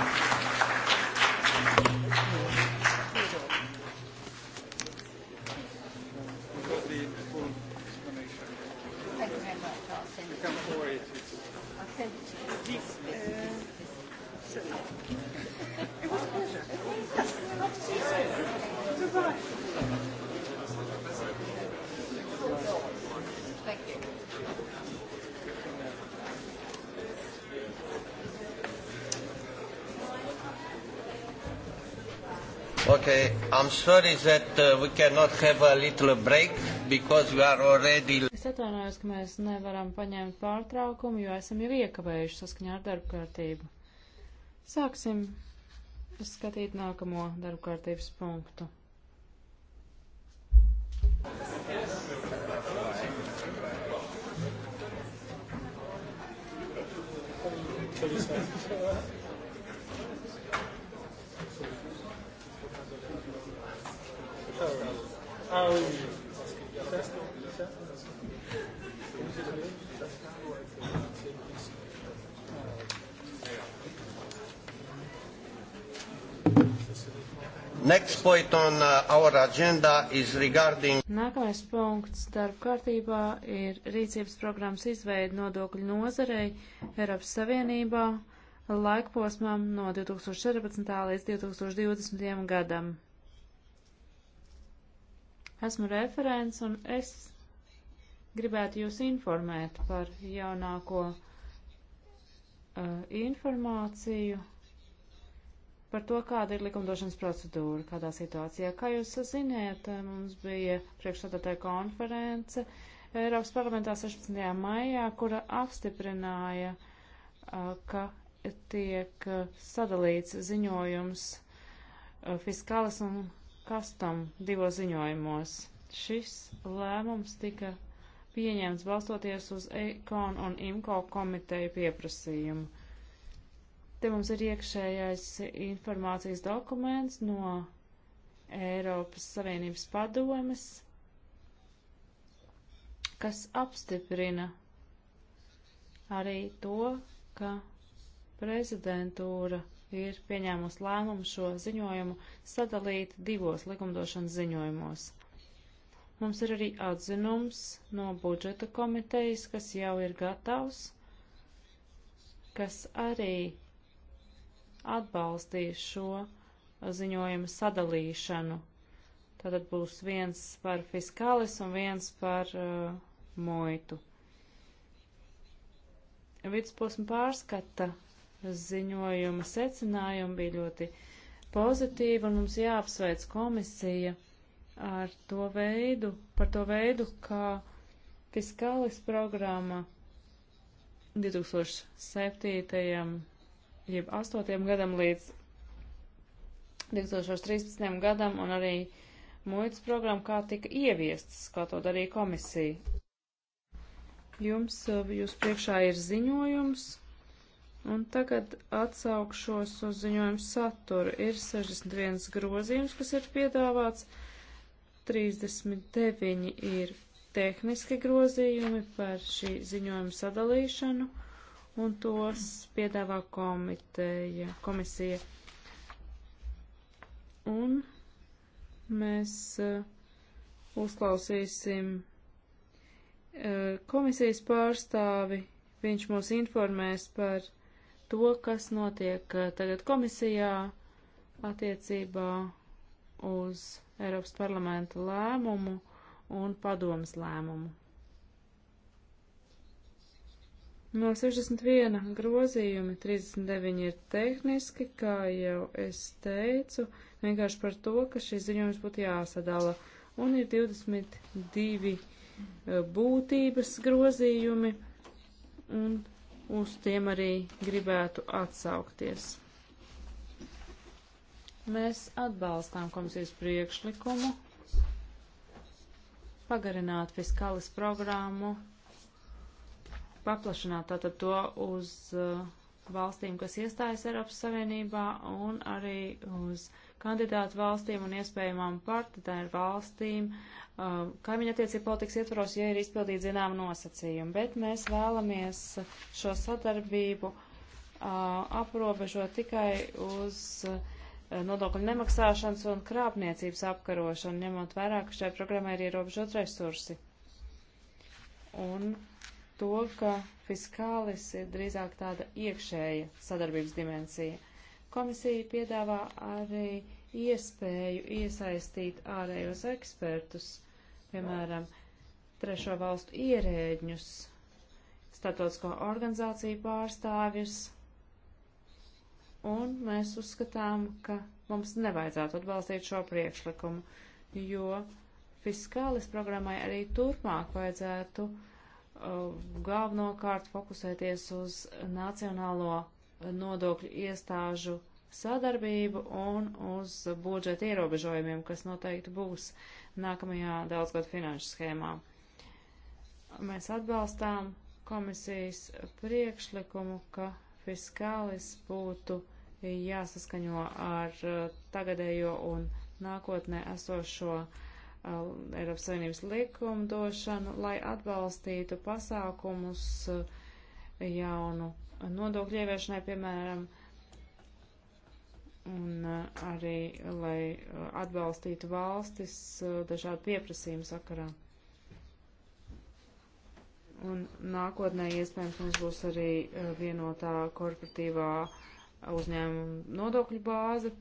S1: I'm sorry that uh, we cannot have a little break because we are already.
S2: Es atvainojos, ka mēs nevaram paņemt pārtraukumu, jo esam jau iekavējuši saskaņā ar darba kārtību. Sāksim skatīt nākamo darba kārtības punktu. Yes.
S1: Ah oui. Next point on uh, our agenda is regarding.
S2: Nākamais punkts darba kārtībā ir rīcības programmas izveida nodokļu nozarei Eiropas Savienībā laikposmam no 2014. līdz 2020. gadam. Esmu referents un es gribētu jūs informēt par jaunāko uh, informāciju par to, kāda ir likumdošanas procedūra, kādā situācijā. Kā jūs zināt, uh, mums bija priekšstādātāja konference Eiropas parlamentā 16. maijā, kura apstiprināja, uh, ka tiek uh, sadalīts ziņojums fiskālas un Kastam divos ziņojumos. Šis lēmums tika pieņemts balstoties uz ECON un IMCO komiteju pieprasījumu. Te mums ir iekšējais informācijas dokuments no Eiropas Savienības padomes, kas apstiprina arī to, ka prezidentūra ir pieņēmusi lēmumu šo ziņojumu sadalīt divos likumdošanas ziņojumos. Mums ir arī atzinums no budžeta komitejas, kas jau ir gatavs, kas arī atbalstīs šo ziņojumu sadalīšanu. Tātad būs viens par fiskālis un viens par uh, muitu. Vidusposma pārskata ziņojuma secinājumi bija ļoti pozitīvi, un mums jāapsveic komisija ar to veidu, par to veidu, kā fiskālis programma 2007. jeb 8. gadam līdz 2013. gadam, un arī muitas programma kā tika ieviestas, kā to darīja komisija. Jums, eh, jūs priekšā ir ziņojums Un tagad atsaukšos uz ziņojumu saturu. Ir 61 grozījums, kas ir piedāvāts, 39 ir tehniski grozījumi par šī ziņojuma sadalīšanu, un tos piedāvā komiteja, komisija. Un mēs uh, uzklausīsim uh, komisijas pārstāvi. Viņš mūs informēs par to, kas notiek uh, tagad komisijā attiecībā uz Eiropas parlamenta lēmumu un padomas lēmumu. No 61 grozījumi 39 ir tehniski, kā jau es teicu, vienkārši par to, ka šis ziņojums būtu jāsadala. Un ir 22 uh, būtības grozījumi, un uz tiem arī gribētu atsaukties. Mēs atbalstām komisijas priekšlikumu pagarināt fiskālis programmu, paplašināt tātad to uz uh, valstīm, kas iestājas Eiropas Savienībā un arī uz uh, kandidātu valstīm un iespējamām partneru valstīm uh, kaimiņa attiecību politikas ietvaros, ja ir izpildīti zinām nosacījumi. Bet mēs vēlamies šo sadarbību uh, aprobežot tikai uz uh, nodokļu nemaksāšanas un krāpniecības apkarošanu, ņemot vērā, ka šai programmai ir ierobežot resursi. Un to, ka fiskālis ir drīzāk tāda iekšēja sadarbības dimensija. Komisija piedāvā arī iespēju iesaistīt ārējos ekspertus, piemēram, trešo valstu ierēģņus, statotisko organizāciju pārstāvjus, un mēs uzskatām, ka mums nevajadzētu atbalstīt šo priekšlikumu, jo fiskālis programmai arī turpmāk vajadzētu uh, galvenokārt fokusēties uz nacionālo nodokļu iestāžu sadarbību un uz budžeta ierobežojumiem, kas noteikti būs nākamajā daudzgad finanšu schēmā. Mēs atbalstām komisijas priekšlikumu, ka fiskālis būtu jāsaskaņo ar uh, tagadējo un nākotnē esošo uh, Eiropas Savienības likumdošanu, lai atbalstītu pasākumus uh, jaunu nodokļu ieviešanai, piemēram, un uh, arī, lai uh, atbalstītu valstis uh, dažādu pieprasījumu sakarā. Un nākotnē iespējams mums būs arī vienotā korporatīvā uzņēmuma nodokļu bāze.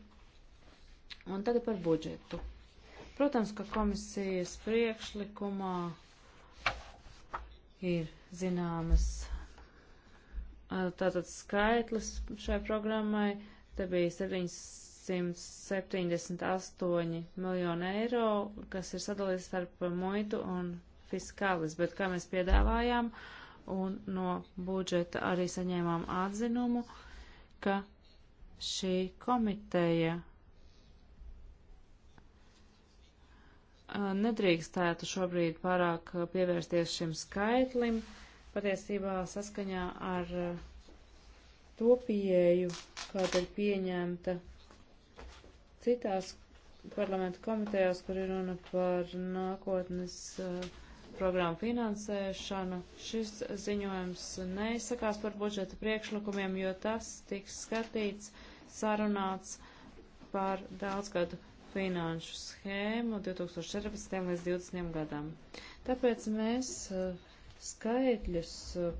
S2: Un tagad par budžetu. Protams, ka komisijas priekšlikumā ir zināmas tātad skaitlis šai programmai, te bija 778 miljoni eiro, kas ir sadalīts starp muitu un fiskālis, bet kā mēs piedāvājām un no budžeta arī saņēmām atzinumu, ka šī komiteja nedrīkstētu šobrīd pārāk pievērsties šim skaitlim, uh, patiesībā saskaņā ar eh, to pieeju, kāda ir pieņemta citās parlamentu komitejās, kur ir runa par nākotnes uh, programmu finansēšanu. Šis ziņojums neizsakās par budžeta priekšlikumiem, jo tas tiks skatīts, sarunāts par daudzgadu finanšu schēmu 2014. līdz 2020. gadam. Tāpēc mēs uh, Skaitļus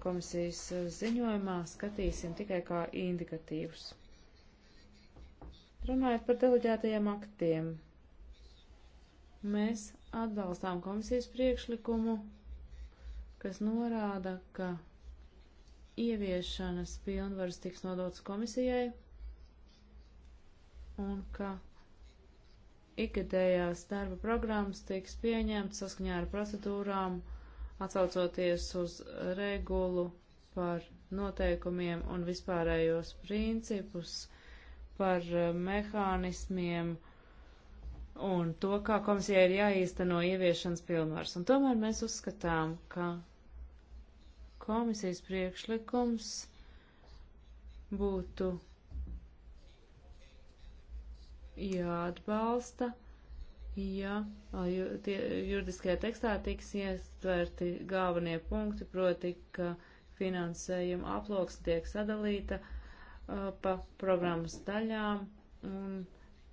S2: komisijas ziņojumā skatīsim tikai kā indikatīvus. Runājot par deleģētajiem aktiem, mēs atbalstām komisijas priekšlikumu, kas norāda, ka ieviešanas pilnvaras tiks nodotas komisijai un ka ikgadējās darba programmas tiks pieņemtas saskaņā ar procedūrām, uh, atsaucoties uz regulu par noteikumiem un vispārējos principus, par eh, mehānismiem un to, kā komisijai ir jāīsteno ieviešanas pilnvars. Un tomēr mēs uzskatām, ka komisijas priekšlikums būtu jāatbalsta. Ja ja tie, juridiskajā tekstā tiks iestverti galvenie punkti, proti, ka finansējuma aploks tiek sadalīta uh, pa programmas daļām un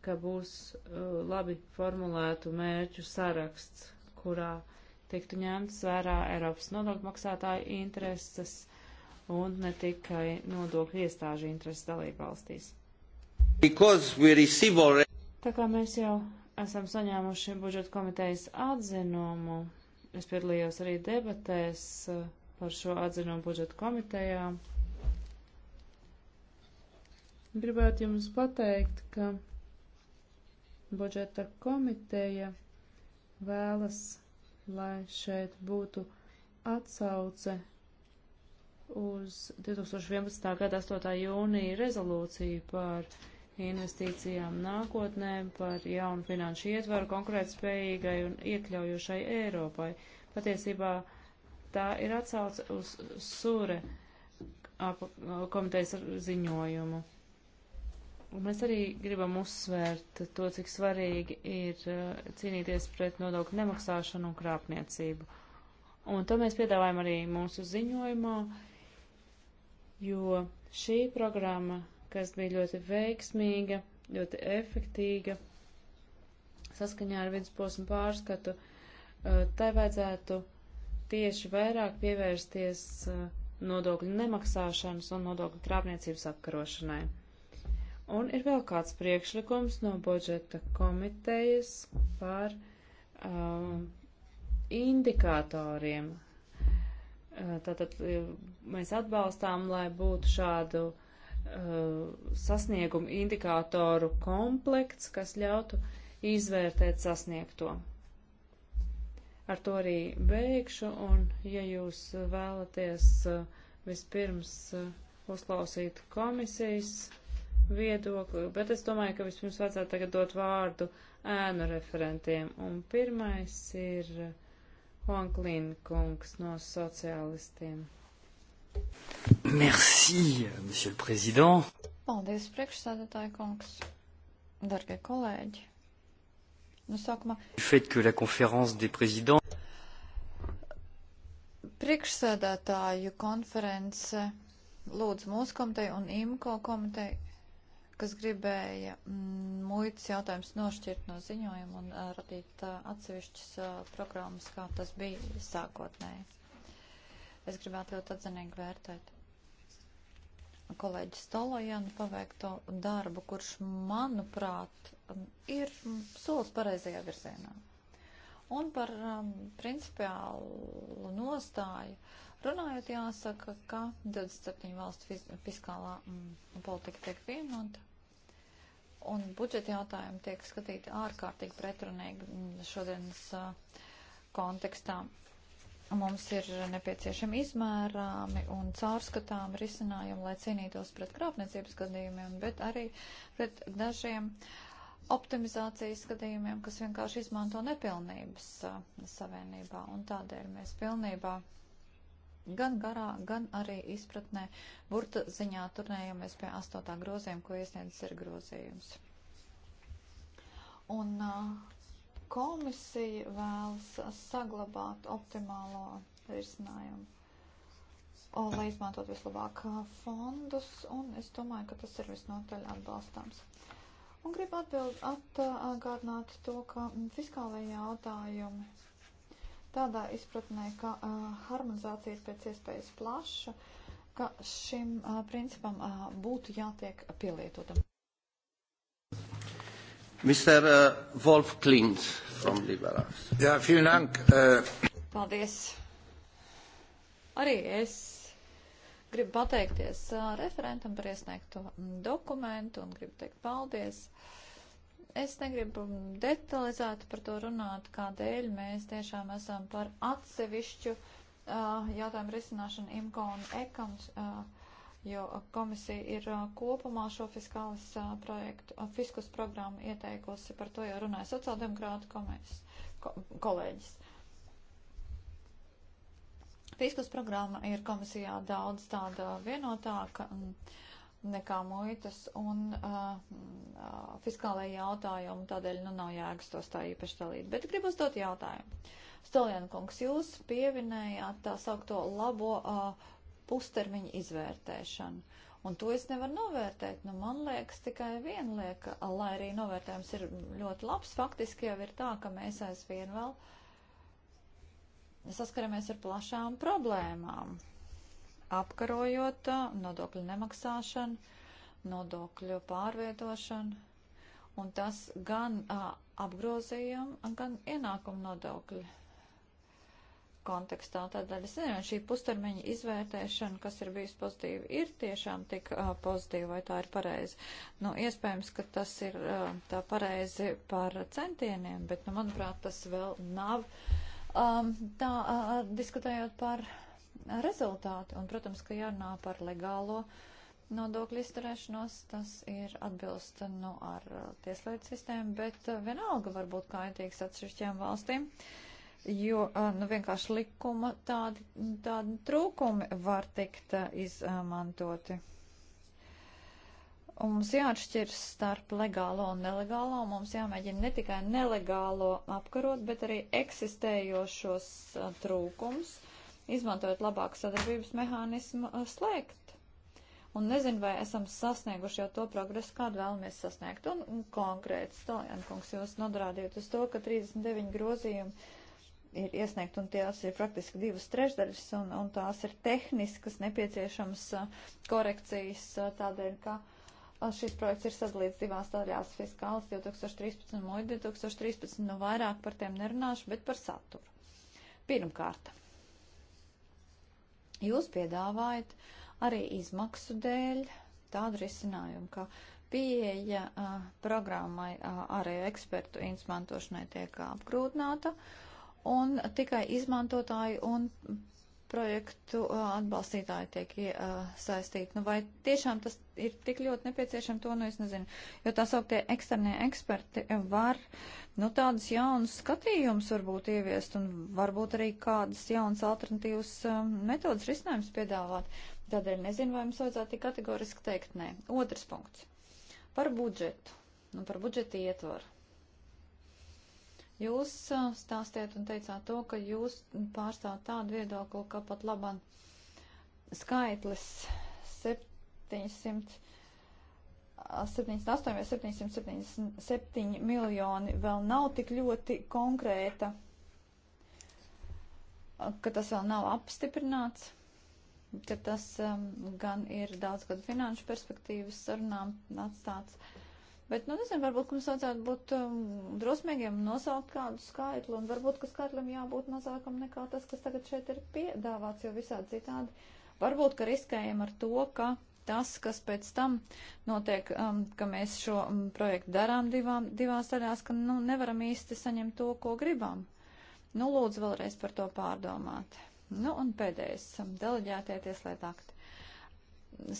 S2: ka būs uh, labi formulētu mērķu saraksts, kurā tiktu ņemts vērā Eiropas nodokļu maksātāju intereses un ne tikai nodokļu iestāžu intereses dalību valstīs. Already... Tā kā mēs jau esam saņēmuši budžeta komitejas atzinumu. Es piedalījos arī debatēs eh, par šo atzinumu budžeta komitejā. Gribētu jums pateikt, ka budžeta komiteja vēlas, lai šeit būtu atsauce uz 2011. gada 8. jūnija rezolūciju par investīcijām nākotnē, par jaunu finanšu ietvaru konkurētspējīgai un iekļaujošai Eiropai. Patiesībā tā ir atsauce uz Sure komitejas ziņojumu. Un mēs arī gribam uzsvērt to, cik svarīgi ir uh, cīnīties pret nodokļu nemaksāšanu un krāpniecību. Un to mēs piedāvājam arī mūsu ziņojumā, jo šī programma kas bija ļoti veiksmīga, ļoti efektīga saskaņā ar vidusposmu pārskatu. Eh, tai vajadzētu tieši vairāk pievērsties eh, nodokļu nemaksāšanas un nodokļu krāpniecības apkarošanai. Un ir vēl kāds priekšlikums no budžeta komitejas par um, indikatoriem. Tātad mēs atbalstām, lai būtu šādu uh, Uh, sasniegumu indikātoru komplekts, kas ļautu izvērtēt sasniegto. Ar to arī beigšu, un ja jūs vēlaties uh, vispirms uh, uzklausīt komisijas viedokli, bet es domāju, ka vispirms vajadzētu tagad dot vārdu ēnu referentiem. Un pirmais ir Juan Klīnkungs no sociālistiem.
S3: Merci, monsieur le président.
S1: Paldies, priekšsēdētāji kungs, darbie kolēģi. Nu, sākumā.
S2: Fait, ka la conférence des présidents.
S1: Priekšsēdētāju konference lūdz mūsu komiteju un IMCO komiteju kas gribēja mm, muitas jautājumus nošķirt no ziņojuma un uh, radīt uh, atsevišķas uh, programmas, kā tas bija sākotnēji. Es gribētu ļoti atzinīgi vērtēt kolēģi Stolojanu paveikto darbu, kurš, manuprāt, ir solis pareizajā virzienā. Un par um, principiālu nostāju runājot, jāsaka, ka 27 valstu fiskālā mm, politika tiek vienota, un budžeta jautājumi tiek skatīti ārkārtīgi pretrunīgi mm, šodienas uh, kontekstā. Mums ir nepieciešami izmērāmi un caurskatām risinājumi, lai cīnītos pret krāpniecības gadījumiem, bet arī pret dažiem optimizācijas gadījumiem, kas vienkārši izmanto nepilnības uh, savienībā. Un tādēļ mēs pilnībā gan garā, gan arī izpratnē burta ziņā turnējamies pie astotā grozījuma, ko iesniedz ir grozījums. Un uh, Komisija vēlas saglabāt optimālo risinājumu, lai izmantot vislabāk uh, fondus, un es domāju, ka tas ir visnotaļ atbalstāms. Un gribu atbild, atgādināt to, ka fiskālajie jautājumi tādā izpratnē, ka uh, harmonizācija ir pēc iespējas plaša, ka šim uh, principam uh, būtu jātiek pielietotam.
S2: Mr. Uh, Wolf Klint from Liberals. Jā, vielen Dank. Uh,
S1: paldies. Arī es gribu pateikties uh, referentam par iesniegto dokumentu un gribu teikt paldies. Es negribu detalizēti par to runāt, kādēļ mēs tiešām esam par atsevišķu uh, jautājumu risināšanu IMCO un ECOMS. Uh, jo komisija ir kopumā šo fiskālas projektu, fiskus programmu ieteikusi, par to jau runāja sociāldemokrāta komis, ko, kolēģis. Fiskus programma ir komisijā daudz tāda vienotāka mm, nekā muitas un uh, fiskālajie jautājumi, tādēļ nu nav jēgas tos tā īpaši dalīt. Bet gribu uzdot jautājumu. Stolienkungs, jūs pievinējāt tā saukto labo uh, pustermiņa izvērtēšanu. Un to es nevaru novērtēt. Nu, man liekas, tikai viena lieka, lai arī novērtējums ir ļoti labs, faktiski jau ir tā, ka mēs aizvien vēl saskaramies ar plašām problēmām. Apkarojot uh, nodokļu nemaksāšanu, nodokļu pārvietošanu, un tas gan a, uh, apgrozījuma, gan ienākuma nodokļu kontekstā. Tādēļ es nezinu, šī pustermiņa izvērtēšana, kas ir bijusi pozitīva, ir tiešām tik uh, pozitīva, vai tā ir pareizi. Nu, iespējams, ka tas ir uh, tā pareizi par centieniem, bet, nu, manuprāt, tas vēl nav. Um, tā, uh, diskutējot par rezultātu, un, protams, ka jārunā par legālo nodokļu izturēšanos, tas ir atbilst, nu, ar tieslietu sistēmu, bet vienalga var būt kaitīgs atsevišķiem valstīm. Uh, jo nu, vienkārši likuma tādi, tādi trūkumi var tikt izmantoti. Un mums jāatšķirs starp legālo un nelegālo, un mums jāmēģina ne tikai nelegālo apkarot, bet arī eksistējošos trūkums, izmantojot labāku sadarbības mehānismu, slēgt. Un nezinu, vai esam sasnieguši jau to progresu, kādu vēlamies sasniegt. Un, un konkrēti, Stoljankungs, jūs norādījat uz to, ka 39 grozījumi ir iesniegt, un tās ir praktiski divas trešdaļas, un, un tās ir tehniskas nepieciešamas korekcijas tādēļ, ka šis projekts ir sadalīts divās daļās - fiskāls 2013 un 2013, nu vairāk par tiem nerunāšu, bet par saturu. Pirmkārt, jūs piedāvājat arī izmaksu dēļ tādu risinājumu, ka pieeja a, programmai a, arī ekspertu izmantošanai tiek apgrūtināta. A, un tikai izmantotāji un projektu uh, atbalstītāji tiek iesaistīti. Uh, nu, vai tiešām tas ir tik ļoti nepieciešams, to nu es nezinu. Jo tā sauktie eksternie eksperti var nu, tādus jaunus skatījumus varbūt ieviest un varbūt arī kādas jaunas alternatīvas um, metodas risinājums piedāvāt. Tādēļ nezinu, vai mums vajadzētu tik kategoriski teikt nē. Otrs punkts. Par budžetu un nu, par budžeta ietvaru. Jūs stāstiet un teicāt to, ka jūs pārstāvat tādu viedokli, ka pat laban skaitlis 700. 78 vai 777 miljoni vēl nav tik ļoti konkrēta, ka tas vēl nav apstiprināts, ka tas um, gan ir daudz gadu finanšu perspektīvas sarunām atstāts. Uh, Bet, nu, nezinu, varbūt mums vajadzētu būt um, drosmīgiem nosaukt kādu skaitli, un varbūt, ka skaitlim jābūt mazākam nekā tas, kas tagad šeit ir piedāvāts, jo visādi citādi. Varbūt, ka riskējam ar to, ka tas, kas pēc tam notiek, um, ka mēs šo um, projektu darām divām, divās daļās, ka nu, nevaram īsti saņemt to, ko gribam. Nu, lūdzu, vēlreiz par to pārdomāt. Nu, un pēdējais um, - deleģētie tieslietu akti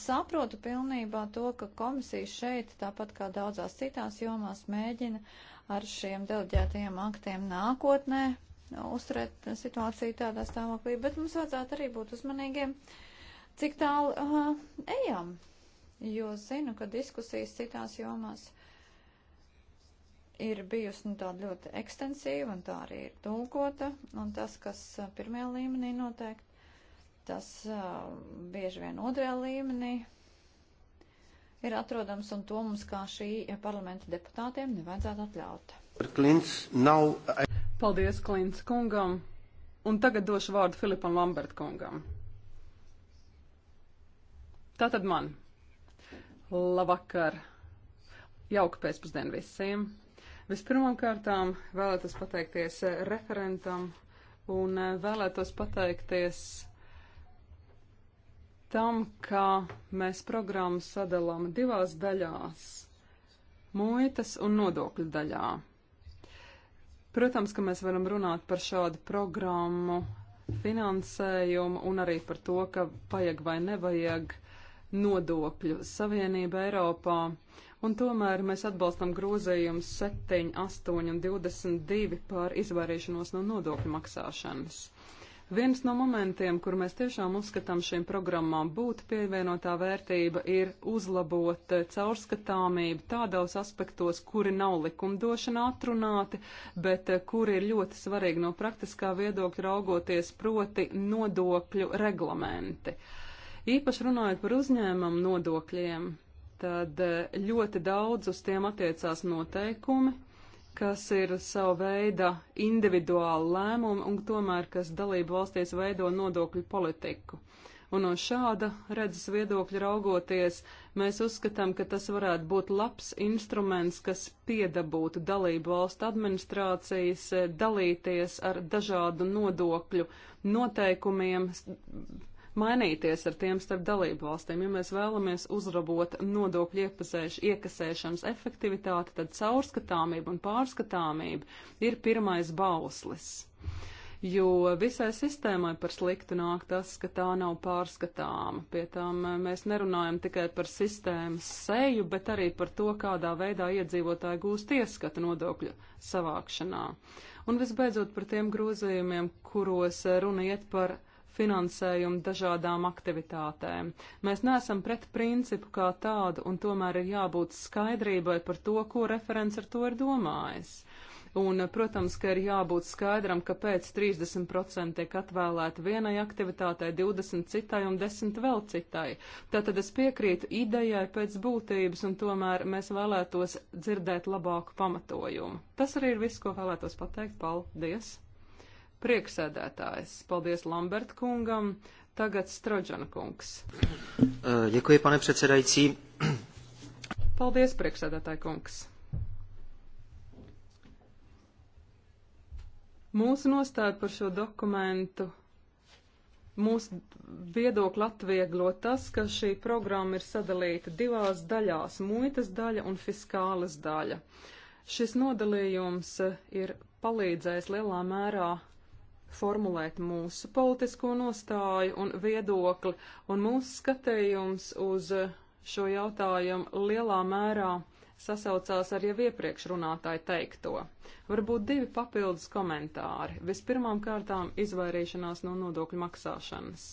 S1: saprotu pilnībā to, ka komisija šeit, tāpat kā daudzās citās jomās, mēģina ar šiem deleģētajiem aktiem nākotnē uzturēt situāciju tādā stāvoklī, bet mums vajadzētu arī būt uzmanīgiem, cik tālu uh, ejam, jo zinu, ka diskusijas citās jomās ir bijusi nu, tāda ļoti ekstensīva un tā arī ir tulkota, un tas, kas pirmajā līmenī notiek, Tas uh, bieži vien otrajā līmenī ir atrodams, un to mums kā šī parlamenta deputātiem nevajadzētu atļaut.
S3: Klints nav. Paldies Klints kungam, un tagad došu vārdu Filipam Lambert kungam. Tātad man. Labvakar. Jauka pēcpusdiena visiem. Vispirmām kārtām vēlētos pateikties referentam un vēlētos pateikties tam, ka mēs programmu sadalām divās daļās - muitas un nodokļu daļā. Protams, ka mēs varam runāt par šādu programmu finansējumu un arī par to, ka vajag vai nevajag nodokļu savienību Eiropā. Un tomēr mēs atbalstam grozījumus 7, 8 un 22 par izvairīšanos no nodokļu maksāšanas. Uh, Viens no momentiem, kur mēs tiešām uzskatām šīm programmām būtu pievienotā vērtība, ir uzlabot eh, caurskatāmību tādos aspektos, kuri nav likumdošanā atrunāti, bet eh, kuri ir ļoti svarīgi no praktiskā viedokļa raugoties, proti nodokļu reglamenti. Īpaši runājot par uzņēmumu nodokļiem, tad eh, ļoti daudz uz tiem attiecās noteikumi, kas ir sava veida individuāli lēmumi un tomēr, kas dalību valstīs veido nodokļu politiku. Un no šāda redzes viedokļa raugoties, mēs uzskatām, ka tas varētu būt labs instruments, kas piedabūtu dalību valstu administrācijas eh, dalīties ar dažādu nodokļu noteikumiem mainīties ar tiem starp dalību valstīm. Ja mēs vēlamies uzrabot nodokļu iekasēšanas efektivitāti, tad caurskatāmība un pārskatāmība ir pirmais bauslis. Jo visai sistēmai par sliktu nāk tas, ka tā nav pārskatāma. Pie tam eh, mēs nerunājam tikai par sistēmas seju, bet arī par to, kādā veidā iedzīvotāji gūst ieskatu nodokļu savākšanā. Un visbeidzot par tiem grozījumiem, kuros eh, runa iet par finansējumu dažādām aktivitātēm. Mēs neesam pret principu kā tādu, un tomēr ir jābūt skaidrībai par to, ko referents ar to ir domājis. Un, protams, ka ir jābūt skaidram, ka pēc 30% tiek atvēlēta vienai aktivitātei, 20 citai un 10 vēl citai. Tātad es piekrītu idejai pēc būtības, un tomēr mēs vēlētos dzirdēt labāku pamatojumu. Tas arī ir viss, ko vēlētos pateikt. Paldies! Prieksēdētājs. Paldies Lambert kungam. Tagad Stroģana kungs. Eh, děkuji, pane předsedající. Paldies, prieksēdētāji kungs. Mūsu nostāja par šo dokumentu mūsu viedokli atvieglo tas, ka šī programma ir sadalīta divās daļās - muitas daļa un fiskālas daļa. Šis nodalījums ir palīdzējis lielā mērā formulēt mūsu politisko nostāju un viedokli, un mūsu skatījums uz eh, šo jautājumu lielā mērā sasaucās ar jau iepriekš runātāju teikto. Varbūt divi papildus komentāri. Vispirmām kārtām izvairīšanās no nodokļu maksāšanas.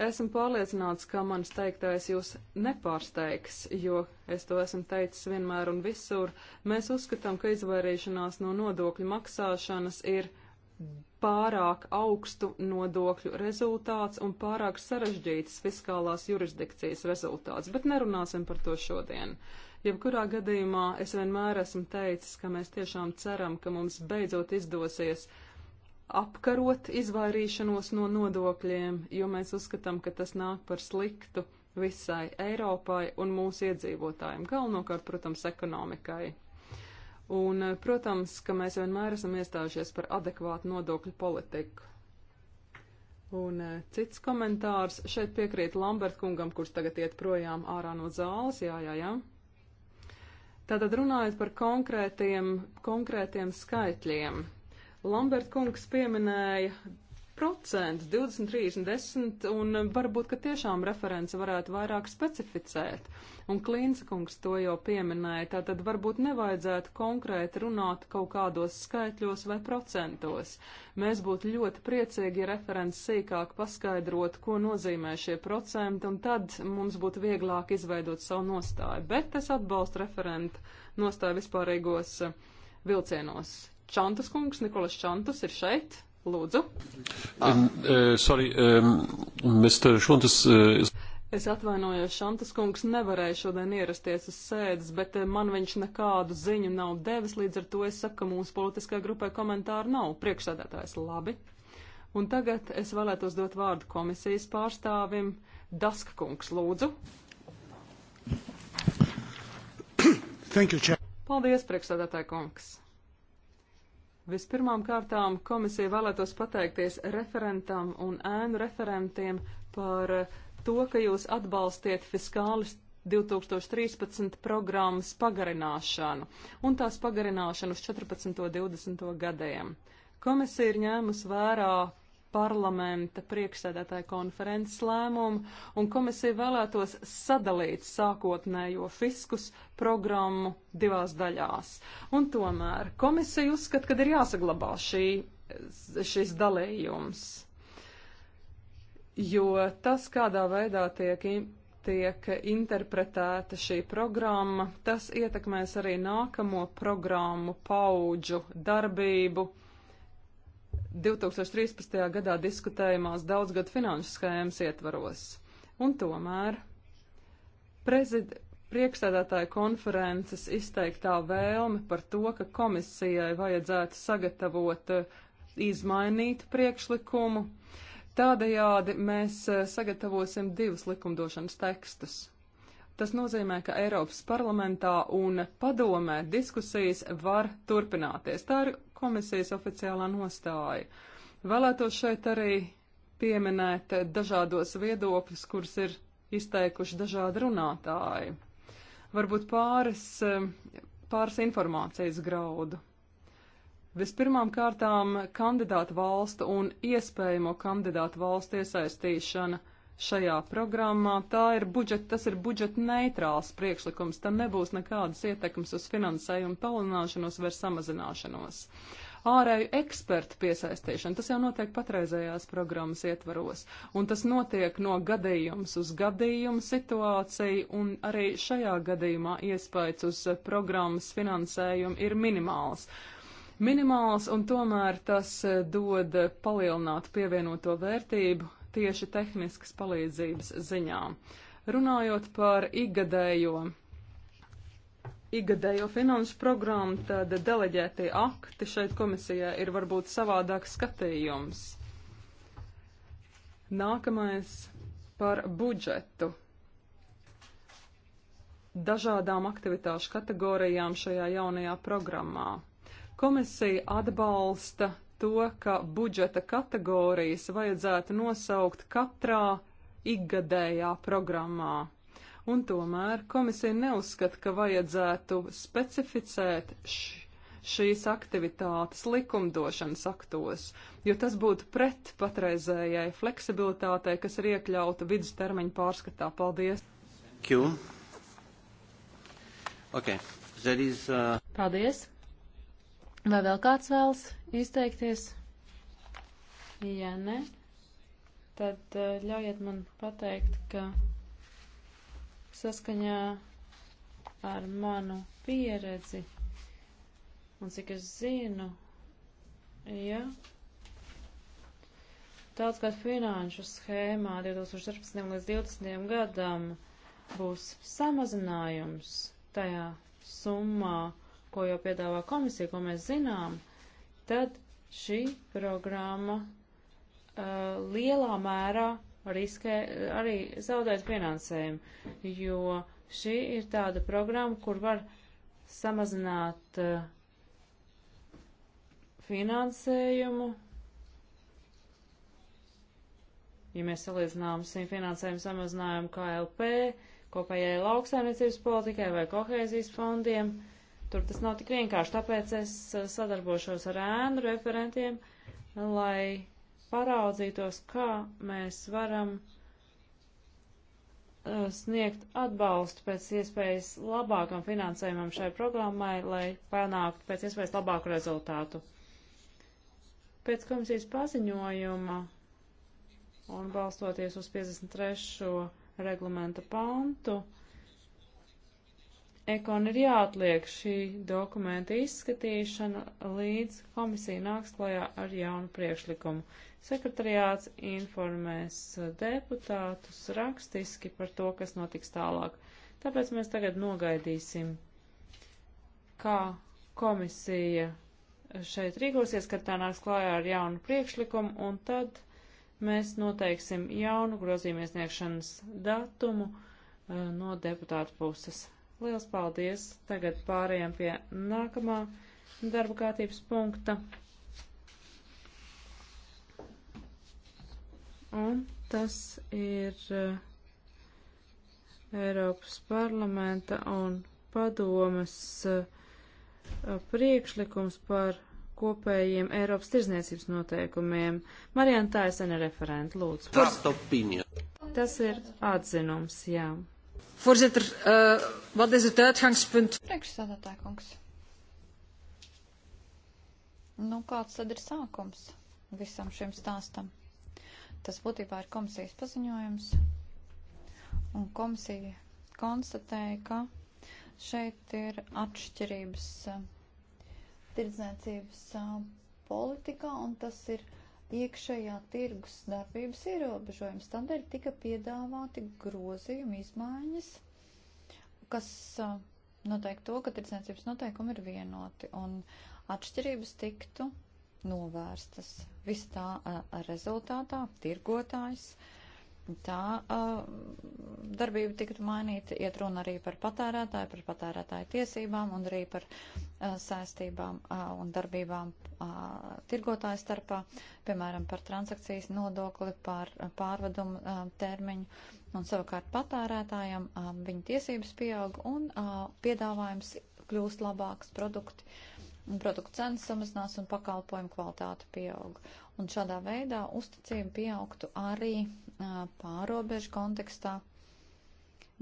S3: Esmu pārliecināts, ka mans teiktais jūs nepārsteigs, jo es to esmu teicis vienmēr un visur. Mēs uzskatām, ka izvairīšanās no nodokļu maksāšanas ir pārāk augstu nodokļu rezultāts un pārāk sarežģītas fiskālās jurisdikcijas rezultāts, bet nerunāsim par to šodien. Jebkurā gadījumā es vienmēr esmu teicis, ka mēs tiešām ceram, ka mums beidzot izdosies apkarot izvairīšanos no nodokļiem, jo mēs uzskatām, ka tas nāk par sliktu visai Eiropai un mūsu iedzīvotājiem, galvenokārt, protams, ekonomikai. Un, eh, protams, ka mēs vienmēr esam iestājušies par adekvātu nodokļu politiku. Un eh, cits komentārs šeit piekrīt Lambert kungam, kurš tagad iet projām ārā no zāles. Jā, jā, jā. Tātad runājot par konkrētiem, konkrētiem skaitļiem. Lambert kungs pieminēja procentus, 20, 30, 10, un varbūt, ka tiešām referents varētu vairāk specificēt. Un Klīnca kungs to jau pieminēja, tātad varbūt nevajadzētu konkrēti runāt kaut kādos skaitļos vai procentos. Mēs būtu ļoti priecīgi, ja referents sīkāk paskaidrot, ko nozīmē šie procenti, un tad mums būtu vieglāk izveidot savu nostāju. Bet es atbalstu referentu nostāju vispārīgos eh, vilcienos. Čantas kungs, Nikolas Čantas ir šeit. Lūdzu. Ah. Um, uh, sorry, um, Mr. Šuntis. Uh, is... Es atvainojos, Šantas kungs nevarēja šodien ierasties uz sēdes, bet uh, man viņš nekādu ziņu nav devis, līdz ar to es saku, ka mūsu politiskajā grupē komentāru nav. Priekšsēdētājs labi. Un tagad es vēlētos dot vārdu komisijas pārstāvim Daska kungs, lūdzu. Thank you, Chair. Paldies, priekšsēdētāja kungs. Vispirmām kārtām komisija vēlētos pateikties referentam un ēnu referentiem par to, ka jūs atbalstiet fiskālis 2013 programmas pagarināšanu un tās pagarināšanu uz 14. un 20. gadiem. Komisija ir ņēmusi vērā parlamenta priekšsēdētāja konferences lēmumu, un komisija vēlētos sadalīt sākotnējo fiskus programmu divās daļās. Un tomēr komisija uzskata, ka ir jāsaglabā šī, šis dalījums, jo tas, kādā veidā tiek tiek interpretēta šī programma, tas ietekmēs arī nākamo programmu paudžu darbību 2013. gadā diskutējumās daudzgadu finanšu schēmas ietvaros. Un tomēr prezid, priekšsēdētāja konferences izteiktā vēlme par to, ka komisijai vajadzētu sagatavot eh, izmainītu priekšlikumu. Tādējādi mēs eh, sagatavosim divus likumdošanas tekstus. Tas nozīmē, ka Eiropas parlamentā un padomē diskusijas var turpināties. Tā ir komisijas oficiālā nostāja. Vēlētos šeit arī pieminēt dažādos viedokļus, kurus ir izteikuši dažādi runātāji. Varbūt pāris, eh, pāris informācijas graudu. Vispirmām kārtām kandidātu valstu un iespējamo kandidātu valstu iesaistīšana šajā programmā. Tā ir budžet, tas ir budžeta neitrāls priekšlikums, tam nebūs nekādas ietekmes uz finansējumu palināšanos vai samazināšanos. Ārēju ekspertu piesaistīšana, tas jau notiek patreizējās programmas ietvaros, un tas notiek no gadījums uz gadījumu situāciju, un arī šajā gadījumā iespējas uz programmas finansējumu ir minimāls minimāls, un tomēr tas eh, dod palielinātu pievienoto vērtību tieši tehniskas palīdzības ziņā. Runājot par igadējo, igadējo finanšu programmu, tad deleģētie akti šeit komisijā ir varbūt savādāk skatījums. Nākamais par budžetu dažādām aktivitāšu kategorijām šajā jaunajā programmā. Komisija atbalsta to, ka budžeta kategorijas vajadzētu nosaukt katrā ikgadējā programmā. Un tomēr komisija neuzskata, ka vajadzētu specificēt š, šīs aktivitātes likumdošanas aktos, jo tas būtu pret patreizējai fleksibilitātei, kas ir iekļauta vidustermiņa pārskatā. Paldies!
S1: Q. Okay. Is, uh...
S3: Paldies!
S2: Vai vēl kāds vēlas izteikties? Ja ne, tad eh, ļaujiet man pateikt, ka saskaņā ar manu pieredzi un cik es zinu, ja tāds kā finanšu schēmā 2014. līdz 2020. gadam būs samazinājums tajā summā, ko jau piedāvā komisija, ko mēs zinām, tad šī programma uh, lielā mērā riskē arī zaudēt finansējumu, jo šī ir tāda programma, kur var samazināt uh, finansējumu. Ja mēs salīdzinām finansējumu samazinājumu KLP, kopējai lauksaimniecības politikai vai kohēzijas fondiem, uh, Tur tas nav tik vienkārši, tāpēc es eh, sadarbošos ar ēnu referentiem, lai paraudzītos, kā mēs varam eh, sniegt atbalstu pēc iespējas labākam finansējumam šai programmai, lai panāktu pēc iespējas labāku rezultātu. Pēc komisijas paziņojuma un balstoties uz 53. reglamenta pantu, uh, Ekon ir jāatliek šī dokumenta izskatīšana, līdz komisija nāks klajā ar jaunu priekšlikumu. Sekretariāts informēs deputātus rakstiski par to, kas notiks tālāk. Tāpēc mēs tagad nogaidīsim, kā komisija šeit rīkosies, kad tā nāks klājā ar jaunu priekšlikumu, un tad mēs noteiksim jaunu grozījumiesniegšanas datumu eh, no deputātu puses. Liels paldies! Tagad pārējām pie nākamā darba kārtības punkta. Un tas ir uh, Eiropas parlamenta un padomas uh, priekšlikums par kopējiem Eiropas tirzniecības noteikumiem. Marijana Taisena referenta, lūdzu. Tas ir atzinums, jā. Voorzitter,
S1: uh, wat is het uitgangspunt? Priekšsēdētāj, kungs. Nu, kāds tad ir sākums visam šim stāstam? Tas būtībā ir komisijas paziņojums, un komisija konstatēja, ka šeit ir atšķirības eh, tirdzniecības eh, politikā, un tas ir iekšējā tirgus darbības ierobežojums. Tādēļ tika piedāvāti grozījumi izmaiņas, kas noteikti to, ka tirdzniecības noteikumi ir vienoti un atšķirības tiktu novērstas. Viss tā rezultātā tirgotājs. Uh, tā uh, darbība tiktu mainīta, iet runa arī par patērētāju, par patērētāju tiesībām un arī par uh, saistībām uh, un darbībām uh, tirgotāju starpā, piemēram, par transakcijas nodokli, par uh, pārvedumu uh, termiņu. Un savukārt patērētājiem uh, viņa tiesības pieaug un uh, piedāvājums kļūst labāks produkti. Produktu cenas samazinās un pakalpojumu kvalitāte pieaug. Un šādā veidā uzticība pieaugtu arī pārobežu kontekstā.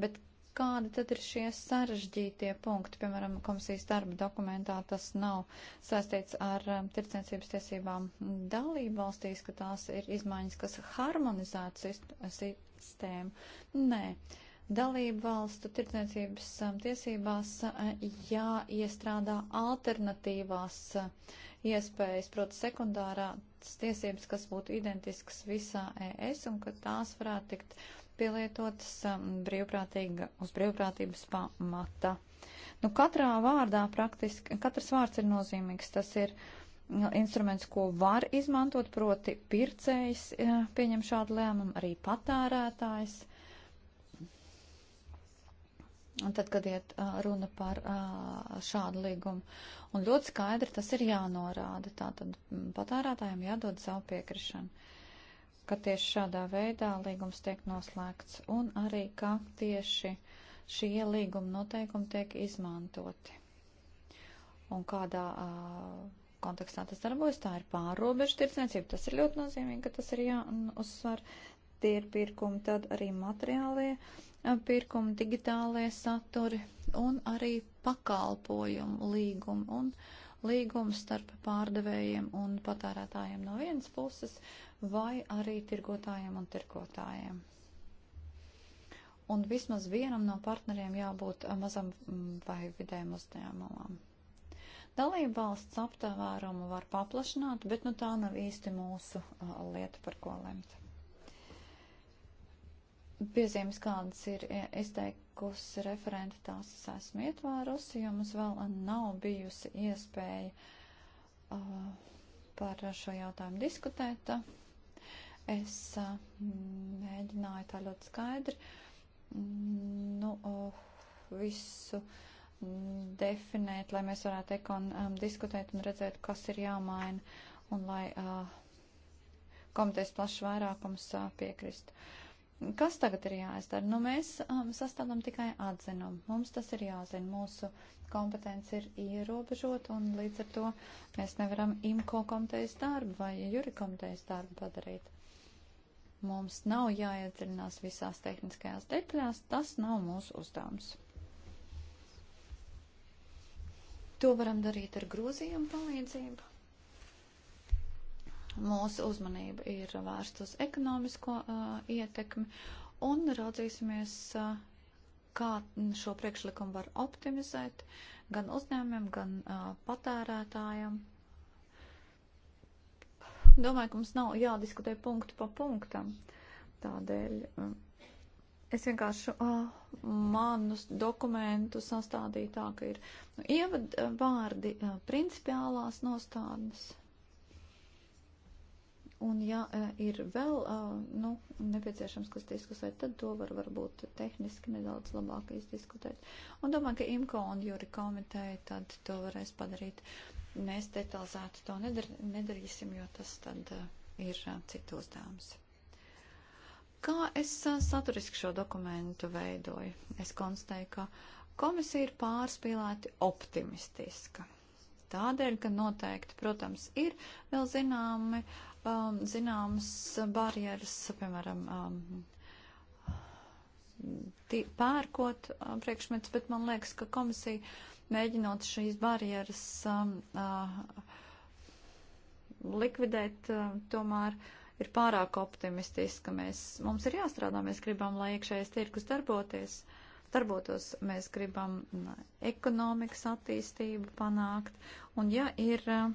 S1: Bet kādi tad ir šie sarežģītie punkti? Piemēram, komisijas darba dokumentā tas nav saistīts ar tirdzniecības tiesībām dalību valstīs, ka tās ir izmaiņas, kas harmonizētu sistēmu. Nē. Dalību valstu tirdzniecības tiesībās jāiestrādā alternatīvās uh, iespējas, proti sekundārās tiesības, kas būtu identiskas visā ES un ka tās varētu tikt pielietotas um, brīvprātīga, uz brīvprātības pamata. Nu, katrā vārdā praktiski, katrs vārds ir nozīmīgs. Tas ir nu, instruments, ko var izmantot, proti pircējs eh, pieņem šādu lēmumu, arī patērētājs. Uh, Un tad, kad iet runa par šādu līgumu. Un ļoti skaidri tas ir jānorāda. Tātad patērētājiem jādod savu piekrišanu, ka tieši šādā veidā līgums tiek noslēgts. Un arī, ka tieši šie līguma noteikumi tiek izmantoti. Un kādā kontekstā tas darbojas, tā ir pārrobežu tirdzniecība. Tas ir ļoti nozīmīgi, ka tas ir jāuzsver. Tie ir pirkumi, tad arī materiālie. Uh, pirkumu, digitālie saturi un arī pakalpojumu līgumu un līgumu starp pārdevējiem un patērētājiem no vienas puses vai arī tirgotājiem un tirgotājiem. Un vismaz vienam no partneriem jābūt eh, mazam mm, vai vidējam uzņēmumam. Dalība valsts aptvērumu var paplašināt, bet nu tā nav īsti mūsu eh, lieta, par ko lemt piezīmes, kādas ir e, izteikusi referenta, tās es esmu ietvērusi, jo mums vēl nav bijusi iespēja uh, par šo jautājumu diskutēt. Es uh, mēģināju tā ļoti skaidri mm, nu, uh, visu definēt, lai mēs varētu ekon um, diskutēt un redzēt, kas ir jāmaina, un lai uh, komitejas plašs vairākums uh, piekristu. Uh, Kas tagad ir jāizdara? Nu, mēs um, sastādām tikai atzinumu. Mums tas ir jāzina. Mūsu kompetence ir ierobežota, un līdz ar to mēs nevaram IMCO komitejas darbu vai Juri komitejas darbu padarīt. Mums nav jāiedziļinās visās tehniskajās detaļās, tas nav mūsu uzdevums. To varam darīt ar grozījumu palīdzību mūsu uzmanība ir vērsta uz ekonomisko uh, ietekmi un raudzīsimies, uh, kā šo priekšlikumu var optimizēt gan uzņēmumiem, gan uh, patērētājiem. Domāju, ka mums nav jādiskutē punktu pa punktam. Tādēļ um, es vienkārši uh, manus dokumentu sastādīju tā, ka ir nu, ievadvārdi, uh, principiālās nostādnes. Uh, Un ja e, ir vēl nu, nepieciešams, kas diskusēt, tad to var varbūt tehniski nedaudz labāk izdiskutēt. Un domāju, ka IMCO un Juri komiteja tad to varēs padarīt. Mēs detalizētu to nedar nedarīsim, jo tas tad e, ir e, citu uzdevums. Kā es saturiski šo dokumentu veidoju? Es konstatēju, ka komisija ir pārspīlēti optimistiska tādēļ, ka noteikti, protams, ir vēl zināmi um, zināmas barjeras, piemēram, um, tī, pērkot um, priekšmetus, bet man liekas, ka komisija mēģinot šīs barjeras um, uh, likvidēt, uh, tomēr ir pārāk optimistiska. Mēs, mums ir jāstrādā, mēs gribam, lai iekšējais tirkus darboties. Uh, darbotos, mēs gribam mm, ekonomikas attīstību panākt. Un ja ir um,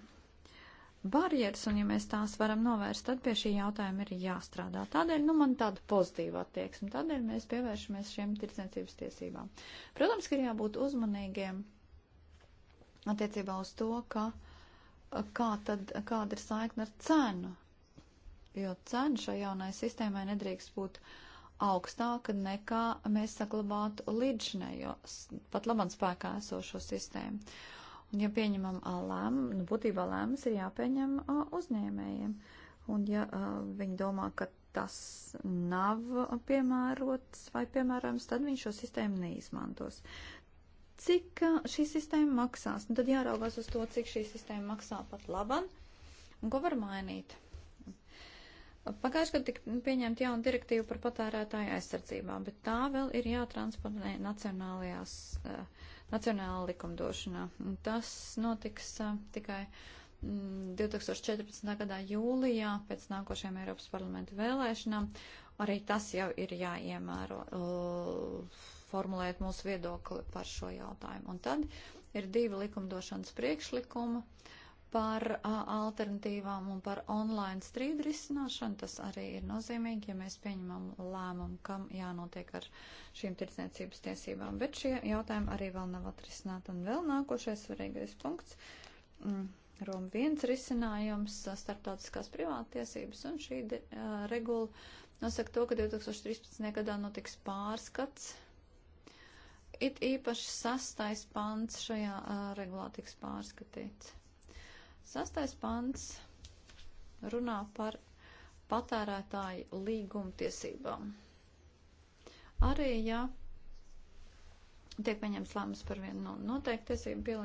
S1: barjeras, un ja mēs tās varam novērst, tad pie šī jautājuma ir jāstrādā. Tādēļ, nu, man tāda pozitīva attieksme, tādēļ mēs pievēršamies šiem tirdzniecības tiesībām. Protams, ka ir jābūt uzmanīgiem attiecībā uz to, ka, kā tad, kāda ir saikna ar cenu, jo cena šai jaunai sistēmai nedrīkst būt augstāka nekā mēs saglabātu līdzinējo, pat labam spēkā esošo sistēmu. Ja pieņemam lēmumu, nu, būtībā lēmums ir jāpieņem uzņēmējiem. Un ja viņi domā, ka tas nav piemērots vai piemērojams, tad viņš šo sistēmu neizmantos. Cik šī sistēma maksās? Nu, tad jāraugās uz to, cik šī sistēma maksā pat laban un ko var mainīt. Pagājušajā gadā tika nu, pieņemta jauna direktīva par patērētāju aizsardzībām, bet tā vēl ir jātransponē nacionālajās uh, nacionāla likumdošanā. Tas notiks uh, tikai mm, 2014. gadā jūlijā pēc nākošajām Eiropas parlamenta vēlēšanām. Arī tas jau ir jāiemēro, uh, formulēt mūsu viedokli par šo jautājumu. Un tad ir divi likumdošanas priekšlikumi. Uh, par alternatīvām un par online strīdu risināšanu. Tas arī ir nozīmīgi, ja mēs pieņemam lēmumu, kam jānotiek ar šīm tirdzniecības tiesībām. Bet šie jautājumi arī vēl nav atrisināti. Un vēl nākošais svarīgais punkts. Mm, Roma viens risinājums - starptautiskās privātiesības, un šī de, uh, regula nosaka to, ka 2013. gadā notiks pārskats. It īpaši sastais pants šajā uh, regulā tiks pārskatīts. Sastais pants runā par patērētāju līguma tiesībām. Arī, ja tiek pieņemts lēmums par vienu no noteiktu tiesību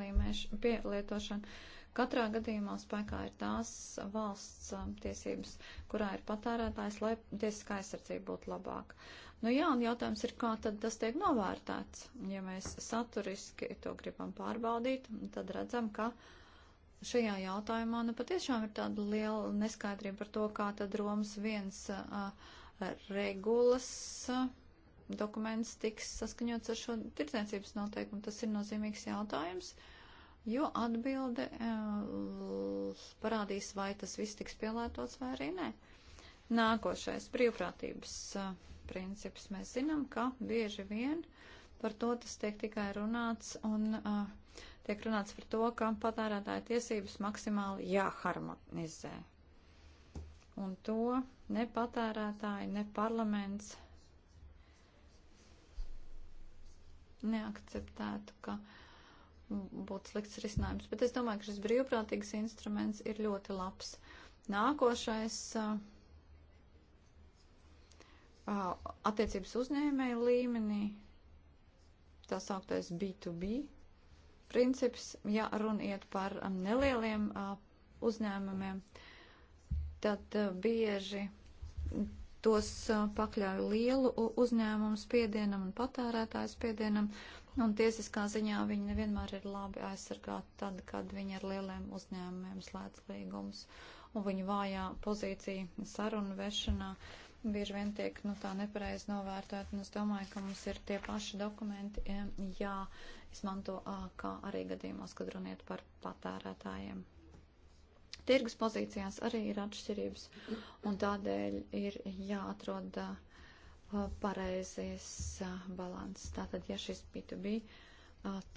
S1: pielietošanu, katrā gadījumā spēkā ir tās valsts um, tiesības, kurā ir patērētājs, lai tiesiskā aizsardzība būtu labāka. Nu jā, un jautājums ir, kā tad tas tiek novērtēts. Ja mēs saturiski to gribam pārbaudīt, tad redzam, ka uh, šajā jautājumā nu, patiešām ir tāda liela neskaidrība par to, kā tad Romas viens a, regulas a, dokuments tiks saskaņots ar šo tirdzniecības noteikumu. Tas ir nozīmīgs jautājums, jo atbilde a, parādīs, vai tas viss tiks pielētots vai arī nē. Nākošais brīvprātības princips. Mēs zinām, ka bieži vien par to tas tiek tikai runāts un uh, tiek runāts par to, ka patērētāja tiesības maksimāli jāharmonizē. Un to ne patērētāji, ne parlaments neakceptētu, ka būtu slikts risinājums. Bet es domāju, ka šis brīvprātīgs instruments ir ļoti labs. Nākošais attiecības uzņēmēju līmenī, tā sauktais B2B princips, ja runa iet par um, nelieliem uh, uzņēmumiem, tad uh, bieži tos uh, pakļauj lielu uzņēmumu spiedienam un patērētāju spiedienam, un tiesiskā ziņā viņi nevienmēr ir labi aizsargāti tad, kad viņi ar lieliem uzņēmumiem slēdz līgumus, un viņu vājā pozīcija sarunu vešanā bieži vien tiek nu, tā nepareizi novērtēta, un es domāju, ka mums ir tie paši dokumenti um, jā. Ja, izmanto, kā arī gadījumos, kad runiet par patērētājiem. Tirgus pozīcijās arī ir atšķirības, un tādēļ ir jāatrod pareizais balans. Tātad, ja šis B2B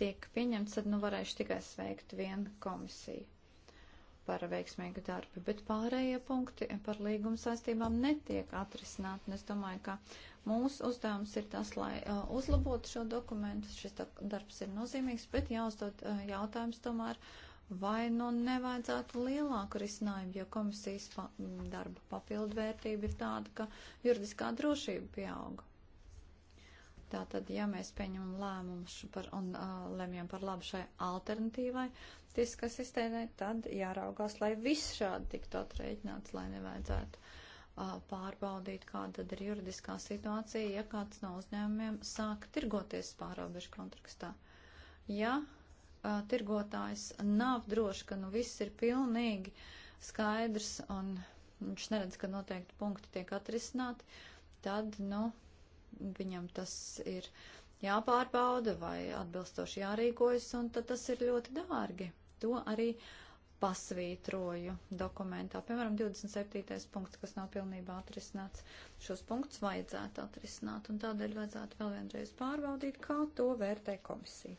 S1: tiek pieņemts, tad nu varēšu tikai sveikt vienu komisiju par veiksmīgu darbu, bet pārējie punkti par līguma saistībām netiek atrisināti. Es domāju, ka Mūsu uzdevums ir tas, lai uh, uzlabotu šo dokumentu. Šis darbs ir nozīmīgs, bet jāuzdod uh, jautājums tomēr, vai nu nevajadzētu lielāku risinājumu, jo komisijas pa mm, darba papildvērtība ir tāda, ka juridiskā drošība pieauga. Tātad, ja mēs pieņemam lēmumus par, un uh, lemjam par labu šai alternatīvai tiesiskai sistēmai, tad jāraugās, lai viss šādi tiktu atrēķināts, lai nevajadzētu pārbaudīt, kāda tad ir juridiskā situācija, ja kāds no uzņēmumiem sāk tirgoties pārobežu kontekstā. Ja uh, tirgotājs nav drošs, ka nu viss ir pilnīgi skaidrs un viņš neredz, ka noteikti punkti tiek atrisināti, tad, nu, viņam tas ir jāpārbauda vai atbilstoši jārīkojas, un tad tas ir ļoti dārgi. To arī uh, pasvītroju dokumentā. Piemēram, 27. punkts, kas nav pilnībā atrisināts. Šos punktus vajadzētu atrisināt, un tādēļ vajadzētu vēl vienreiz pārbaudīt, kā to vērtē komisija.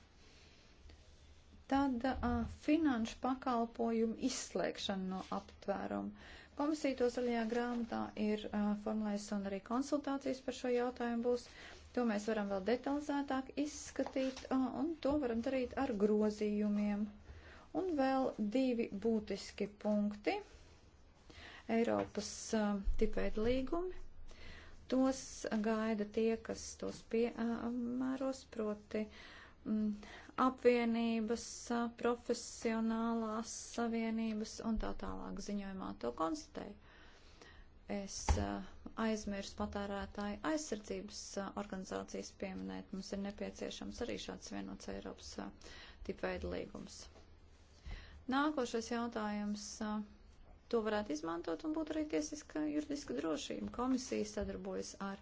S1: Tad uh, finanšu pakalpojumu izslēgšana no aptvērumu. Komisija to zaļajā grāmatā ir uh, formulējusi, un arī konsultācijas par šo jautājumu būs. To mēs varam vēl detalizētāk izskatīt, uh, un to varam darīt ar grozījumiem. Un vēl divi būtiski punkti - Eiropas uh, tipēta līgumi. Tos gaida tie, kas tos piemēros, proti um, apvienības, uh, profesionālās savienības un tā tālāk ziņojumā to konstatēju. Es uh, aizmirsu patērētāju aizsardzības uh, organizācijas pieminēt. Mums ir nepieciešams arī šāds vienots Eiropas uh, tipveida līgums. Nākošais jautājums. To varētu izmantot un būt arī tiesiska juridiska drošība. Komisija sadarbojas ar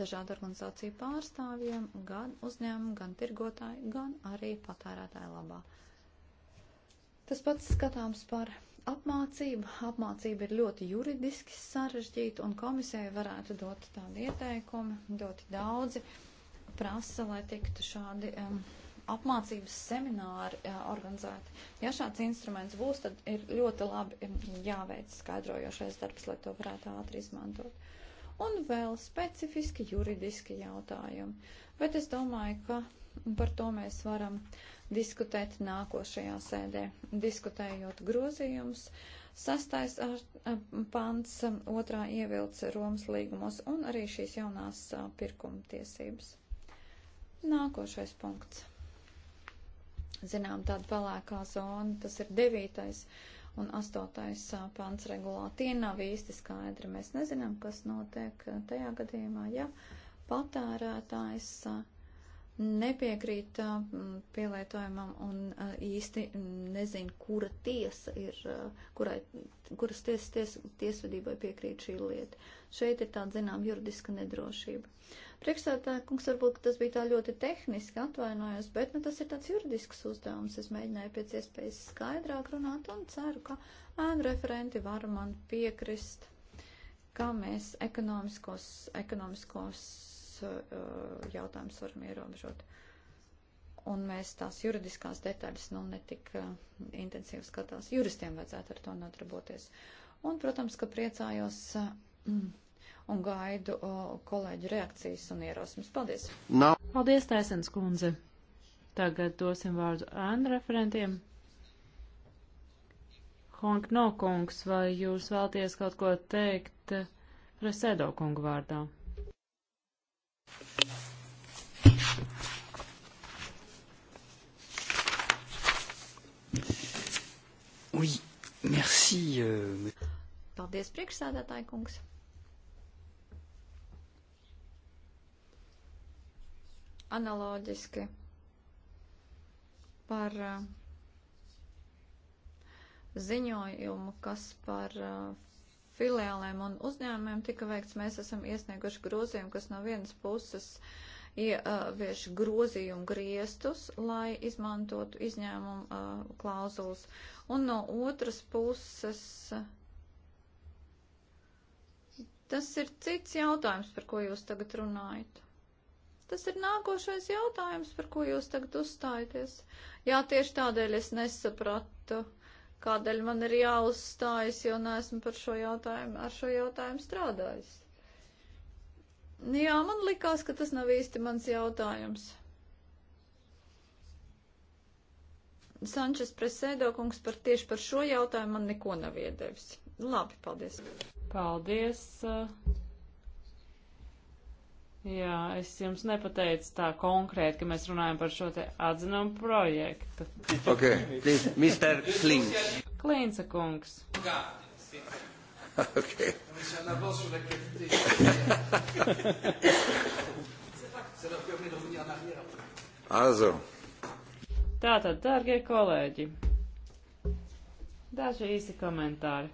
S1: dažādu organizāciju pārstāvjiem, gan uzņēmumu, gan tirgotāju, gan arī patērētāju labā. Tas pats skatāms par apmācību. Apmācība ir ļoti juridiski sarežģīta, un komisijai varētu dot tādu ieteikumu. Ļoti daudzi prasa, lai tiktu šādi um, apmācības semināri organizēti. Ja šāds instruments būs, tad ir ļoti labi jāveic skaidrojošais darbs, lai to varētu ātri izmantot. Un vēl specifiski juridiski jautājumi. Bet es domāju, ka par to mēs varam diskutēt nākošajā sēdē, diskutējot grozījumus. Sastais pants, otrā ievilce Romas līgumos un arī šīs jaunās pirkuma tiesības. Nākošais punkts zinām, tāda pelēkā zona, tas ir devītais un astotais pants regulā. Tie nav īsti skaidri. Mēs nezinām, kas notiek tajā gadījumā, ja patērētājs nepiekrīt pielietojumam un īsti nezin, kura tiesa ir, kurai, kuras tiesas ties, tiesvedībai piekrīt šī lieta. Šeit ir tāda, zinām, juridiska nedrošība. Priekšstādā kungs varbūt tas bija tā ļoti tehniski atvainojos, bet nu, tas ir tāds juridisks uzdevums. Es mēģināju pēc iespējas skaidrāk runāt un ceru, ka ēnu referenti var man piekrist, kā mēs ekonomiskos, ekonomiskos uh, jautājumus varam ierobežot. Un mēs tās juridiskās detaļas nu netik uh, intensīvi skatās. Juristiem vajadzētu ar to nodarboties. Un, protams, ka priecājos. Uh, mm, un gaidu kolēģu reakcijas un ierosmes. Paldies! No. Paldies,
S2: Taisens kundze! Tagad dosim vārdu ēnu referentiem. Honk no kungs, vai jūs vēlties kaut ko teikt Presēdo eh, kungu vārdā?
S3: Oui, merci. Euh...
S1: Paldies, priekšsēdētāji kungs. analoģiski par uh, ziņojumu, kas par uh, filiālēm un uzņēmumiem tika veikts. Mēs esam iesnieguši grozījumu, kas no vienas puses ievieš grozījumu griestus, lai izmantotu izņēmumu uh, klauzulas, un no otras puses tas ir cits jautājums, par ko jūs tagad runājat. Tas ir nākošais jautājums, par ko jūs tagad uzstājaties. Jā, tieši tādēļ es nesapratu, kādēļ man ir jāuzstājas, jo neesmu par šo jautājumu, ar šo jautājumu strādājis. Jā, man likās, ka tas nav īsti mans jautājums. Sančes presēdokungs par tieši par šo jautājumu man neko nav iedevis. Labi, paldies. Paldies. Uh...
S2: Jā, es jums nepateicu tā konkrēti, ka mēs runājam par šo te atzinumu projektu.
S1: Ok, please, Mr. Klins.
S2: Klinsa kungs. Ok. Azo. Tātad, dārgie kolēģi, daži īsi komentāri.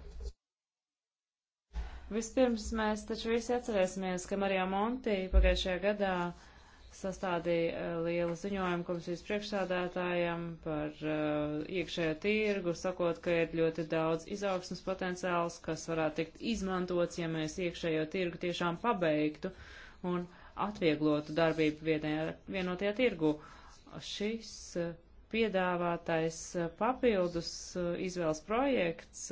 S2: Vispirms mēs taču visi atcerēsimies, ka Marijā Monti pagājušajā gadā sastādīja eh, lielu ziņojumu komisijas priekšsādātājiem par uh, iekšējo tirgu, sakot, ka ir ļoti daudz izaugsmas potenciāls, kas varētu tikt izmantots, ja mēs iekšējo tirgu tiešām pabeigtu un atvieglotu darbību vietējā, vienotajā tirgu. Šis eh, piedāvātais papildus izvēles projekts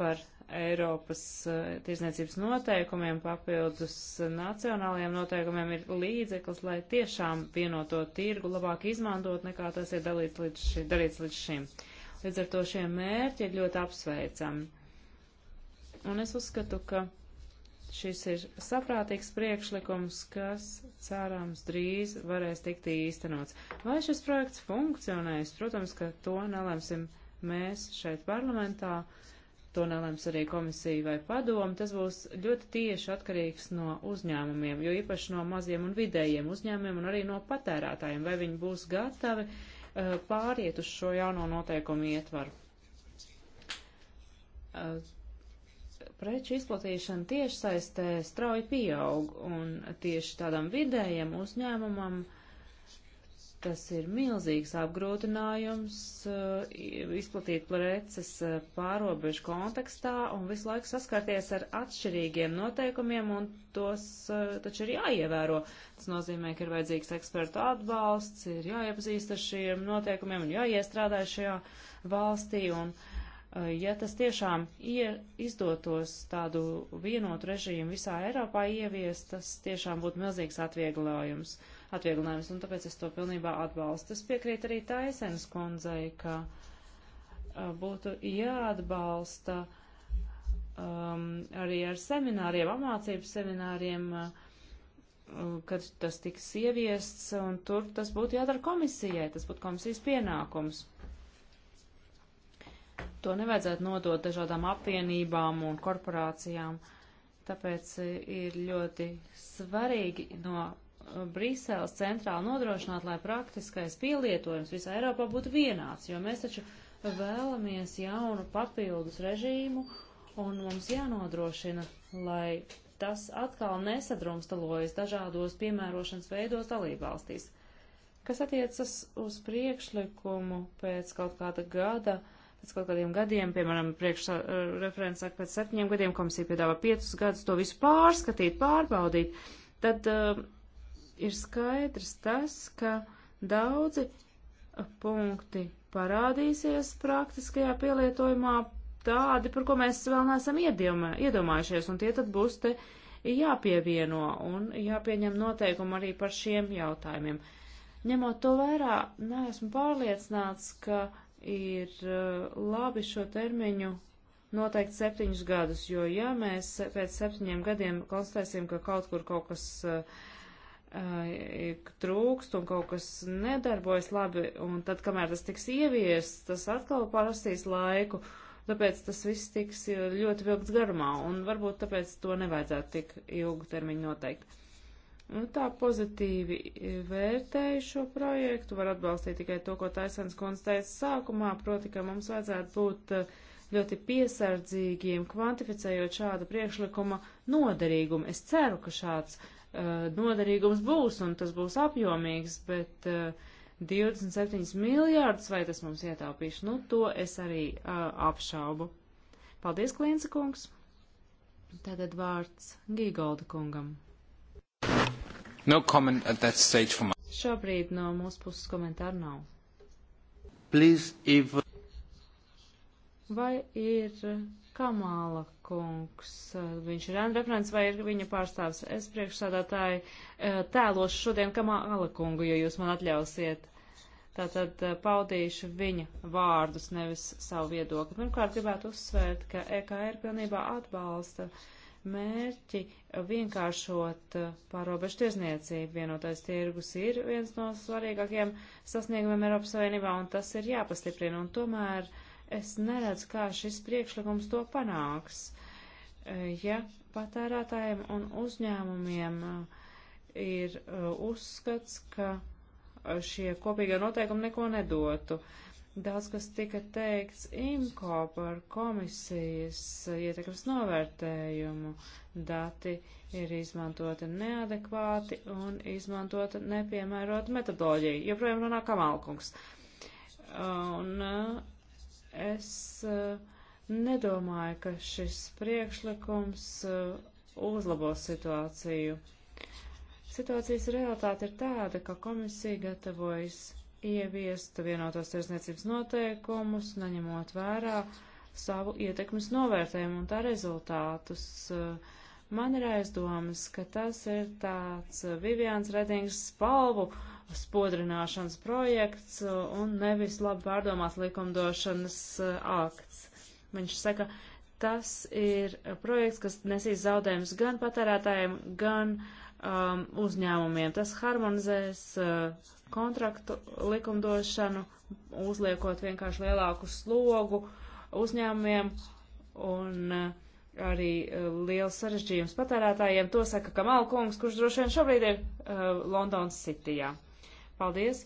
S2: par Eiropas eh, tirzniecības noteikumiem papildus eh, nacionālajiem noteikumiem ir līdzeklis, lai tiešām vienoto tirgu labāk izmantot, nekā tas ir dalīts līdz šim, darīts līdz šim. Līdz ar to šie mērķi ir ļoti apsveicami. Un es uzskatu, ka šis ir saprātīgs priekšlikums, kas cerams drīz varēs tikt īstenots. Vai šis projekts funkcionēs? Protams, ka to nelemsim mēs šeit parlamentā. Uh, to nelems arī komisija vai padoma, tas būs ļoti tieši atkarīgs no uzņēmumiem, jo īpaši no maziem un vidējiem uzņēmumiem un arī no patērētājiem, vai viņi būs gatavi uh, pāriet uz šo jauno noteikumu ietvaru. Uh, preču izplatīšana tiešsaistē strauji pieaug, un tieši tādam vidējam uzņēmumam uh, Tas ir milzīgs apgrūtinājums eh, izplatīt preces eh, pārobežu kontekstā un visu laiku saskarties ar atšķirīgiem noteikumiem un tos eh, taču ir jāievēro. Tas nozīmē, ka ir vajadzīgs ekspertu atbalsts, ir jāiepazīst ar šiem noteikumiem un jāiestrādā šajā valstī. Un, ja tas tiešām ie, izdotos tādu vienotu režīmu visā Eiropā ieviest, tas tiešām būtu milzīgs atvieglojums. Uh, atvieglinājums, un tāpēc es to pilnībā atbalstu. Es piekrītu arī Taisens kundzei, ka uh, būtu jāatbalsta um, arī ar semināriem, apmācību semināriem, uh, uh, kad tas tiks ieviests, un tur tas būtu jādara komisijai, tas būtu komisijas pienākums. To nevajadzētu nodot dažādām apvienībām un korporācijām. Tāpēc ir ļoti svarīgi no Uh, Briseles centrāli nodrošināt, lai praktiskais pielietojums visā Eiropā būtu vienāds, jo mēs taču vēlamies jaunu papildus režīmu un mums jānodrošina, lai tas atkal nesadrumstalojas dažādos piemērošanas veidos dalībvalstīs. Kas attiecas uz priekšlikumu pēc kaut kāda gada, pēc kaut kādiem gadiem, piemēram, priekšreferents uh, saka, pēc septiņiem gadiem komisija piedāvā piecus gadus to visu pārskatīt, pārbaudīt, tad uh, ir skaidrs tas, ka daudzi punkti parādīsies praktiskajā pielietojumā tādi, par ko mēs vēl neesam iedomā, iedomājušies, un tie tad būs te jāpievieno un jāpieņem noteikumi arī par šiem jautājumiem. Ņemot to vērā, neesmu pārliecināts, ka ir uh, labi šo termiņu noteikt septiņus gadus, jo ja mēs pēc septiņiem gadiem konstatēsim, ka kaut kur kaut kas uh, trūkst un kaut kas nedarbojas labi, un tad, kamēr tas tiks ieviests, tas atkal prasīs laiku, tāpēc tas viss tiks ļoti vilkts garumā, un varbūt tāpēc to nevajadzētu tik ilgu termiņu noteikt. Nu, tā pozitīvi vērtēju šo projektu, var atbalstīt tikai to, ko Taisans kundze teica sākumā, proti, ka mums vajadzētu būt uh, ļoti piesardzīgiem, kvantificējot šāda priekšlikuma noderīgumu. Es ceru, ka šāds uh, Eh, noderīgums būs, un tas būs apjomīgs, bet 27 eh, miljārdus, vai tas mums ietaupīs, nu to es arī eh, apšaubu. Paldies, Klīnce kungs! Tagad vārds Gīgolda kungam.
S1: No comment at that stage for my...
S2: Šobrīd no mūsu puses komentāru nav.
S1: Please, if...
S2: Vai ir Kamāla kungs, viņš ir referents vai ir viņa pārstāvs? Es priekšsādātāji eh, tēlošu šodien Kamāla kungu, jo jūs man atļausiet. Tātad eh, paudīšu viņa vārdus, nevis savu viedokli. Pirmkārt, gribētu uzsvērt, ka EKR pilnībā atbalsta mērķi vienkāršot eh, pārobežu tirzniecību. Vienotais tirgus ir viens no svarīgākajiem sasniegumiem Eiropas Savienībā, un tas ir jāpastiprina. Un tomēr uh, es neredzu, kā šis priekšlikums to panāks. E, ja patērētājiem un uzņēmumiem e, ir e, uzskats, ka šie kopīgie noteikumi neko nedotu. Daudz, kas tika teikts IMCO par komisijas ietekmes novērtējumu, dati ir izmantoti neadekvāti un izmantota nepiemērota metodoloģija. Joprojām runā Kamalkungs. Un Es eh, nedomāju, ka šis priekšlikums eh, uzlabos situāciju. Situācijas realitāte ir tāda, ka komisija gatavojas ieviest vienotos tirsniecības noteikumus, neņemot vērā savu ietekmes novērtējumu un tā rezultātus. Eh, man ir aizdomas, ka tas ir tāds Vivians Redings palvu uh, spodrināšanas projekts un nevis labi pārdomās likumdošanas e, akts. Viņš saka, tas ir projekts, kas nesīs zaudējumus gan patērētājiem, gan um, uzņēmumiem. Tas harmonizēs uh, kontraktu likumdošanu, uzliekot vienkārši lielāku slogu uzņēmumiem un uh, arī uh, liels sarežģījums patērētājiem. To saka Kamalkungs, kurš droši vien šobrīd ir uh, Londonas Cityjā. Paldies!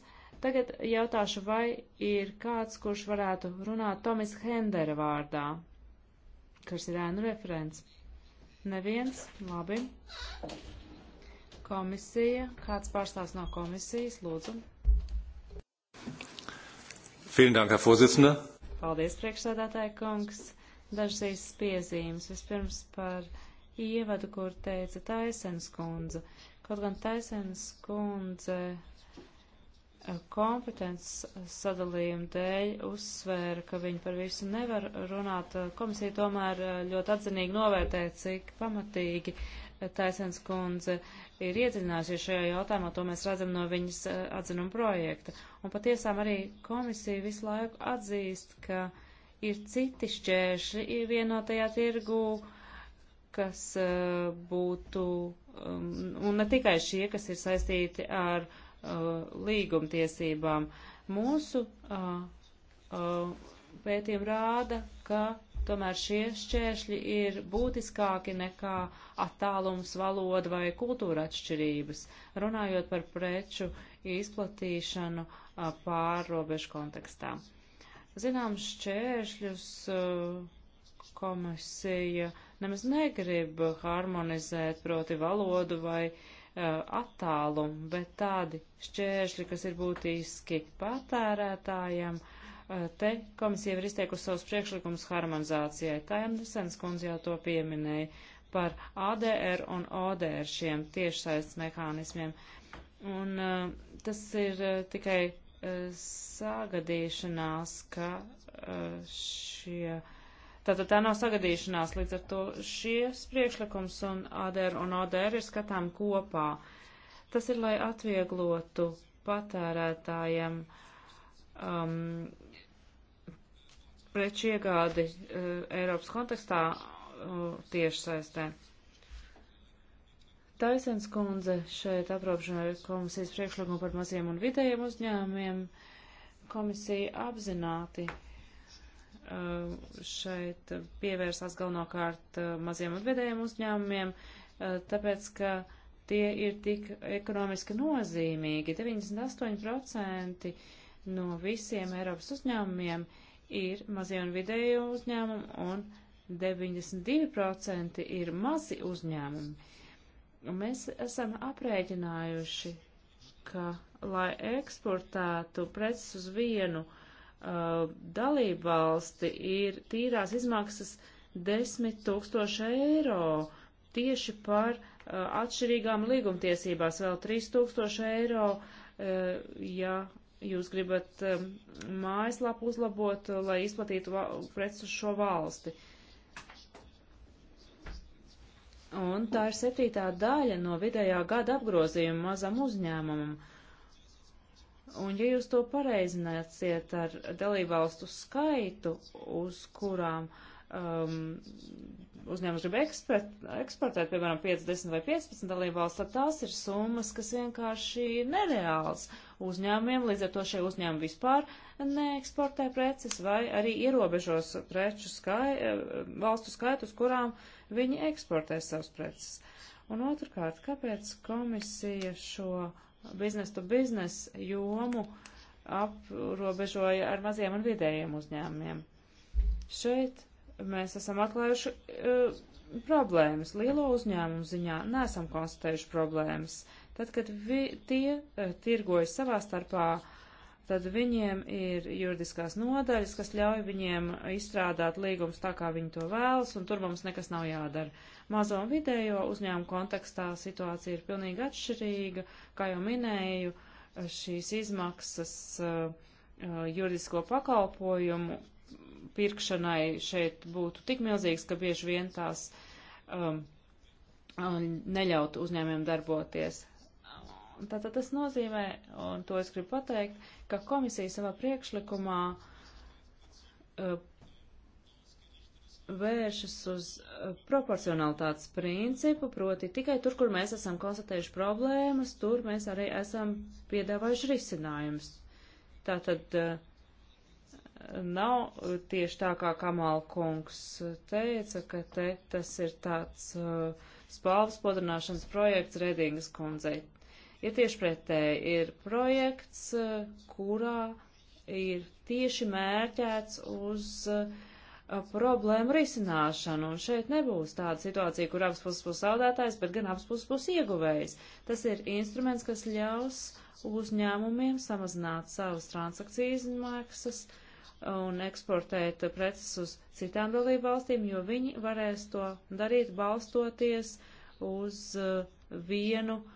S2: Tagad jautāšu, vai ir kāds, kurš varētu runāt Tomis Hendera vārdā, kas ir ēnu referents. Neviens, labi. Komisija, kāds pārstāvs no komisijas, lūdzu.
S1: Vielen Dank, Herr Vorsitzender.
S2: Paldies, priekšsēdētāja kungs. Dažas īstas piezīmes. Vispirms par ievadu, kur teica Taisens kundze. Kaut gan Taisens kundze kompetences sadalījuma dēļ uzsvēra, ka viņi par visu nevar runāt. Komisija tomēr eh, ļoti atzinīgi novērtē, cik pamatīgi eh, Taisens kundze ir iedziļinājusies šajā jautājumā, to mēs redzam no viņas eh, atzinuma projekta. Un patiesām arī komisija visu laiku atzīst, ka ir citi šķēršļi vienotajā tirgū, kas būtu, um, un ne tikai šie, kas ir saistīti ar uh, Uh, līgumtiesībām. Mūsu uh, uh, pētījumi rāda, ka tomēr šie šķēršļi ir būtiskāki nekā attālums, valoda vai kultūra atšķirības, runājot par preču izplatīšanu pārrobežu kontekstā. Zināms, šķēršļus komisija nemaz negrib harmonizēt proti valodu vai uh, Uh, attālumu, bet tādi šķēršļi, kas ir būtiski patērētājiem, uh, te komisija ir izteikusi savus priekšlikumus harmonizācijai. Tā jau Nesens kundze jau to pieminēja par ADR un ODR šiem tiešsaistes mehānismiem. Un uh, tas ir tikai sagadīšanās, ka šie Tātad tā nav sagadīšanās, līdz ar to šies priekšlikums un ADR un ODR ir skatām kopā. Tas ir, lai atvieglotu patērētājiem um, preču iegādi uh, Eiropas kontekstā uh, tiešsaistē. Taisens kundze šeit apropšanā komisijas priekšlikumu par maziem un vidējiem uzņēmumiem. Komisija apzināti Eh, šeit pievērsās galvenokārt eh, maziem un vidējiem uzņēmumiem, eh, tāpēc, ka tie ir tik ekonomiski nozīmīgi. 98% no visiem Eiropas uzņēmumiem ir mazie un vidēji uzņēmumi un 92% ir mazi uzņēmumi. Un mēs esam aprēķinājuši, ka, lai eksportētu preces uz vienu uh, Uh, dalībvalsti ir tīrās izmaksas 10 tūkstoši eiro tieši par uh, atšķirīgām līgumtiesībās, vēl 3 tūkstoši eiro, uh, ja jūs gribat um, mājaslapu uzlabot, uh, lai izplatītu preces uz šo valsti. Un tā ir septītā daļa no vidējā gada apgrozījuma mazam uzņēmumam. Uh, Un ja jūs to pareizināsiet ar dalībvalstu skaitu, uz kurām um, uzņēmums grib ekspert, eksportēt, piemēram, 50 vai 15 dalībvalsts, tad tās ir summas, kas vienkārši ir nereāls uzņēmumiem, līdz ar to šie uzņēmumi vispār neeksportē preces vai arī ierobežos preču skai, eh, valstu skaitu, uz kurām viņi eksportē savus preces. Un otrkārt, kāpēc komisija šo biznesu biznesu jomu aprobežoja ar maziem un vidējiem uzņēmumiem. Šeit mēs esam atklājuši uh, problēmas. Lielo uzņēmumu ziņā nesam konstatējuši problēmas. Tad, kad vi, tie uh, tirgojas savā starpā uh, tad viņiem ir juridiskās nodaļas, kas ļauj viņiem izstrādāt līgumus tā, kā viņi to vēlas, un tur mums nekas nav jādara. Mazo un vidējo uzņēmumu kontekstā situācija ir pilnīgi atšķirīga, kā jau minēju, šīs izmaksas uh, uh, juridisko pakalpojumu pirkšanai šeit būtu tik milzīgas, ka bieži vien tās um, uh, neļautu uzņēmiem darboties. Tātad tas nozīmē, un to es gribu pateikt, ka komisija savā priekšlikumā uh, vēršas uz uh, proporcionalitātes principu, proti tikai tur, kur mēs esam konstatējuši problēmas, tur mēs arī esam piedāvājuši risinājumus. Tātad uh, nav tieši tā, kā Kamal kungs teica, ka te tas ir tāds uh, spalvas podrināšanas projekts Redingas kundzei. Ir tieši pretēji, ir projekts, eh, kurā ir tieši mērķēts uz eh, problēmu risināšanu, un šeit nebūs tāda situācija, kur abas puses būs zaudētājs, bet gan abas puses būs ieguvējs. Tas ir instruments, kas ļaus uzņēmumiem samazināt savas transakcijas maksas un eksportēt preces uz citām dalību valstīm, jo viņi varēs to darīt balstoties uz eh, vienu uh,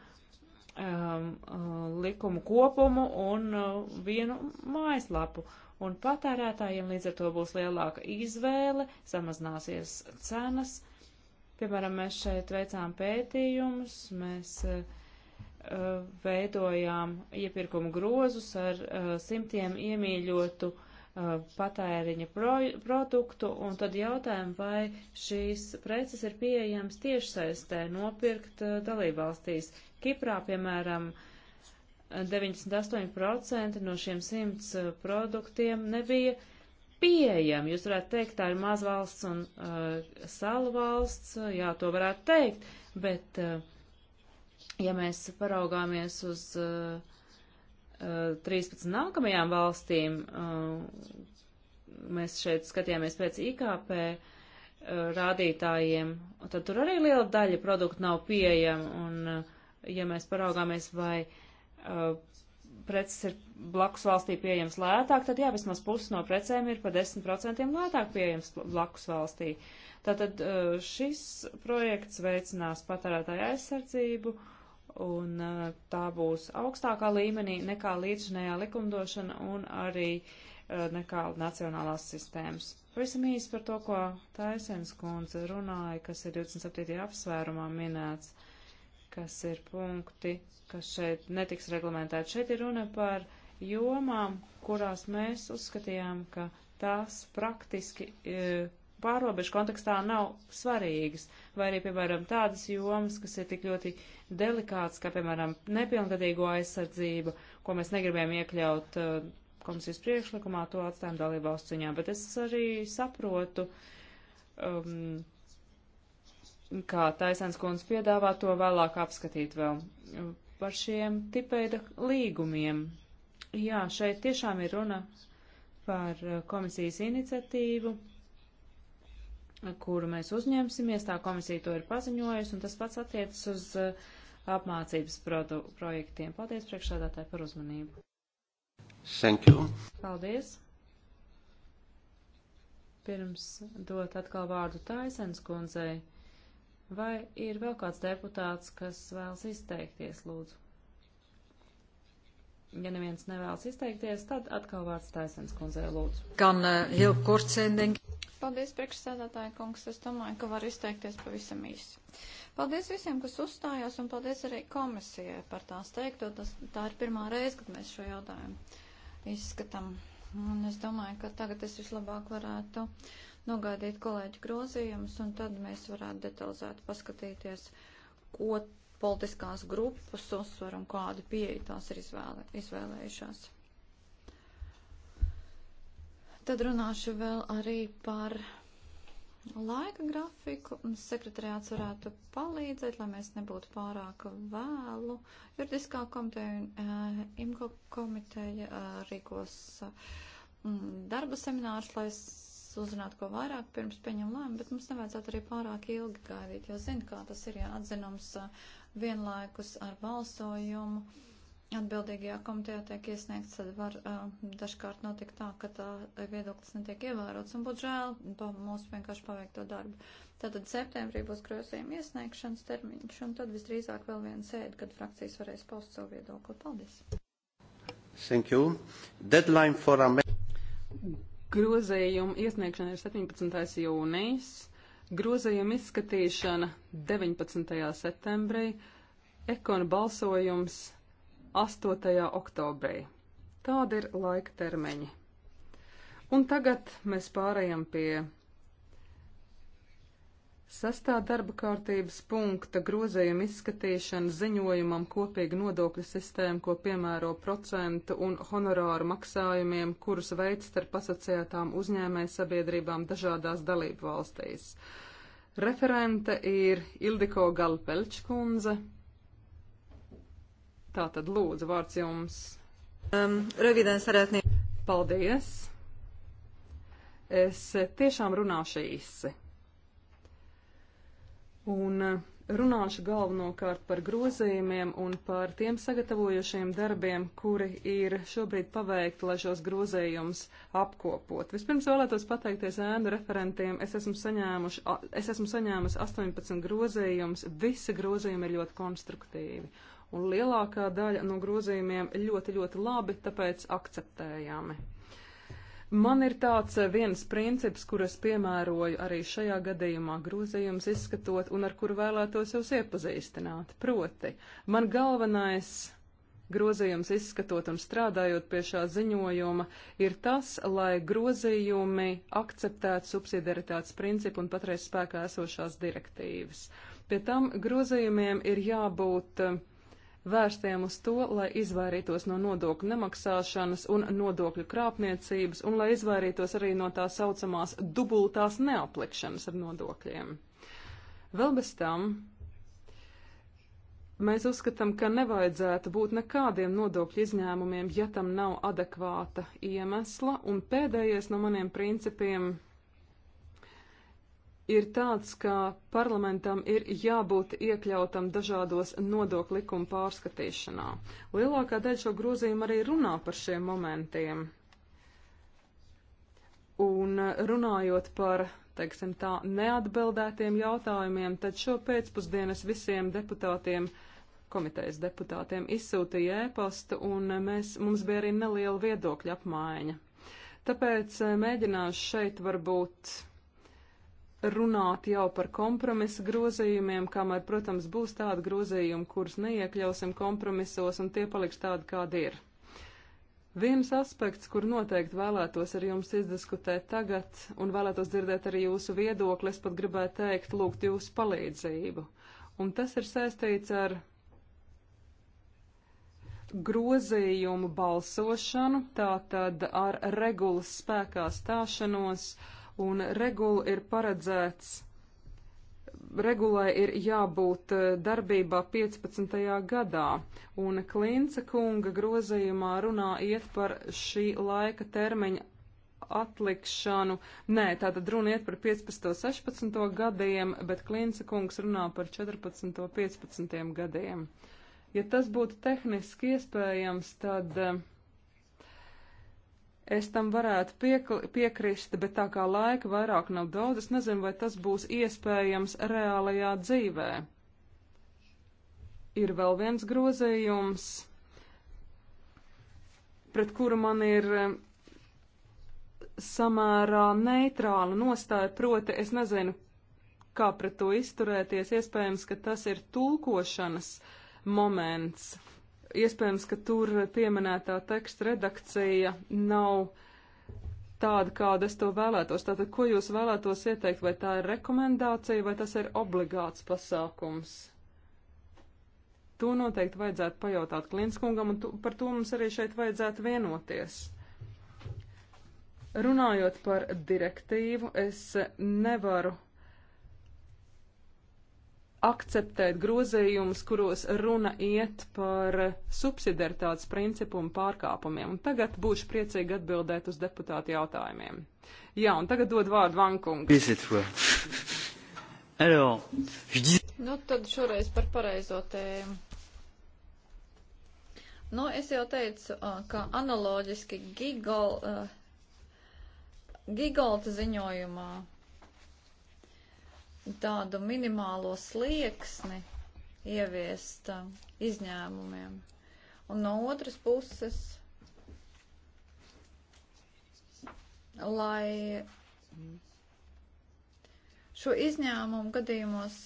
S2: um, uh, likumu kopumu un uh, vienu mājaslapu. Un patērētājiem līdz ar to būs lielāka izvēle, samazināsies cenas. Piemēram, mēs šeit veicām pētījumus, mēs uh, uh veidojām iepirkumu grozus ar uh, simtiem iemīļotu uh, Uh, patēriņa pro, produktu, un tad jautājumu, vai šīs preces ir pieejams tiešsaistē nopirkt uh, dalībvalstīs. Kiprā, piemēram, 98% no šiem 100 uh, produktiem nebija pieejami. Jūs varētu teikt, tā ir mazvalsts un uh, salu valsts, jā, to varētu teikt, bet, uh, ja mēs paraugāmies uz uh, 13 nākamajām valstīm, uh, mēs šeit skatījāmies pēc IKP uh, rādītājiem, tad tur arī liela daļa produktu nav pieejama, un uh, ja mēs paraugāmies, vai preces ir blakus valstī pieejams lētāk, tad jā, vismaz puses no precēm ir pa 10% lētāk pieejams blakus valstī. Tātad šis projekts veicinās patērētāju aizsardzību, uh, un uh, tā būs augstākā līmenī nekā līdzinējā likumdošana un arī uh, nekā nacionālās sistēmas. Pavisam īsi par to, ko Taisens kundze runāja, kas ir 27. apsvērumā minēts, kas ir punkti, kas šeit netiks reglamentēti. Šeit ir runa par jomām, kurās mēs uzskatījām, ka tās praktiski uh, pārobežu kontekstā nav svarīgas, vai arī, piemēram, tādas jomas, kas ir tik ļoti delikātas, kā, piemēram, nepilngadīgo aizsardzību, ko mēs negribējām iekļaut uh, komisijas priekšlikumā, to atstājam dalībvalsts ziņā. Bet es arī saprotu, um, kā Taisens kundze piedāvā to vēlāk apskatīt vēl par šiem tipēda līgumiem. Jā, šeit tiešām ir runa par uh, komisijas iniciatīvu kuru mēs uzņemsimies, tā komisija to ir paziņojusi, un tas pats attiecas uz uh, apmācības projektiem. Paldies priekšādātāji par uzmanību. Thank you. Paldies. Pirms dot atkal vārdu Taisens kundzei, vai ir vēl kāds deputāts, kas vēlas izteikties, lūdzu? Ja neviens nevēlas izteikties, tad atkal vārds Taisens kundzei lūdzu. Gan jau uh, kurcēndīgi.
S1: Paldies, priekšsēdētāja kungs. Es domāju, ka var izteikties pavisam īsi. Paldies visiem, kas uzstājās, un paldies arī komisijai par tās teikto. Tas, tā ir pirmā reize, kad mēs šo jautājumu izskatām. Un es domāju, ka tagad es vislabāk varētu nogaidīt kolēģu grozījumus, un tad mēs varētu detalizēti paskatīties, ko politiskās grupas uzsver un kādu pieeju tās ir izvēle, izvēlējušās. Tad runāšu vēl arī par laika grafiku. Sekretariāts varētu palīdzēt, lai mēs nebūtu pārāk vēlu. Juridiskā komiteja un uh, IMCO komiteja uh, rīkos uh, darba seminārs, lai uzzinātu, ko vairāk pirms pieņem lēmumu, bet mums nevajadzētu arī pārāk ilgi gaidīt, jo zinu, kā tas ir, ja atzinums. Uh, vienlaikus ar balsojumu. Atbildīgajā komitejā tiek iesniegts, tad var uh, dažkārt notikt tā, ka tā viedoklis netiek ievērots un būtu žēl pa mūsu vienkārši paveikto darbu. Tātad septembrī būs grozījuma iesniegšanas termiņš un tad visdrīzāk vēl viena sēde, kad frakcijas varēs paust savu viedokli. Paldies! Thank you. Deadline for a...
S3: Grozījuma iesniegšana ir 17. jūnijas. Grozījuma izskatīšana 19. septembrī, ekona balsojums 8. oktobrī. Tādi ir laika termiņi. Un tagad mēs pārējām pie Sastā darba kārtības punkta grozējuma izskatīšana ziņojumam kopīga nodokļu sistēma, ko piemēro procentu un honorāru maksājumiem, kurus veids starp asociētām uzņēmēja sabiedrībām dažādās dalību valstīs. Referente ir Ildiko Galpelčkundze. Tātad lūdzu vārds jums. Um, Rövidēn sarētnie. Paldies. Es tiešām runāšu īsi un eh, runāšu galvenokārt par grozījumiem un par tiem sagatavojošiem darbiem, kuri ir šobrīd paveikti, lai šos grozījumus apkopot. Vispirms vēlētos pateikties ēnu referentiem. Es esmu, saņēmuši, es esmu saņēmusi 18 grozījumus. Visi grozījumi ir ļoti konstruktīvi. Un lielākā daļa no grozījumiem ļoti, ļoti labi, tāpēc akceptējami. Man ir tāds eh, viens princips, kur es piemēroju arī šajā gadījumā grozījums izskatot un ar kuru vēlētos jūs iepazīstināt. Proti, man galvenais grozījums izskatot un strādājot pie šā ziņojuma ir tas, lai grozījumi akceptētu subsidiaritātes principu un patreiz spēkā esošās direktīvas. Pie tam grozījumiem ir jābūt uh, vērstiem uz to, lai izvairītos no nodokļu nemaksāšanas un nodokļu krāpniecības, un lai izvairītos arī no tā saucamās dubultās neaplikšanas ar nodokļiem. Vēl bez tam mēs uzskatām, ka nevajadzētu būt nekādiem nodokļu izņēmumiem, ja tam nav adekvāta iemesla, un pēdējais no maniem principiem ir tāds, ka parlamentam ir jābūt iekļautam dažādos nodokļu likumu pārskatīšanā. Lielākā daļa šo grozījumu arī runā par šiem momentiem. Un eh, runājot par, teiksim tā, neatbildētiem jautājumiem, tad šo pēcpusdienu es visiem deputātiem, komitejas deputātiem izsūtīju ēpastu, un eh, mēs, mums bija arī neliela viedokļa apmaiņa. Tāpēc eh, mēģināšu šeit varbūt runāt jau par kompromisa grozījumiem, kamēr, protams, būs tādi grozījumi, kurus neiekļausim kompromisos, un tie paliks tādi, kādi ir. Viens aspekts, kur noteikti vēlētos ar jums izdiskutēt tagad, un vēlētos dzirdēt arī jūsu viedokli, es pat gribētu teikt, lūgt jūsu palīdzību. Un tas ir saistīts ar grozījumu balsošanu, tātad ar regulas spēkā stāšanos, uh, un regula ir paredzēts, regulai ir jābūt eh, darbībā 15. gadā, un Klinca kunga grozījumā runā iet par šī laika termiņa atlikšanu. Nē, tātad runa iet par 15. 16. gadiem, bet Klinca kungs runā par 14. 15. gadiem. Ja tas būtu tehniski iespējams, tad uh, Es tam varētu piekli, piekrist, bet tā kā laika vairāk nav daudz, es nezinu, vai tas būs iespējams reālajā dzīvē. Ir vēl viens grozījums, pret kuru man ir eh, samērā neitrāla nostāja, proti es nezinu, kā pret to izturēties, iespējams, ka tas ir tulkošanas moments iespējams, ka tur pieminētā teksta redakcija nav tāda, kāda es to vēlētos. Tātad, ko jūs vēlētos ieteikt, vai tā ir rekomendācija, vai tas ir obligāts pasākums? To noteikti vajadzētu pajautāt Klinskungam, un tu, par to mums arī šeit vajadzētu vienoties. Runājot par direktīvu, es nevaru akceptēt grozījumus, kuros runa iet par subsidiaritātes principu un pārkāpumiem. Un tagad būšu priecīgi atbildēt uz deputātu jautājumiem. Jā, un tagad dod vārdu Vankungu.
S1: nu, tad šoreiz par pareizo tēmu. Nu, es jau teicu, ka analoģiski Gigol, uh, Gigolta ziņojumā tādu minimālo slieksni ieviest um, izņēmumiem. Un no otras puses, lai šo izņēmumu gadījumos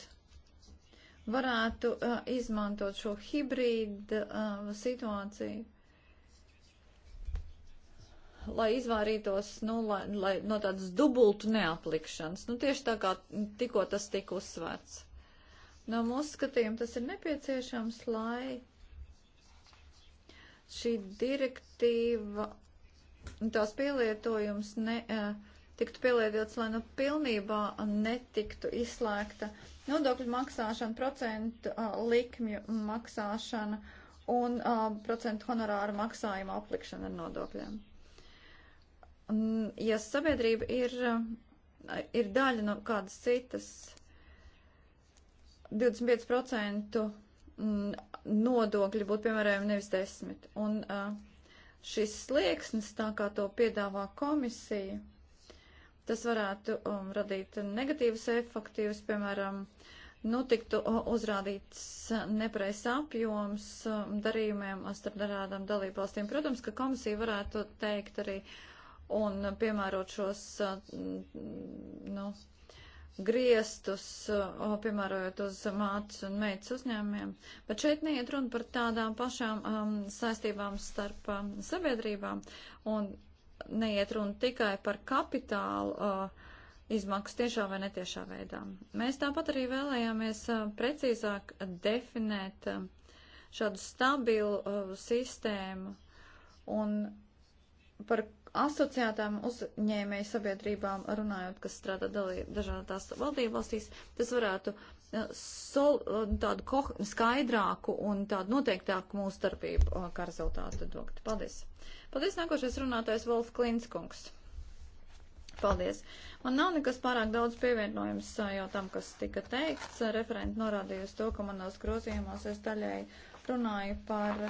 S1: varētu uh, izmantot šo hibrīdu uh, situāciju lai izvairītos nu, lai, lai, no tādas dubultu neaplikšanas. Nu, tieši tā kā tikko tas tika uzsvērts. No mūsu skatījuma tas ir nepieciešams, lai šī direktīva un tās pielietojums ne, e, tiktu pielietots, lai nu pilnībā netiktu izslēgta nodokļu maksāšana, procentu likmju maksāšana un procentu honorāru maksājumu aplikšana ar nodokļiem ja sabiedrība ir, ir daļa no kādas citas 25% mm, nodokļi būtu, piemēram, nevis 10. Un šis slieksnis, tā kā to piedāvā komisija, tas varētu um, radīt negatīvas efektīvas, piemēram, nu, tiktu uzrādīts nepareizs apjoms um, darījumiem starp dažādām dalībvalstīm. Protams, ka komisija varētu teikt arī, uh, un piemērot šos, nu, griestus, piemērojot uz mātes un meitas uzņēmumiem. Bet šeit neiet runa par tādām pašām um, saistībām starp um, sabiedrībām un neiet runa tikai par kapitālu. Uh, izmaksas tiešā vai netiešā veidā. Mēs tāpat arī vēlējāmies precīzāk definēt šādu stabilu sistēmu un par asociētām uzņēmēju sabiedrībām runājot, kas strādā dalī, dažādās valdību valstīs, tas varētu sol, tādu ko, skaidrāku un tādu noteiktāku mūsu starpību kā rezultātu dokt. Paldies. Paldies, nākošais runātājs Wolf Klinskungs. Paldies. Man nav nekas pārāk daudz pievienojums jau tam, kas tika teikts. Referenti norādīja uz to, ka manos grozījumos es daļai runāju par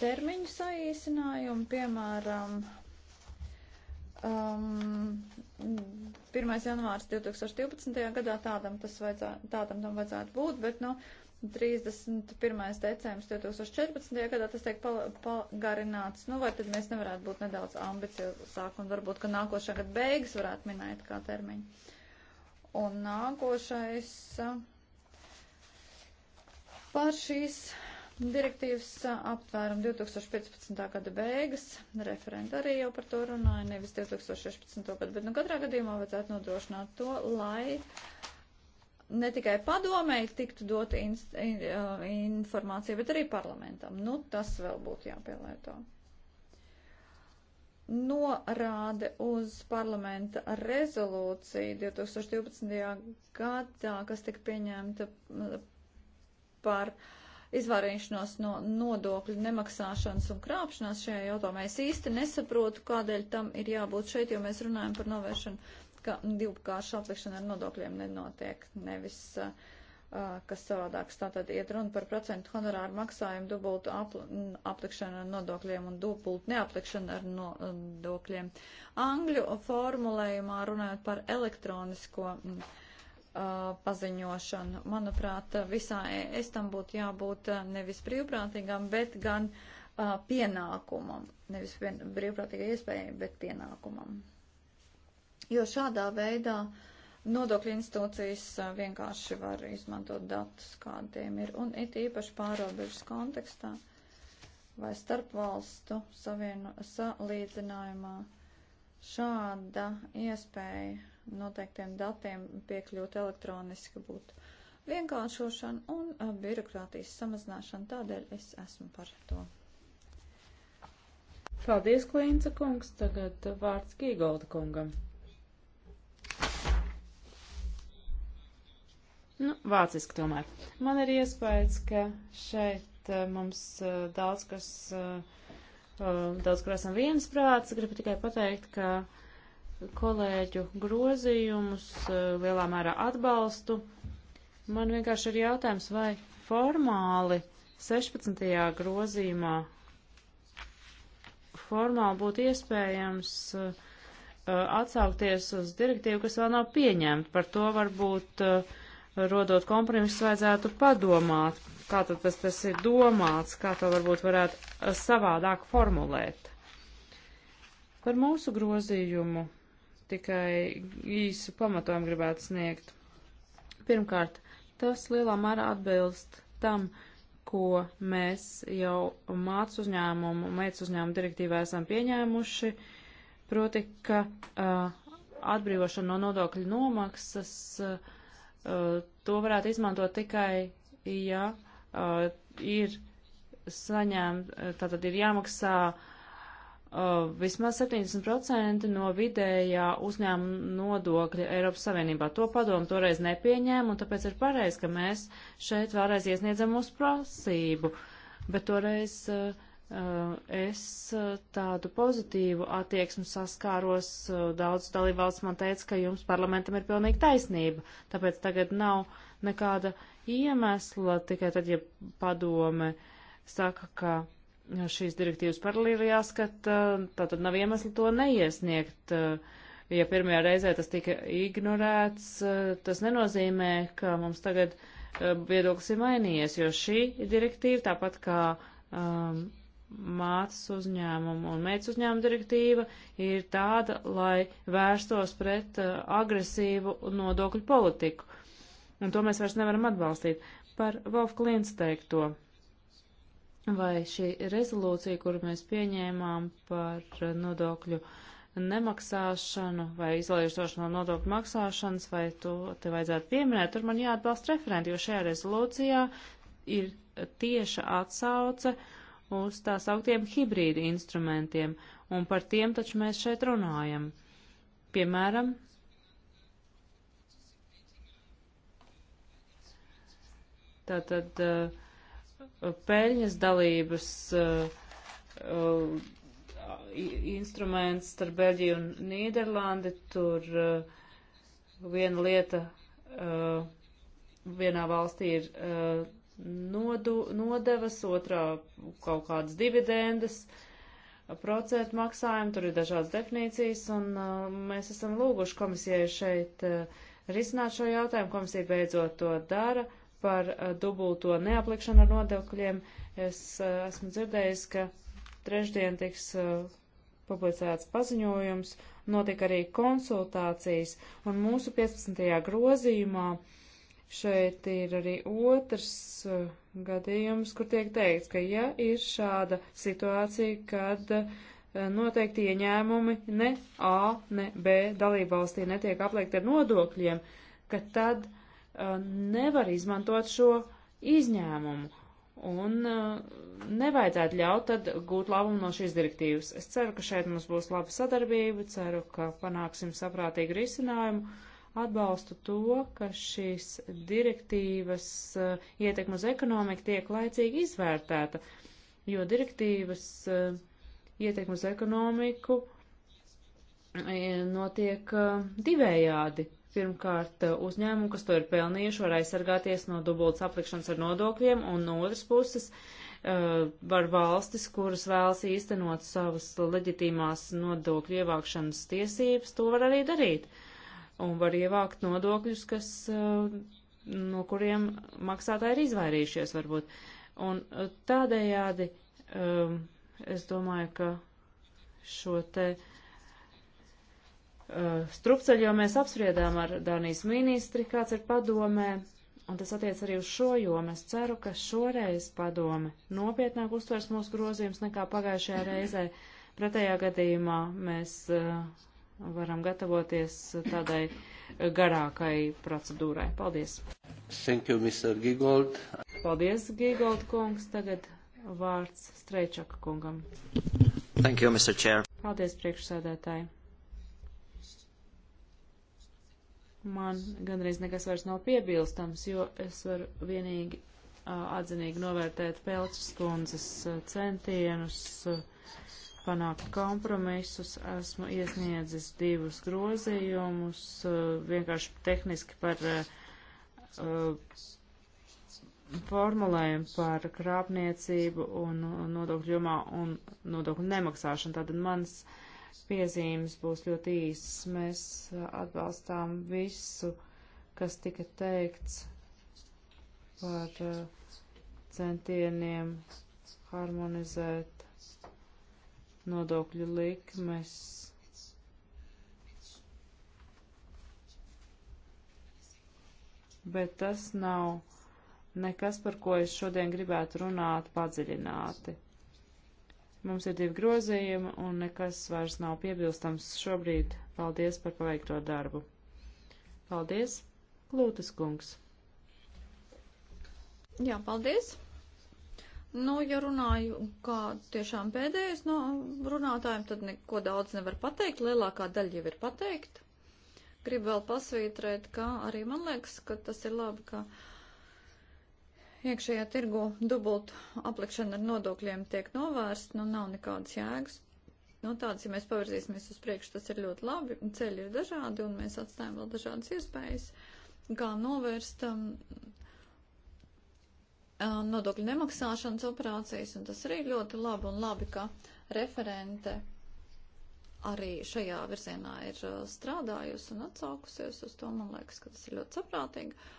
S1: termiņu saīsinājumu, piemēram, Um, 1. janvārs 2012. gadā tādam, vajadzā, tādam tam vajadzētu būt, bet no nu, 31. decembris 2014. gadā tas tiek pagarināts. Nu, vai tad mēs nevarētu būt nedaudz ambiciozāk un varbūt, ka nākošā gada beigas varētu minēt kā termiņu. Un nākošais uh, par šīs Direktīvas apmēram 2015. gada beigas, referenta arī jau par to runāja, nevis 2016. gadu, bet nu katrā gadījumā vajadzētu nodrošināt to, lai ne tikai padomēji tiktu dot in, in, informācija, bet arī parlamentam. Nu, tas vēl būtu jāpielieto norāde uz parlamenta rezolūciju 2012. gadā, kas tika pieņemta par uh, izvairīšanos no nodokļu nemaksāšanas un krāpšanās šajā jautājumā. Es īsti nesaprotu, kādēļ tam ir jābūt šeit, jo mēs runājam par novēršanu, ka divkāršu aplikšana ar nodokļiem nenotiek, nevis uh, kas savādāks. Tātad iet runa par procentu honorāru maksājumu, dubultu apl aplikšanu ar nodokļiem un dubultu neaplikšanu ar nodokļiem. Angļu formulējumā runājot par elektronisko. Mm, uh, paziņošanu. Manuprāt, uh, visā es tam būtu jābūt uh, nevis brīvprātīgam, bet gan uh, pienākumam. Nevis vien, brīvprātīgai iespējai, bet pienākumam. Jo šādā veidā nodokļu institūcijas uh, vienkārši var izmantot datus, kādiem ir, un it īpaši pārobežas kontekstā vai starpvalstu savienu, salīdzinājumā šāda iespēja noteiktiem datiem piekļūt elektroniski būtu vienkāršošana un uh, birokrātijas samazināšana. Tādēļ es esmu par to.
S2: Paldies, Klīnca kungs. Tagad vārds Gīgolda kungam. Nu, vāciski tomēr. Man ir iespējas, ka šeit uh, mums uh, daudz kas, uh, daudz kur esam viensprāts. Gribu tikai pateikt, ka uh, kolēģu grozījumus, e, lielā mērā atbalstu. Man vienkārši ir jautājums, vai formāli 16. grozījumā formāli būtu iespējams e, e, atsaukties uz direktīvu, kas vēl nav pieņemta. Par to varbūt rodot kompromisus vajadzētu padomāt, kā tad tas, tas ir domāts, kā to varbūt varētu savādāk formulēt. Par mūsu grozījumu tikai īsu pamatojumu gribētu sniegt. Pirmkārt, tas lielā mērā atbilst tam, ko mēs jau mācu uzņēmumu, meitas uzņēmumu direktīvā esam pieņēmuši, proti, ka uh, atbrīvošana no nodokļu nomaksas uh, to varētu izmantot tikai, ja uh, ir saņēmt, tātad ir jāmaksā uh, Uh, vismaz 70% no vidējā uzņēmuma nodokļa Eiropas Savienībā. To padomu toreiz nepieņēma, un tāpēc ir pareizi, ka mēs šeit vēlreiz iesniedzam mūsu prasību. Bet toreiz uh, uh es uh, tādu pozitīvu attieksmu saskāros. Uh, daudz dalībvalsts man teica, ka jums parlamentam ir pilnīgi taisnība, tāpēc tagad nav nekāda iemesla, tikai tad, ja padome saka, ka šīs direktīvas paralīli jāskata, tātad nav iemesli to neiesniegt. Ja pirmajā reizē tas tika ignorēts, tas nenozīmē, ka mums tagad eh, viedoklis ir mainījies, jo šī direktīva, tāpat kā um, mātes uzņēmuma un meitas uzņēmuma direktīva, ir tāda, lai vērstos pret uh, agresīvu nodokļu politiku. Un to mēs vairs nevaram atbalstīt. Par Wolf Klients teikto vai šī rezolūcija, kuru mēs pieņēmām par nodokļu nemaksāšanu vai izlaižošanu no nodokļu maksāšanas, vai to te vajadzētu pieminēt, tur man jāatbalsta referenti, jo šajā rezolūcijā ir tieša atsauce uz tās augtiem hibrīdu instrumentiem, un par tiem taču mēs šeit runājam. Piemēram, tātad uh, peļņas dalības uh, uh, instruments starp Beļģiju un Nīderlandi. Tur uh, viena lieta vienā valstī ir nodu, nodevas, otrā kaut kādas dividendes, procentu maksājumi, tur ir dažādas definīcijas, un mēs esam lūguši komisijai šeit risināt šo jautājumu. Komisija beidzot to dara. Uh, par eh, dubulto neaplikšanu ar nodokļiem. Es eh, esmu dzirdējis, ka trešdien tiks eh, publicēts paziņojums, notiek arī konsultācijas, un mūsu 15. grozījumā šeit ir arī otrs gadījums, kur tiek teikts, ka ja ir šāda situācija, kad noteikti ieņēmumi ne A, ne B dalībvalstī netiek aplikti ar nodokļiem, ka tad uh, Uh, nevar izmantot šo izņēmumu. Un uh, nevajadzētu ļaut tad gūt labumu no šīs direktīvas. Es ceru, ka šeit mums būs laba sadarbība, ceru, ka panāksim saprātīgu risinājumu. Atbalstu to, ka šīs direktīvas uh, ietekme uz ekonomiku tiek laicīgi izvērtēta, jo direktīvas ietekme uz ekonomiku notiek divējādi Pirmkārt, uh, uzņēmumi, kas to ir pelnījuši, var aizsargāties no dubultas aplikšanas ar nodokļiem, un no otras puses uh, var valstis, kuras vēlas īstenot savas leģitīmās nodokļu ievākšanas tiesības, to var arī darīt. Un var ievākt nodokļus, kas, uh, no kuriem maksātāji ir izvairījušies varbūt. Un tādējādi um, es domāju, ka šo te uh, Uh, strupceļo mēs apspriedām ar Dānijas ministri, kāds ir padomē, un tas attiec arī uz šo jomu. Es ceru, ka šoreiz padome nopietnāk uztvers mūsu grozījumus nekā pagājušajā reizē. Pretējā gadījumā mēs uh, varam gatavoties tādai uh, garākai procedūrai. Paldies! Thank you, Mr. Gigold. Paldies, Gigold kungs. Tagad vārds Streičaka kungam.
S1: Thank you, Mr. Chair.
S2: Paldies, priekšsēdētāji. Man gandrīz nekas vairs nav piebilstams, jo es varu vienīgi atzinīgi novērtēt Pelcis kundzes centienus panākt kompromisus. Esmu iesniedzis divus grozījumus, vienkārši tehniski par formulējumu par krāpniecību un nodokļu jomā un nodokļu nemaksāšanu. Tātad mans uh, piezīmes būs ļoti īsas. Mēs uh, atbalstām visu, kas tika teikts par uh, centieniem harmonizēt nodokļu likmes. Bet tas nav nekas, par ko es šodien gribētu runāt padziļināti. Mums ir divi grozījumi un nekas vairs nav piebilstams šobrīd. Paldies par paveikto darbu. Paldies,
S1: Lūtas kungs. Jā, paldies. Nu, ja runāju kā tiešām pēdējais no runātājiem, tad neko daudz nevar pateikt. Lielākā daļa jau ir pateikt. Gribu vēl pasvītrēt, ka arī man liekas, ka tas ir labi, ka. Uh, iekšējā tirgu dubult aplikšana ar nodokļiem tiek novērsta, nu nav nekādas jēgas. Nu, tāds, ja mēs pavirzīsimies uz priekšu, tas ir ļoti labi, ceļi ir dažādi, un mēs atstājam vēl dažādas iespējas, kā novērst um, uh, nodokļu nemaksāšanas operācijas, un tas arī ļoti labi, un labi, ka referente arī šajā virzienā ir uh, strādājusi un atsaukusies uz to, man liekas, ka tas ir ļoti saprātīgi.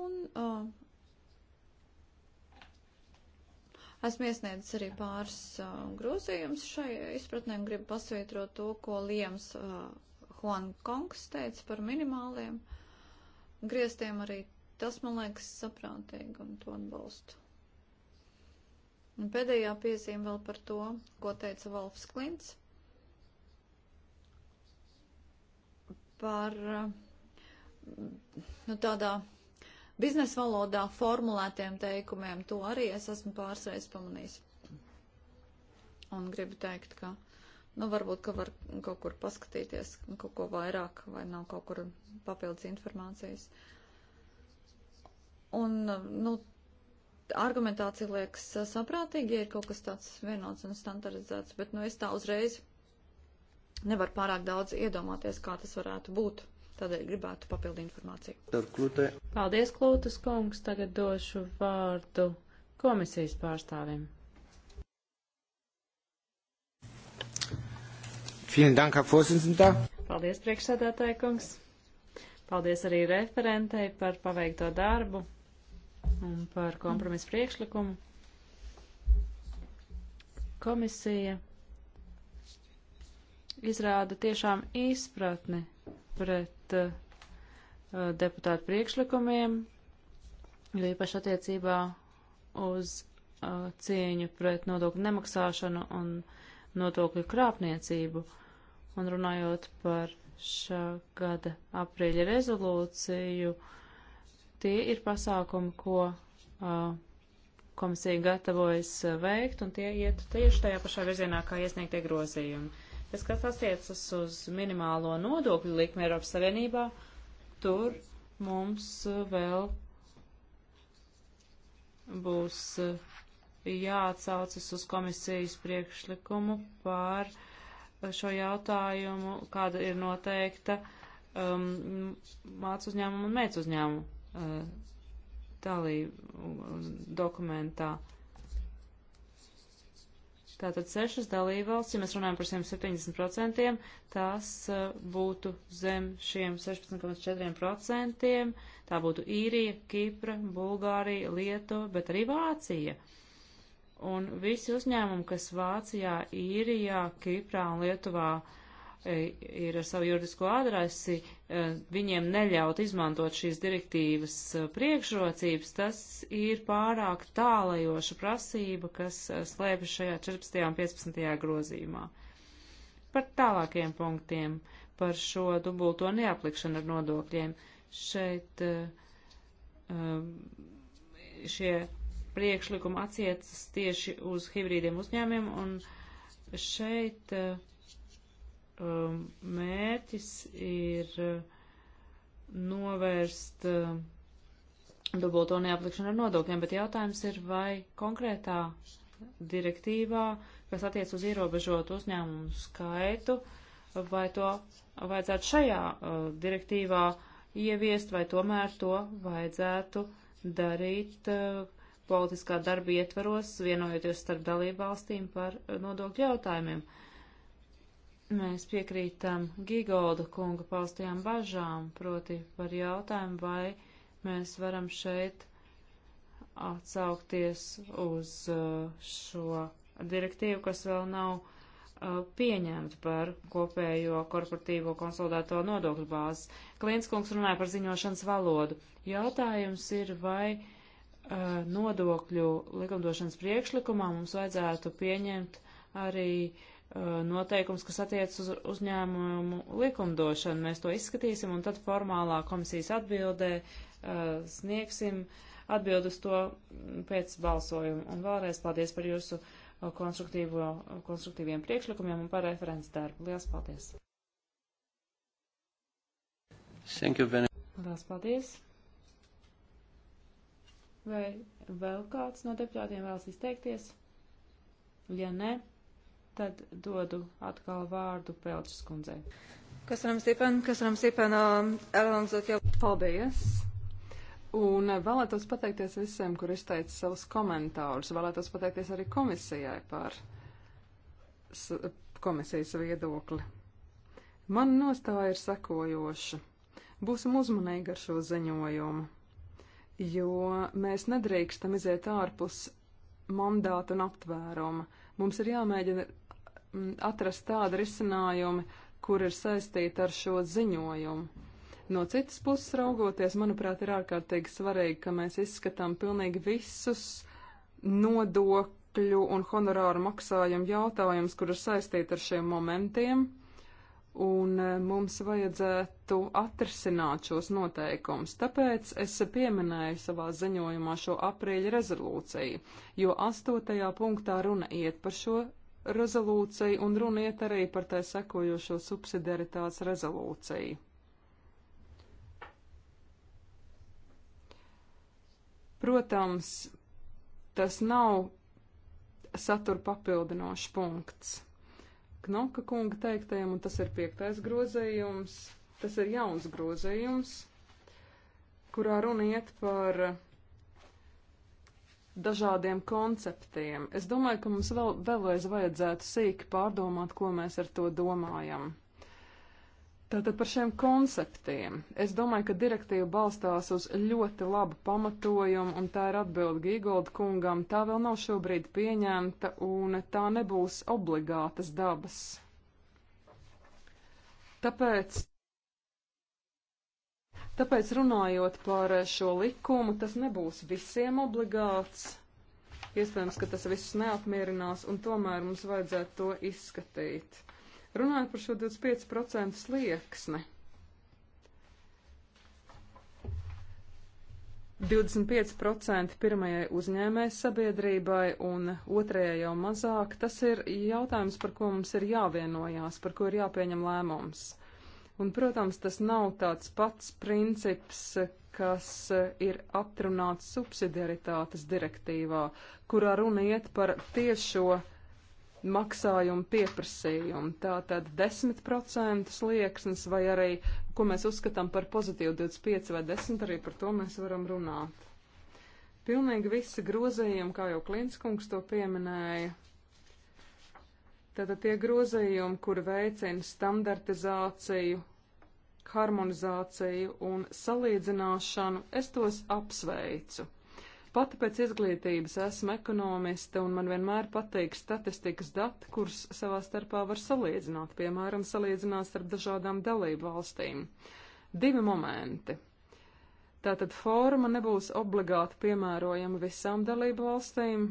S1: Un uh, Esmu iesniedzis arī pāris uh, grozījumus šai izpratnē un gribu pasvītrot to, ko Liems uh, Juan Kongs teica par minimāliem grieztiem arī. Tas man liekas saprātīgi un to atbalstu. Un pēdējā piezīme vēl par to, ko teica Valfs Klints par uh, nu, tādā biznesa valodā formulētiem teikumiem. To arī es esmu pārsreiz pamanījis. Un gribu teikt, ka, nu, varbūt, ka var kaut kur paskatīties, kaut ko vairāk, vai nav kaut kur papildus informācijas. Un, nu, argumentācija liekas saprātīga, ja ir kaut kas tāds vienots un standardizēts, bet, nu, es tā uzreiz nevaru pārāk daudz iedomāties, kā tas varētu būt. Tādēļ gribētu papildu informāciju.
S3: Klute.
S2: Paldies, Klūtas kungs. Tagad došu vārdu komisijas pārstāvim. Dank, Paldies, priekšsēdētāji kungs. Paldies arī referentei par paveikto darbu un par kompromisu priekšlikumu. Komisija izrāda tiešām izpratni pret pret uh, deputātu priekšlikumiem, jo īpaši attiecībā uz uh, cieņu pret nodokļu nemaksāšanu un nodokļu krāpniecību. Un runājot par šā gada aprīļa rezolūciju, tie ir pasākumi, ko uh, komisija gatavojas veikt, un tie iet tieši tajā pašā virzienā, kā iesniegtie grozījumi. Tas, kas attiecas uz minimālo nodokļu likmi Eiropas Savienībā, tur mums uh, vēl būs uh, jāatsaucas uz komisijas priekšlikumu par uh, šo jautājumu, kāda ir noteikta um, mācu uzņēmumu un meitu uzņēmumu uh, dalību dokumentā. Uh, Tātad sešas dalībvalsts, ja mēs runājam par 170%, tās uh, būtu zem šiem 16,4%. Tā būtu Īrija, Kipra, Bulgārija, Lietuva, bet arī Vācija. Un visi uzņēmumi, kas Vācijā, Īrijā, Kiprā un Lietuvā uh, E, ir ar savu juridisko adresi, e, viņiem neļaut izmantot šīs direktīvas e, priekšrocības, tas ir pārāk tālajoša prasība, kas slēpjas šajā 14. un 15. grozījumā. Par tālākiem punktiem, par šo dubulto neaplikšanu ar nodokļiem. Šeit šie priekšlikumi atsiecas tieši uz hibrīdiem uzņēmiem, un šeit uh, Um, mērķis ir uh, novērst uh, dubulto neaplikšanu ar nodokļiem, bet jautājums ir, vai konkrētā direktīvā, kas attiec uz ierobežotu uzņēmumu skaitu, vai to vajadzētu šajā uh, direktīvā ieviest, vai tomēr to vajadzētu darīt uh, politiskā darba ietvaros, vienojoties starp dalību valstīm par uh, nodokļu jautājumiem. Uh, Mēs piekrītam Gigolda kunga paustajām bažām, proti par jautājumu, vai mēs varam šeit atsaukties uz uh, šo direktīvu, kas vēl nav uh, pieņemta par kopējo korporatīvo konsolidēto nodokļu bāzi. Klients kungs runāja par ziņošanas valodu. Jautājums ir, vai uh, nodokļu likumdošanas priekšlikumā mums vajadzētu pieņemt arī uh, Uh, noteikums, kas attiec uz uzņēmumu likumdošanu. Mēs to izskatīsim un tad formālā komisijas atbildē uh, sniegsim atbild uz to pēc balsojuma. Un vēlreiz paldies par jūsu uh, konstruktīviem priekšlikumiem un par referents darbu. Lielas paldies!
S1: Thank you very much.
S2: Lielas paldies! Vai vēl kāds no deputātiem vēlas izteikties? Ja ne, Tad dodu atkal vārdu Pelčas
S3: kundzei. Köszönöm szépen, köszönöm szépen a elhangzott jau. Paldies! Un vēlētos pateikties visiem, kur izteica savus komentārus. Vēlētos pateikties arī komisijai par komisijas viedokli. Man nostāja ir sekojoša. Būsim uzmanīgi ar šo ziņojumu, jo mēs nedrīkstam iziet ārpus mandāta un aptvēruma. Mums ir jāmēģina Mm, atrast tādu risinājumu, kur ir saistīta ar šo ziņojumu. No citas puses raugoties, manuprāt, ir ārkārtīgi svarīgi, ka mēs izskatām pilnīgi visus nodokļu un honorāru maksājumu jautājumus, kur ir saistīti ar šiem momentiem, un e, mums vajadzētu atrisināt šos noteikumus. Tāpēc es pieminēju savā ziņojumā šo aprīļa rezolūciju, jo astotajā punktā runa iet par šo rezolūciju un runiet arī par tā sekojošo subsidiaritātes rezolūciju. Protams, tas nav satura papildinošs punkts. Knoka kunga teiktajam, un tas ir piektais grozējums, tas ir jauns grozējums, kurā runa iet par dažādiem konceptiem. Es domāju, ka mums vēl, vēlreiz vajadzētu sīki pārdomāt, ko mēs ar to domājam. Tātad par šiem konceptiem. Es domāju, ka direktīva balstās uz ļoti labu pamatojumu, un tā ir atbilde Gīgolda kungam. Tā vēl nav šobrīd pieņemta, un tā nebūs obligātas dabas. Tāpēc Tāpēc runājot par šo likumu, tas nebūs visiem obligāts. Iespējams, ka tas visus neapmierinās, un tomēr mums vajadzētu to izskatīt. Runājot par šo 25% slieksni. 25% pirmajai uzņēmējas sabiedrībai un otrajai jau mazāk, tas ir jautājums, par ko mums ir jāvienojās, par ko ir jāpieņem lēmums. Uh, Un, protams, tas nav tāds pats princips, kas ir atrunāts subsidiaritātes direktīvā, kurā runa iet par tiešo maksājumu pieprasījumu. Tātad 10% slieksnis vai arī, ko mēs uzskatām par pozitīvu 25 vai 10, arī par to mēs varam runāt. Pilnīgi visi grozījumi, kā jau Klinskungs to pieminēja, Tātad tie grozījumi, kur veicina standartizāciju, harmonizāciju un salīdzināšanu, es tos apsveicu. Pati pēc izglītības esmu ekonomiste, un man vienmēr patīk statistikas dati, kurus savā starpā var salīdzināt, piemēram, salīdzināt starp dažādām dalību valstīm. Divi momenti. Tātad forma nebūs obligāti piemērojama visām dalību valstīm,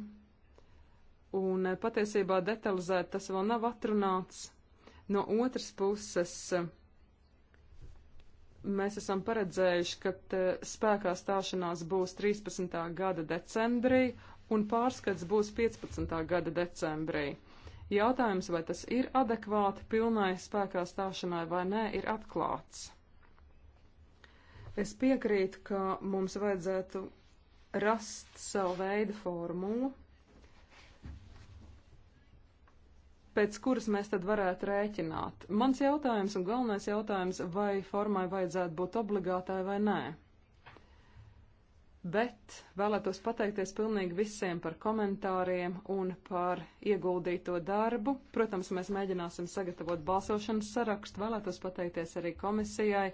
S3: un eh, patiesībā detalizēt tas vēl nav atrunāts. No otras puses, eh, mēs esam paredzējuši, ka spēkā stāšanās būs 13. gada decembrī un pārskats būs 15. gada decembrī. Jautājums, vai tas ir adekvāti pilnai spēkā stāšanai vai nē, ir atklāts. Es piekrītu, ka mums vajadzētu rast savu veidu formulu, pēc kuras mēs tad varētu rēķināt. Mans jautājums un galvenais jautājums, vai formai vajadzētu būt obligātai vai nē. Bet vēlētos pateikties pilnīgi visiem par komentāriem un par ieguldīto darbu. Protams, mēs mēģināsim sagatavot balsošanas sarakstu, vēlētos pateikties arī komisijai.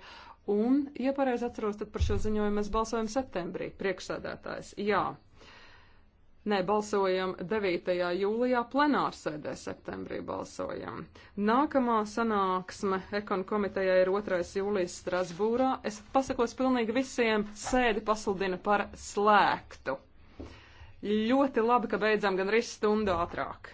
S3: Un, ja pareizi atceros, tad par šo ziņojumu mēs balsojam septembrī, priekšsādātājs. Jā, Nē, balsojam 9. jūlijā, plenārsēdē septembrī balsojam. Nākamā sanāksme ekonu komitejai ir 2. jūlijas Strasbūrā. Es pasakos pilnīgi visiem, sēdi pasludina par slēgtu. Ļoti labi, ka beidzam gan arī stundu ātrāk.